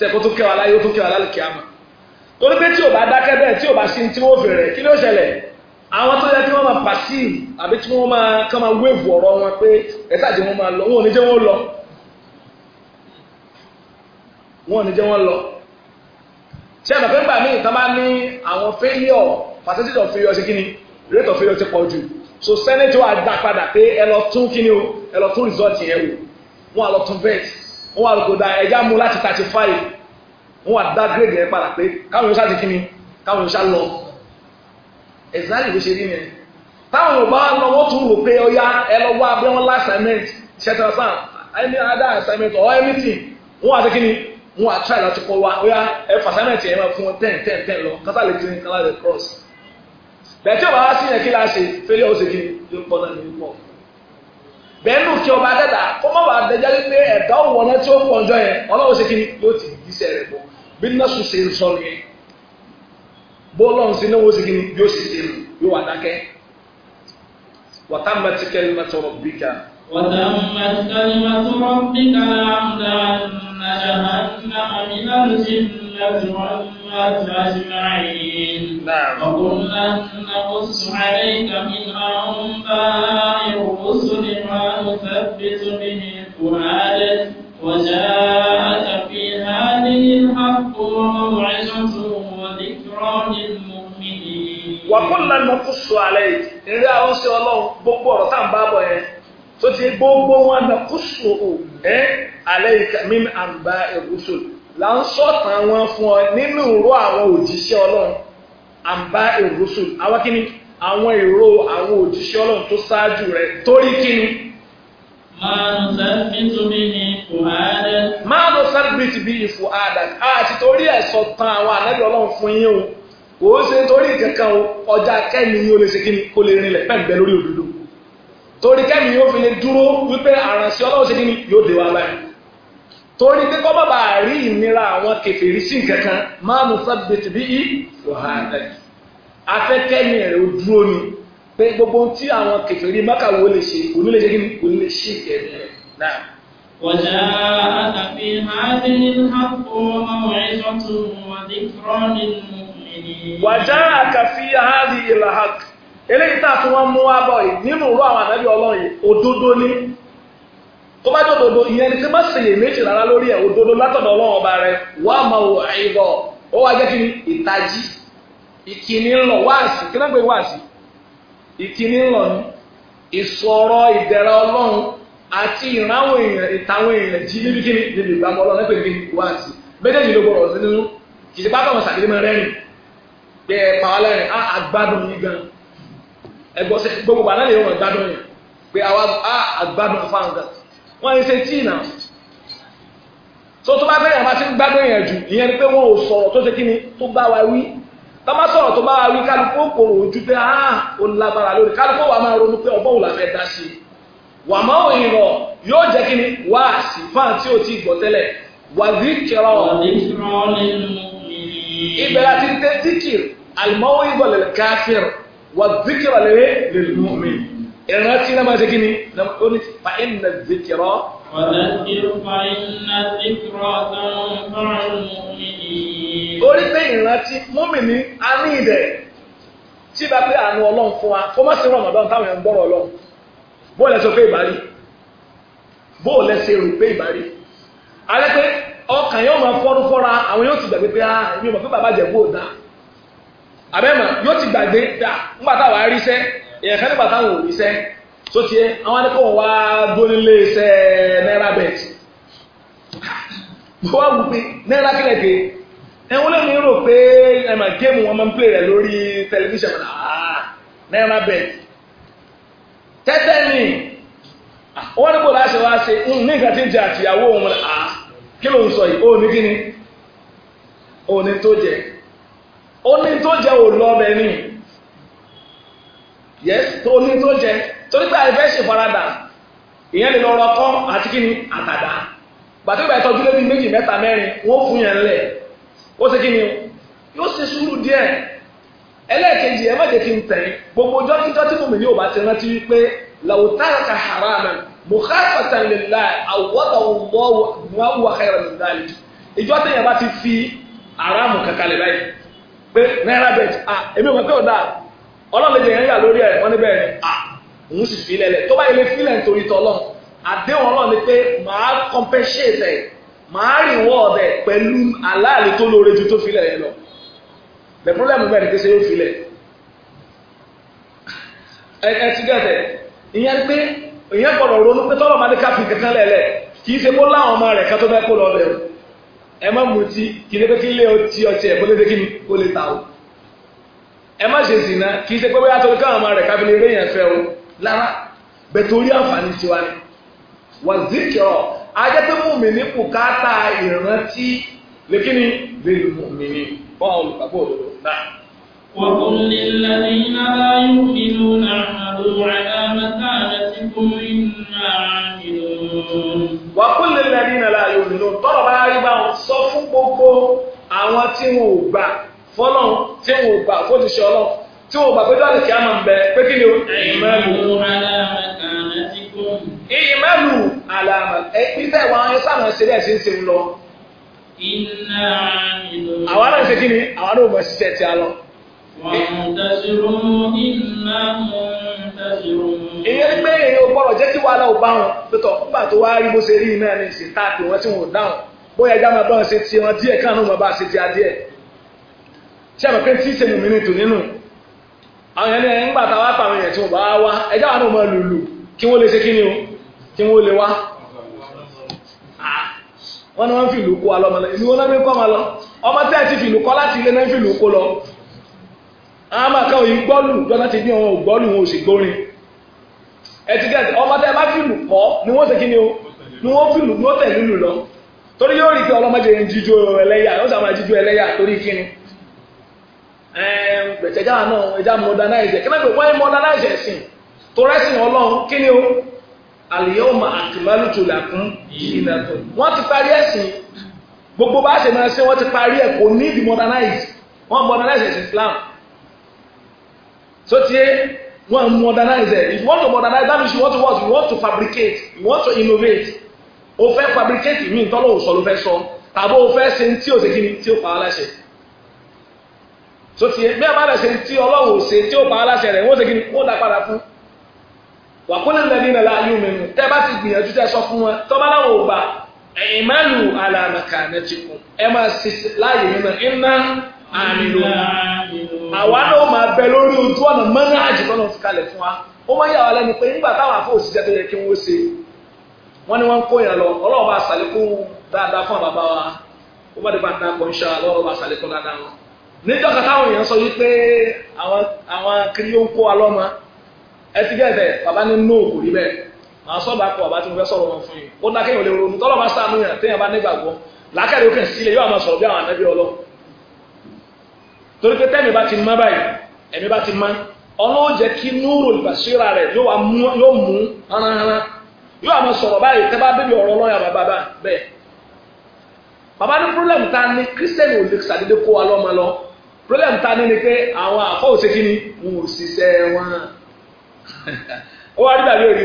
sẹ́kó tó kẹwàá láyé ó tó kẹwàá lálùkì àmà torí pé tí ò bá dákẹ́ bẹ́ẹ̀ tí ò bá sí tí wọ́n fèrè kí ló ṣẹlẹ̀ àwọn tó yẹ kí wọ́n máa pàṣíìv àbí tí wọ́n máa kọ́ máa wéèvù ọ̀rọ̀ wọn pé ẹ̀sà jẹ́ wọ́n máa lọ wọn ò ní jẹ́ wọ́n lọ wọn ò ní jẹ́ wọ́n lọ ṣé ẹ̀mọ̀ pé ńgbà míì tán bá ní àwọn failure percentage of ṣe kí ni rate of failure ti pọ̀ jù so senate wa gbà padà pé ẹ lọ tún kí ni o ẹ lọ tún result yẹn wò wọn à lọ tún bẹ́ẹ̀ wọ́n wà lóko da ẹja mú láti thirty five wọ́n wà dá grade yẹn padà pé káwọn yóò ṣá ti kí mi káwọn yóò lọ exactly bó ṣe rí yẹn táwọn ò bá lọ wọ́n tún rò pé ọya ẹ lọ wá abẹ́ wọn lá assignment ṣẹta sàn any other assignment or anything wọ́n wà sí kí ni wọ́n wà try láti kọ́ wa ọya ẹ fà assignment yẹn máa fún wọn ten ten ten lọ kátà lè dín kátà lè cross bẹ̀ẹ́ tí ò bá wá sí yẹn kí la ṣe failure ó ṣe kí ni yóò bẹ́ẹ̀nù kí ọba dẹ́ta kó má bàa dẹjá wípé ẹ̀dá òwò náà tí ó pọ̀ ọjọ́ yẹn ọlọ́wọ́ ṣe kíni yóò ti díṣẹ́ rẹ̀ bọ̀ bí nọ́ọ̀sù ṣe ń sọ nìyẹn bó lọ́n sí náà wọ́n ṣe kíni yóò ṣe ṣe yóò wà dákẹ́. wàtá mẹtí kẹlí mẹtí ọ̀rọ̀ bí ká. wàtá mẹtí kẹlí mẹtí ọ̀rọ̀ bí ká الأمة أجمعين وكلا نقص عليك من أنباء الرسل ما نثبت به فؤادك وجاءك في هذه الحق وموعظة وذكرى للمؤمنين وكلا نقص عليك إن جاء أنسي الله بقبر تنبابه tó ti gbogbo wọn na kúsùn ẹ̀ alẹ́ ìkàmín àǹbá ẹ̀gúsùn là ń sọ̀tàn wọn fún ọ nínú ìró àwọn òjíṣẹ́ ọlọ́run àbá ìrúsù àwọn kíni àwọn ìró àwọn òjíṣẹ́ ọlọ́run tó ṣáájú rẹ̀ torí kíni. máa lọ sábìtì bí ìfò àdà àti torí ẹ̀sọ̀ tan àwọn ànábì ọlọ́run fún yín o kò ó ṣe torí kankan ọjà kẹ́mi yóò lè ṣe kíni kó lè rinlẹ̀ pẹ́ ń bẹ lórí òdodo torí kẹ́mi yóò fi lè dúró wípé àràǹsí ọlọ́run ṣe kíni yóò dé wa báyìí. torí pé kọ́ bàbá rí ìnira àwọn kẹfìrí sí nǹkankan máa mú sábẹ́tì bí i wàhálà afẹ́kẹ́ni rẹ̀ dúró ni pé gbogbo tí àwọn kẹfìrí mákàwó lè ṣe kò ní lè ṣe kí ni kò ní lè ṣe ìkẹ́ni rẹ̀ náà. eléyìí tá a wọn mú wá bọ̀ yìí tó bá jọ ìyẹn ni kí má ṣe yè méjì rárá lórí ẹ̀ òdodo látọ̀dọ̀ ọlọ́run ọba rẹ wà á máa wò àyìnbọ̀ ó wá jẹ́ kí ni ìtají ìkíní ńlọ wáàsí kí náà gbé wáàsí ìkíní ńlọ ni ìsọ̀rọ̀ ìdẹ̀ra ọlọ́run àti ìrànwọ̀ èèyàn ìtàwọn èèyàn jí níbi kí ni níbi ìgbàgbọ́ ọlọ́run ẹgbẹ́ mi wáàsí méjèèjì ló gbọ́dọ̀ nínú kì í bá bàwọn sàkíní máa rẹ́rìn ah, pé àwa á ah, àgbádùn fáwọn gan wọ́n ń ṣe tíì náà so tó bá fẹ́ yàrá sí gbádùn yẹn jù ìyẹn ni pé wọ́n ò sọ̀rọ̀ tó ṣe kíni tó bá wa wí tọ́mọ sọ̀rọ̀ tó bá wa wí kálukú kòrò ojú pé ah ó lágbára lórí kálukú wa máa ronú pé ọgbọ́n òun dá sí i wà má ò yìn rọ̀ yóò jẹ́ kíni wá sí fáà tí ò tí gbọ́ tẹ́lẹ̀ wà ní kẹrọ ibẹ̀ láti tẹ́ tíkìr ìbọ̀lẹ̀ káfíìr wà ní kẹrọ lè ìrántí náà máa ṣe kí ni ó ní fa iná zikirọ́. tí mi orí pé ìrántí mọ́mìnì a ní ìdẹ̀ tí bá pé àánú ọlọ́run fún wa kó má sí rọ̀mọ̀dọ́n táwọn èèyàn gbọ́rọ̀ ọlọ́run bó lẹ sọ pé ìbárí bó ìbárí. alẹ́ pé ọkàn yóò máa fọ́rú fọ́ra àwọn yóò ti gbàgbé pé ò mọ̀ pé bàbá èèyàn kan nígbà táwọn ò ríṣẹ́ tó tiẹ̀ àwọn adékọ̀ wá dóni lé iṣẹ́ náírà bet mo wá wù pé náírà kílẹ̀ pé ẹ̀wọ́n lẹ́nu rò pé ẹ̀mà géèmù wọn máa ń pè rẹ̀ lórí tẹlifíṣàn náírà ah, bet tẹ́tẹ́ ni ah, wọ́n ní kò láṣẹ wá ṣe ní ìgbà tí ń jẹ àtìyàwó òun rẹ̀ à ah, kí ló ń sọ yìí ó ní kí ni ó ní tó jẹ ó ní tó jẹ ò lọ ọbẹ̀ ni yes tó ní tó jẹ torí pé àìfẹ́ ṣèfaradà ìyẹn lè lọ rọkọ́ àti kíni àtàdá gbàtí ìgbà ìtọ́jú lébi méjì mẹ́ta mẹ́rin wọ́n fún yẹn lẹ̀ ó ṣe kíni yóò ṣe sùúrù díẹ̀ ẹlẹ́ẹ̀kejì ẹ má jẹ́ kí n tẹ̀ gbogbo jọ́tíjọ́ tí mòmìnir ò bá ti rántí wípé làwùtáraka haraman mukhafatan lillahi àwọ̀dàwọ̀ mọ́wọ́ khayran min dhalik ìjọ́ tẹ̀yẹ̀ bá ti fi àràmù kankan lẹ̀ báyìí pé náírà bẹ̀t à èmi ò kàn pé ò dáa ọlọ́run lè jẹ ìyá lórí ẹ̀ wọ́n níbẹ̀ ni à ah, òun sì fi lẹ́lẹ̀ tó bá ilé fílẹ̀ nítorí tọ́lọ́ àdéhùn ọlọ́run ni pé màá compensate ẹ̀ màá reward ẹ̀ pẹ̀lú aláàlè tó lóore ju tó filẹ̀ yẹn lọ the problem bẹ́ẹ̀ ni pé ṣe yóò filẹ̀ ẹ ẹ ti gẹ̀ẹ́sẹ̀ ìyẹn pé ìyẹn gbọ́dọ̀ ronú pé tọ́lọ́ máa ní káfíń kankan lẹ́lẹ̀ kì í ṣe kó láwọn ọmọ rẹ̀ kan fẹ́ kó lọ bẹ̀rù ẹ má mutí kì í ṣe pé kí lé ọtí ọtí ẹ̀ kó lé dé kí ni kó lè ta o ẹ má ṣe zina kì í ṣe pé bóyá torí káwọn ọmọ rẹ̀ kábílẹ̀ eré yẹn fẹ́ o lára bẹ̀ torí àǹfààní tiwa ni wà zikirọ̀ ajẹ́ pé mú mi ní bùkátà ìrántí lèkíní lè mú mi ní fún olùkàgbọ́ òdodo náà. وقل للذين لا يؤمنون اعملوا على مكانتكم إنا عاملون وقل للذين لا يؤمنون tọ́rọ̀ bá rí bá wọn sọ fún fọlọ́n tí wò gbà fójúṣe ọlọ́n tí wò gbà péjọ́ àlèkè àmà ń bẹ pé kí ni o. ìmọ̀lù ìmọ̀lù àlàmà ẹ wa ẹ sáà máa ṣe bí ẹ ṣe ń ṣe ń lọ. àwa náà ṣe kí ni àwa náà máa ṣiṣẹ́ tí a lọ. ìyẹn pé èyí ò gbọ́dọ̀ jẹ́ kí wàhálà ò bá wọn pẹ̀tọ̀ nígbà tó wá rí bó ṣe rí iná ní ìsìn táàpì wọn máa bá wọn ṣe tiẹ̀ wọn díẹ̀ káàánú máa bá ṣe tiẹ̀ díẹ̀. ṣé àmọ́ pé tí ìṣèlú mi ní tò nínú àwọn tí bá wá àwọn náà máa lùlù kí wọ́n lè ṣe kí ni o kí wọ́n lè wá. wọ́n ní wọ́n fi ìlú kó wa lọ́mọ ìlú wọn kọ́ ma lọ ọmọ tí ti fi ìlú kọ́ láti ilé náà ìlú kó lọ. àwọn máa òyìn gbọ́lù ti bí wọn ò gbọ́lù wọn ò sì gbórin. fi ìlú kọ́ ni wọ́n ṣe kí gbẹ̀tẹ̀gá náà ẹja modernize ẹ̀ kí náà gbé wáyé modernize ẹ̀sìn tó rẹ́sìn ọlọ́run kí ni ó àlìyọ́mà àkìmálùtò làkún yìí nàtọ̀ wọ́n ti parí ẹ̀sìn gbogbo bá ṣe máa ṣe wọ́n ti parí ẹ̀ kò ní di modernize wọ́n modernize ẹ̀sìn Islam so ti yé wọ́n modernize ẹ̀ if you want to modernize that means you want to what you want to fabricate you want to innovate o fẹ́ fabricate mi ntọ́lọ́ òsọ̀ ló fẹ́ sọ tàbí o fẹ́ ṣe tí o ṣe kí ni tí o pa á láṣẹ tó ti bí a bá rẹ̀ ṣe tí ọlọ́run ò ṣe tí ó pa aláṣẹ rẹ̀ wọ́n ṣe kí ni wọ́n dá padà fún wà kó lè lẹ́ni nàlá ayé omi nù tẹ́ bá ti gbìyànjú tẹ́ sọ fún wọn tọ́ bá láwọn ò gbà ìmánu alàmàkà nẹ́tìkù ẹ máa ṣe láàyè nínú iná àmìlò àwa náà máa bẹ lórí ojú ọ̀nà mọ́nà àjùmọ́nà ti kalẹ̀ fún wa ó máa yà wá lẹ́nu pé nígbà táwọn àfọ òṣìṣẹ́ tó yẹ kí wọ́n ṣe wọ́n ní wọ́n kó yẹn lọ ọlọ́run bá ṣàlékún dáadáa fún àbàbá wa ó bá dé bá ń ń ṣe àlọ́ ọlọ́run bá ṣàlékún dáadáa wọn níjọ́ka táwọn èèyàn sọ wípé àwọn kiri ó ń kó wa lọ́mọ ẹ ti gẹ́gẹ́ bàbá ní nóò kò rí bẹ́ẹ̀ màá sọ́ba kọ bàbá tí mo fẹ́ sọ̀rọ̀ wọn fún yìí ó dá kéèyàn lè ronú tọ́lọ́ bá sáànù yàn téèyàn bá nígbàgbọ́ làákàrí ó kàn sílẹ̀ yóò máa sọ̀rọ̀ bí àwọn ànábì ọlọ́ torí pé tẹ́mi bá ti mọ́ báyìí ẹ̀mí bá ti mọ́ ọlọ́wọ́ jẹ́ kí núrò ìbàṣírà rẹ̀ yóò mú hánahánà yóò àmọ́ sọ̀rọ̀ báyìí tẹ́ bá bíbi ọ̀rọ̀ lọ́yà bàbá bẹ́ẹ̀ bàbá ní pírọ́lẹ̀mù ta ni kírísítẹ́nì ò lè ṣàdédé kó wa lọ́mọ lọ problem ta ní ni pé àwọn àfọ́ òṣè ni wọn ò ṣiṣẹ́ wọn ó wá dídàbí òrí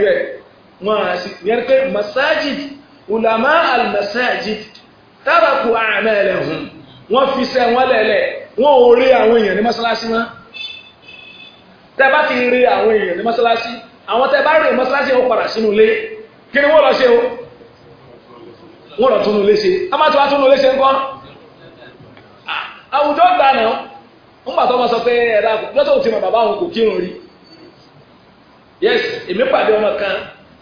wọn yẹn pé masajid ulama al-masajid taraku a'malahum wọn fi ṣẹ́ wọn lẹ́lẹ̀ wọn ò rí àwọn èèyàn ní mọ́ṣáláṣí wọn tẹ́ bá ti rí àwọn èèyàn ní mọ́ṣáláṣí àwọn tẹ́ bá rí mọ́ṣáláṣí wọn padà sínú ilé o lọ túnú ilé ṣe a máa tún wá ńgbà tó ma sọ pé ẹ̀rọ àkùn lọ́tọ̀ tí mo bàbá òun kò kírun rí yes èmi pàdé ọmọ kan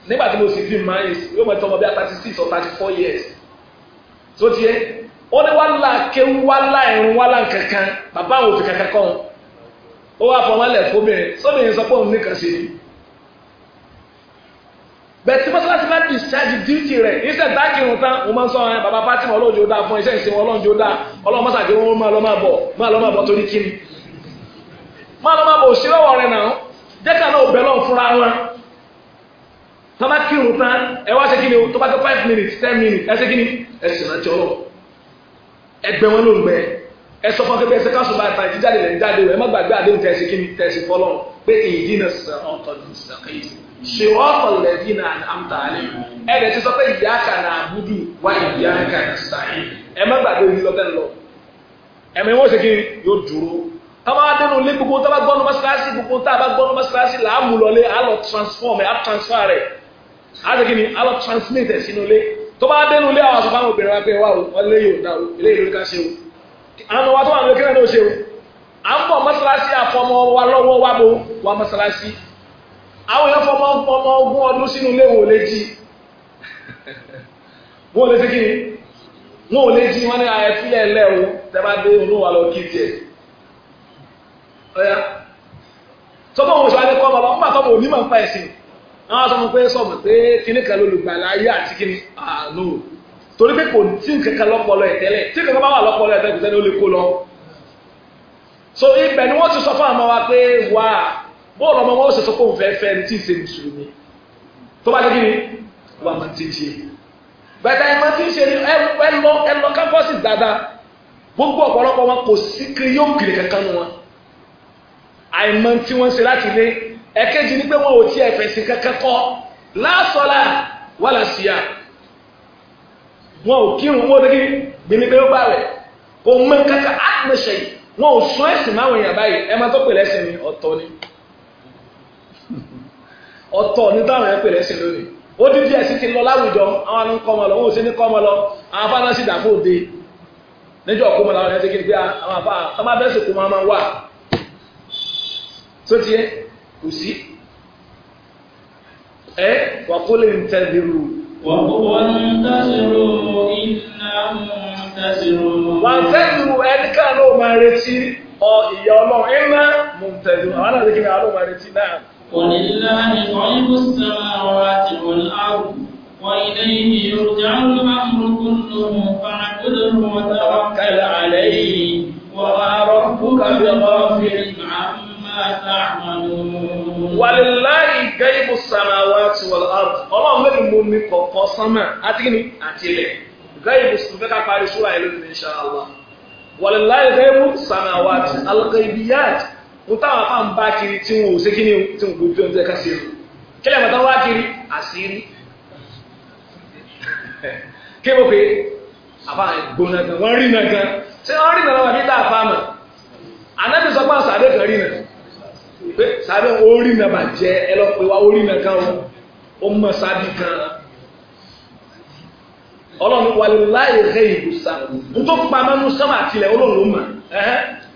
nígbà tí mo sì fi máa yẹn yóò mọ ìtọ́mọ bí i thirty six or thirty four years tó tiẹ̀ ó ní wàá la kéwú wàá la ẹ̀rùn wàá la nkankan bàbá òun fi kankan kọ́ ọ́n ó wàá fọmọ́lẹ̀ fóbìnrin sóbìnrin sọ pé òun nìkan ṣe ni bẹ̀tí mọ́sálásí bá discharge duty rẹ̀ iṣẹ́ dákì irun tán mo máa ń sọ ẹ eh, bàbá Fatima ọlọ́run jò dáa fún iṣẹ́ ìsìn ọlọ́run jò dáa ọlọ́run mọ́sá àti wọn máa lọ máa bọ̀ máa lọ máa bọ̀ torí kíni máa lọ máa bọ̀ òṣèré ọ̀wọ̀ rẹ̀ náà jẹ́ka náà bẹ̀ lọ́n fúnra wọn tó kí irun tán ẹ wá ṣe kíni tó bá tó five minutes ten minutes ẹ ṣe kíni ẹ sì rántí ọlọ́ ẹgbẹ́ wọn ló ń gbẹ ẹ sọ fún akẹ́kẹ́ ẹsẹ káṣù bá ta ìjíjáde lẹ́yìn jáde ẹ má gbàgbé àdéhùn tẹ̀sí kíni tẹ̀sí fọlọ́run pé ìdí náà sàn ọ̀tọ̀ ní sàkéyìí صراط الذين أنعمت عليهم ẹnì ẹtí sọ ndị ìyáàkà náà àbúdù wá ìyáàkà náà sàáyé ẹ má gbàgbé yìí lọ́tẹ̀ lọ ẹ̀mí wọn ṣe yóò dúró táwọn adẹnu lé gbogbo táwọn gbọ́nu mọ́sálásí gbogbo táwọn gbọ́nu mọ́sálásí là á mú lọlé á transform ẹ á transfer rẹ á ni ẹ sínú lé lé àwọn obìnrin àwọn èèyàn fọmọ ọmọ ogún ọdún sínú ilé wọn ò lè jí wọn ò lè fi kí wọn ò lè jí wọn ní ayẹ fílẹ̀ lẹ́wọ̀ tẹ́bá dé inú wa lọ kí tiẹ̀ ọ̀yà sọ́tọ̀ òun ìṣòwò ẹ̀kọ́ bàbá ńgbà tọ́mọ onímọ̀ ń pa ẹ̀sìn àwọn sọmọ pé sọmọ pé kíní kan lólùgbà láyé àti kíní àánú torí pé kò tí nǹkankan lọ́pọlọ ẹ̀ tẹ́lẹ̀ tí nǹkankan bá wà lọ́pọlọ ẹ̀ tẹ́lẹ̀ kò sẹ́ni ó lè kó lọ so ibẹ̀ ni wọ́n ti sọ fún àmọ́ wa pé wàá bóòlù ọmọ wọn ó sọsọ pé òun fẹ́ fẹ́ ní tí ì ṣe mùsùlùmí tó bá dégbé ni wọ́n máa ti di bàtà ẹ̀ máa ti ń ṣe ni ẹ lọ ẹ lọ kámpọ́sì dáadáa gbogbo ọ̀pọ̀lọpọ̀ wọn kò sí kiri yóò kiri kankan nu wọn àìmọ̀ tí wọ́n ṣe láti lé ẹ̀kejì ni pé wọn ò tiẹ̀ fẹ̀sìn kankan kọ́ lásọ̀lá wàlàsíà wọn ò kírun wọn ò dégbé gbèmí pé ó bá rẹ̀ kò mọ kankan àtúnṣe wọn ò sún ẹ̀sìn máwọn èèyàn báyìí ẹ máa tó pè lẹ́sìn ọ̀tọ̀ ni ọ̀tọ̀ ní táwọn yẹn pèrè ẹsẹ̀ lónìí ó dín díẹ̀ sí ti lọ láwùjọ àwọn àánú kọ́ ọmọ lọ wọ́n ò sí ní kọ́ ọmọ lọ àwọn afáná sì dà fún òde níjọ́ ọ̀kọ́ mọ̀ làwọn yẹn ti kiri pé àwọn afá ọmọ abẹ́sẹ̀ kò máa máa wà tó tiẹ̀ kò sí ẹ wà kó lè ń tẹ́ bírú. wà kó wọ́n ń tẹ́sirò iná ń tẹ́sirò. wà ń ló máa retí ọ ìyá ọlọ́run iná mú ń tẹ́sirò àwọn àti kí àwọn ló máa retí náà. ولله غيب السماوات والأرض وإليه يرجع الأمر كله فاعبده وتوكل عليه وما ربك بغافل عما تعملون ولله غيب السماوات والأرض ọlọ́run mẹ́rin mo ní kọ̀ọ̀kan sánmà àti ní àtìlẹ̀ gáìbù sùn fẹ́ ká parí sùúrà ẹ̀ lónìí inṣàlá wàlẹ̀ láì gáìbù sàmáwàtì algaibiyat mo táwọn afá ń bá kiri tí wọn ò ṣe kí ni tí wọn kò fi ọjọ́ ẹ̀ka sí kílẹ̀ mọ̀tá wá kiri àṣírí kí wọ́n pe afá gbóná gan wọ́n rí náà gan ṣé wọ́n rí náà lọ́wọ́ níta afá mọ̀ anábì sọ pé sàbẹ̀ kan rí náà pé sàbẹ̀ orí náà bàjẹ́ ẹ lọ pé wá orí náà kan ó mọ̀ sábì kan ọlọ́run wà láyé ìlú sáà nítorí pamọ́ sábà tilẹ̀ ọlọ́run ló mọ̀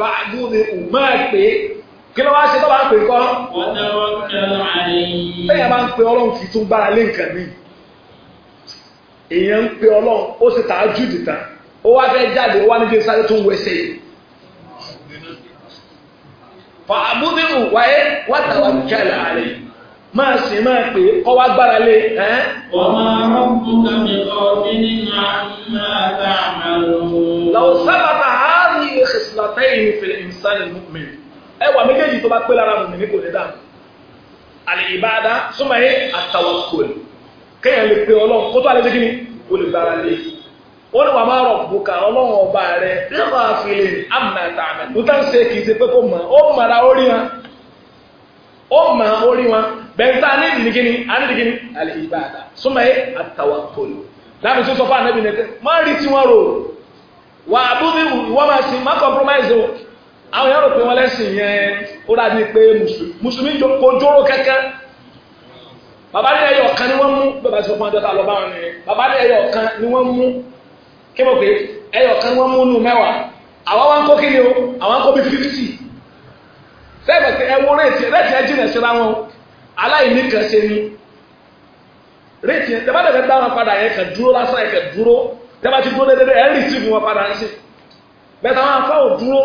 fàájú ni ò máa pè é kí ló wá ṣe tó pè kọ́. bẹ́ẹ̀ bá ń pe ọlọ́run kì í tún gbára lé nǹkan mi èèyàn ń pe ọlọ́run ó sì tà á jù dìtà ó wá fẹ́ jáde ó wá níbi sáré tó ń wẹsẹ̀ yìí. fàájú ni ò wáyé wátàwá kẹlẹ àlẹ máa sì máa pè é kọ́ wá gbára lé. ọmọ arọ́pù kàmi kọ́ bí ní màá máa bá a máa sábà bá خصلتين في الإنسان المؤمن ẹwà méjèèjì tó bá pé lára mùmí ní kò lè dànù àlìbáadá súnmọ́ yé àtàwọ̀kùn kéèyàn lè pe ọlọ́run kó alẹ́ sí kíni o lé wọ́n ní wàá máa rọ̀ bùkà ọlọ́run ọba rẹ̀ nígbà àfilẹ̀ ń ṣe kì í ṣe pé kó mọ̀ mọ̀ra orí wọn mọ̀ orí wọn ní ní súnmọ́ yé láti sọ fún àná wà á búmi ìwọ́n máa sin má compromise o àwọn yàrá òpin wọn lẹ́sìn yẹn ó dàbí pé mùsùlùmí kò jóró kankan bàbá ní ẹyọ kan ni wọ́n mú bàbá sọ fún adọ́ta lọ́ba wọn ni bàbá ní ẹyọ kan ni wọ́n mú kí mo pè é ẹyọ kan ni wọ́n mú nù mẹ́wàá àwọn wa ń kó kíni o àwọn ń kó bí fifty sẹ́ẹ̀bẹ̀ tí ẹ wo réètì réètì ẹ jìnà síra wọn aláìní kan ṣe ni réètì ẹ tẹ́bá dẹ̀ fẹ́ dá padà yẹn kàn dúró lásán yẹn kàn dúró tẹ́lá ti dúró déédéé ẹ̀ rí tìbù wọn padà ń sè bẹ́ẹ̀ àwọn afá òdúró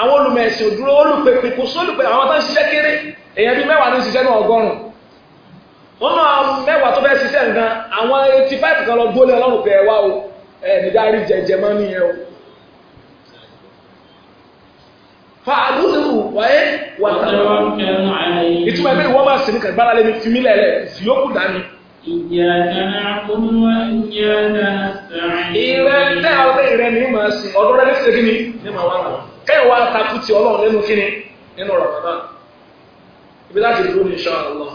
àwọn olùmẹ̀sìn òdúró olùpèpè kò sólùpè àwọn tó ń ṣiṣẹ́ kéré èèyàn bíi mẹ́wàá ló ń ṣiṣẹ́ ní ọgọ́rùn-ún wọn náà mẹ́wàá tó fẹ́ ṣiṣẹ́ nǹkan àwọn eighty five kan lọ gbólé ọlọ́run pé ẹ wá o ẹ nìdá rí jẹjẹ mọ́ nìyẹn o. fàdúrù wáyé wà tàbí ìtumọ̀ ẹ̀mí ìwọ́n máa sìn ní kàgbára lé mi fi mí lẹ̀ lẹ̀ fi yókù dání. Ìrẹ́ tẹ́ àwọn ọ̀tẹ́ ìrẹ́ ní máa sìn ọdún rẹ̀ ní ṣe kí ni ní máa wá náà. Kẹ́yìn wá takú ti ọlọ́run nínú kí ni nínú Ramadan. Ibi láti dúró ní insha Allah.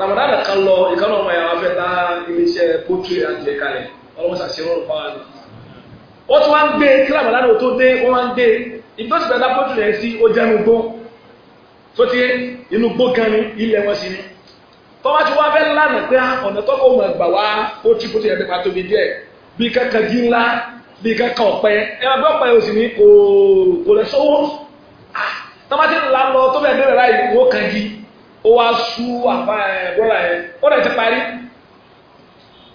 Ramadan kan lọ ìkànnì ọmọ ìyàwó afẹ́ tá iléeṣẹ́ pọ́tù àjẹ kalẹ̀ ọlọ́run ṣàṣẹ wọn pa ni. Wọ́n tún wá ń gbé kí Ramadan ò tó dé wọ́n wá ń gbé ibi tó sì bẹ̀rẹ̀ pọ́tù rẹ̀ sí ó jẹ́ inú gbó tọ́wá ti wá fẹ́ lánàá pé ah, ọ̀nà tọ́kọ̀ ọmọ ẹgbà wá ó ti kó ti ẹ̀mí pàtó mi díẹ̀ bí kankan jí ńlá bí kankan ọ̀pẹ ẹ máa gbọ́ ọ̀pẹ o sì ní kò kò lè sówó ah, tọ́wá ti là lọ tó bẹ̀ bẹ̀rẹ̀ láì wó kan jí ó wá sú àbá ẹ̀ bọ́lá ẹ̀ ó rẹ̀ ti parí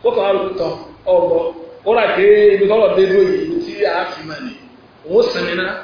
ó kàn án ló tọ̀ ọ̀gbọ́ ó rà pé ibi tọ́lọ̀ dé dúró yìí tí a fi mà ní òun sàmìnà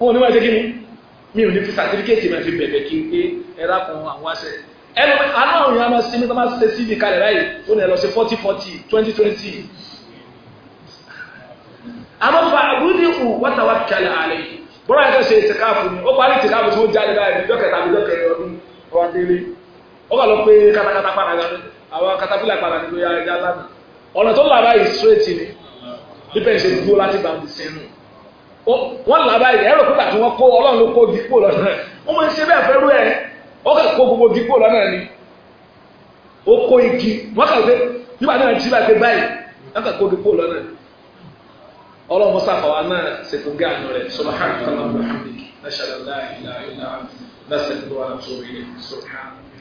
wọn ò ní wá ṣe kí mi ò ní fi sàtífíkẹ́tì ma fi bẹ̀bẹ̀ kí n pé ẹ̀rá kan àwọn aṣẹ ẹnu aláwọ̀ yẹn a máa ṣe mẹ́ta máa ṣe cv kalẹ̀ láyè ó ní ẹ lọ sí forty forty twenty twenty àmọ́ fa àbúrúdì kù wátàwá kalẹ̀ àlẹ́ bọ́lá yẹn tó ṣe ìtìkáàfù ni ó parí ìtìkáàfù tí wọ́n jáde báyìí ìjọ kẹta ìjọ kẹrin ọdún ọwọ́ délé ó kà lọ pé katakata àwọn katapila nílò lánàá wọ́n là báyìí ẹ̀rọ pípa tí wọ́n kó ọlọ́run ló kó dípò lọ́nà wọ́n máa ń ṣe bẹ́ẹ̀ fẹ́rú ẹ̀ wọ́n kà kó gbogbo dípò lọ́nà ni ó kó igi wọ́n kà pé nígbà náà jí báyìí báyìí wọ́n kà kó dípò lọ́nà ọlọ́run sáfàwá náà ṣètò gáànù rẹ̀ subhanahu wa ta'ala alhamdulilayi nashara la ilaha illa anta nasallu wa natubu ilayk subhanahu